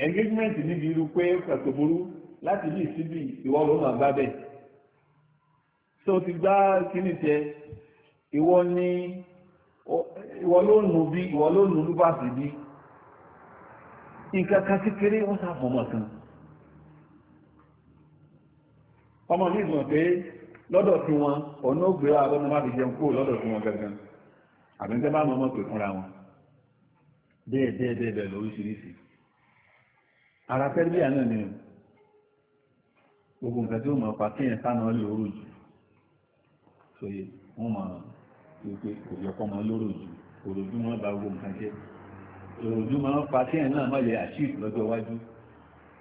engagement níbi irú pé pẹ̀tòburú láti bí síbi ìwọ ló máa gbá bẹ́ẹ̀ tó ti gbá kíní tiẹ̀ ìwọ ni ìwọ ló nù bí ìwọ ló nù lúbàbí bí nǹkan kan kékeré wọ́n sàfọ̀mọ̀ kan ọmọ mi mọ̀ pé lọ́dọ̀ tí wọn ọ̀nà ògbé àbọ́nà má fi jẹun kúrò lọ́dọ̀ tí wọn gangan àbí bá mọ̀ mọ̀ fúnra wọn bẹ́ẹ̀ bẹ́ẹ̀ bẹ́ẹ̀ bẹ́ẹ̀ lóríṣiríṣi ara tẹ́lẹ̀ náà ni gbogbo nǹkan tí ó mọ̀ pa kéèyàn lè orò jù sóye wọ́n mọ̀ pé kò yẹ kọ́ mọ́ lóró jù òròjú máa ba gbogbo nǹkan jẹ́ òròjú máa ń fa kí ẹ̀ náà má yẹ àṣìṣe lọ́jọ́ iwájú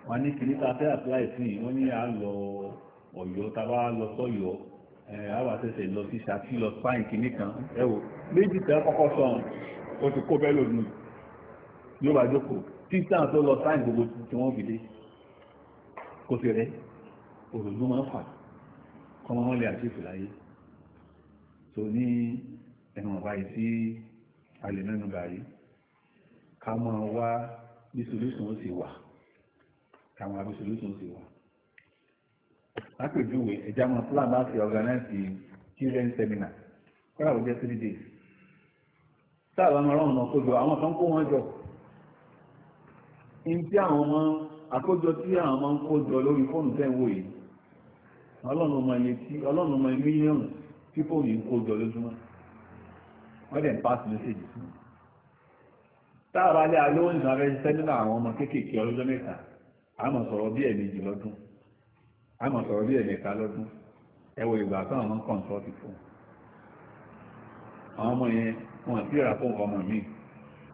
wọn ní kiri ta fẹ́ àpláì sí i wọ́n ní à lọ ọ̀yọ́ ta bá lọ sọ́yọ́ ẹ̀ á wà tẹ̀sẹ̀ lọ sí ṣáàtì lọ fáìn kìíní kan ẹ wò méjì tẹ́ kọ́kọ́ sọ̀rọ̀ o ti kó bẹ́ẹ̀ lónìí yóò bá jókòó títà tó lọ fáìn gbogbo tí wọ́n fi dé kò sí rẹ òròjú máa ń fà kọ́mọ́ wọn lè àṣìṣe láyé tò ní ẹ̀wọ̀n wáyé sí alẹ́ mẹ́nu báyìí ká máa wá bí solution ó sì wà káwọn àbí solution ó sì wà. lápèjúwe ẹ̀já máa plan bá ti organize children seminar kọ́ra ó jẹ́ three days. sáà bá máa rán ọ̀nà kó jọ àwọn kan kó wọn jọ ní tí àwọn ọmọ àkójọ tí àwọn ọmọ ń kó jọ lórí fóònù tẹ́ ń wò yìí ọlọ́run ọmọ ilé tí ọlọ́run ọmọ mílíọ̀nù tí fóònù ń kó jọ lójúmọ́ wọ́n dẹ̀ pass message fún un táàbà alẹ́ alówó ìsìn abẹ́ ṣiṣẹ́ nínú àwọn ọmọ kéékèèké ọlọ́jọ́ mẹ́ta àmọ̀ sọ̀rọ̀ bí ẹ̀mejì lọ́dún àmọ̀ sọ̀rọ̀ bí ẹ̀mẹ́ta lọ́dún ẹ ìgbà tó àwọn kọ̀ǹsọ́ọ̀tì fún àwọn ọmọ yẹn wọn ti ra fóònù ọmọ mi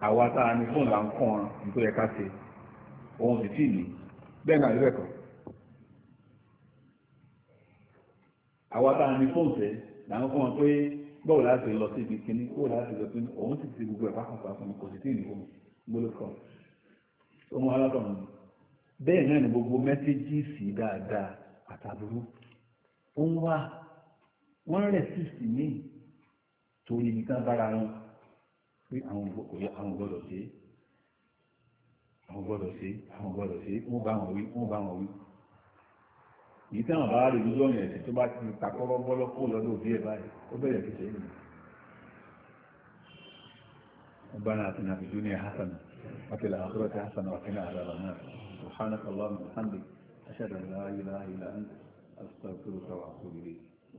àwa tá a ní fóònù là ń kọ́ ọ nítorí ẹ̀ka ṣe òun sì tì ní bẹ́ẹ̀ náà lẹ́kọ̀ọ́ àwa tá a ní fóònù bọ́ọ̀ láti lọ sí ibi kíní bọ́ọ̀ láti lọ sí òun sì ti gbogbo ẹ̀fà kan pàápàá kò sì tí ì nìkó gbóló kan ọmọ alábàmù bẹ́ẹ̀ náà ni gbogbo mẹ́sẹ́gìsì dáadáa àtàbúrú ó ń wá wọ́n rẹ̀ sí sí ní torí ibi tán bára wọn pé àwọn gbọ́dọ̀ ṣe àwọn gbọ́dọ̀ ṣe àwọn gbọ́dọ̀ ṣe wọ́n bá wọn wí wọ́n bá wọn wí yìí tí àwọn bá rí lójú ọ̀nà ẹ̀sìn tó bá ba bọ́lọ́ kó lọ́dọ̀ òbí ẹ̀ báyìí ó bẹ̀rẹ̀ ṣe é سبحانك اللهم وبحمدك اشهد ان لا اله الا انت استغفرك واتوب اليك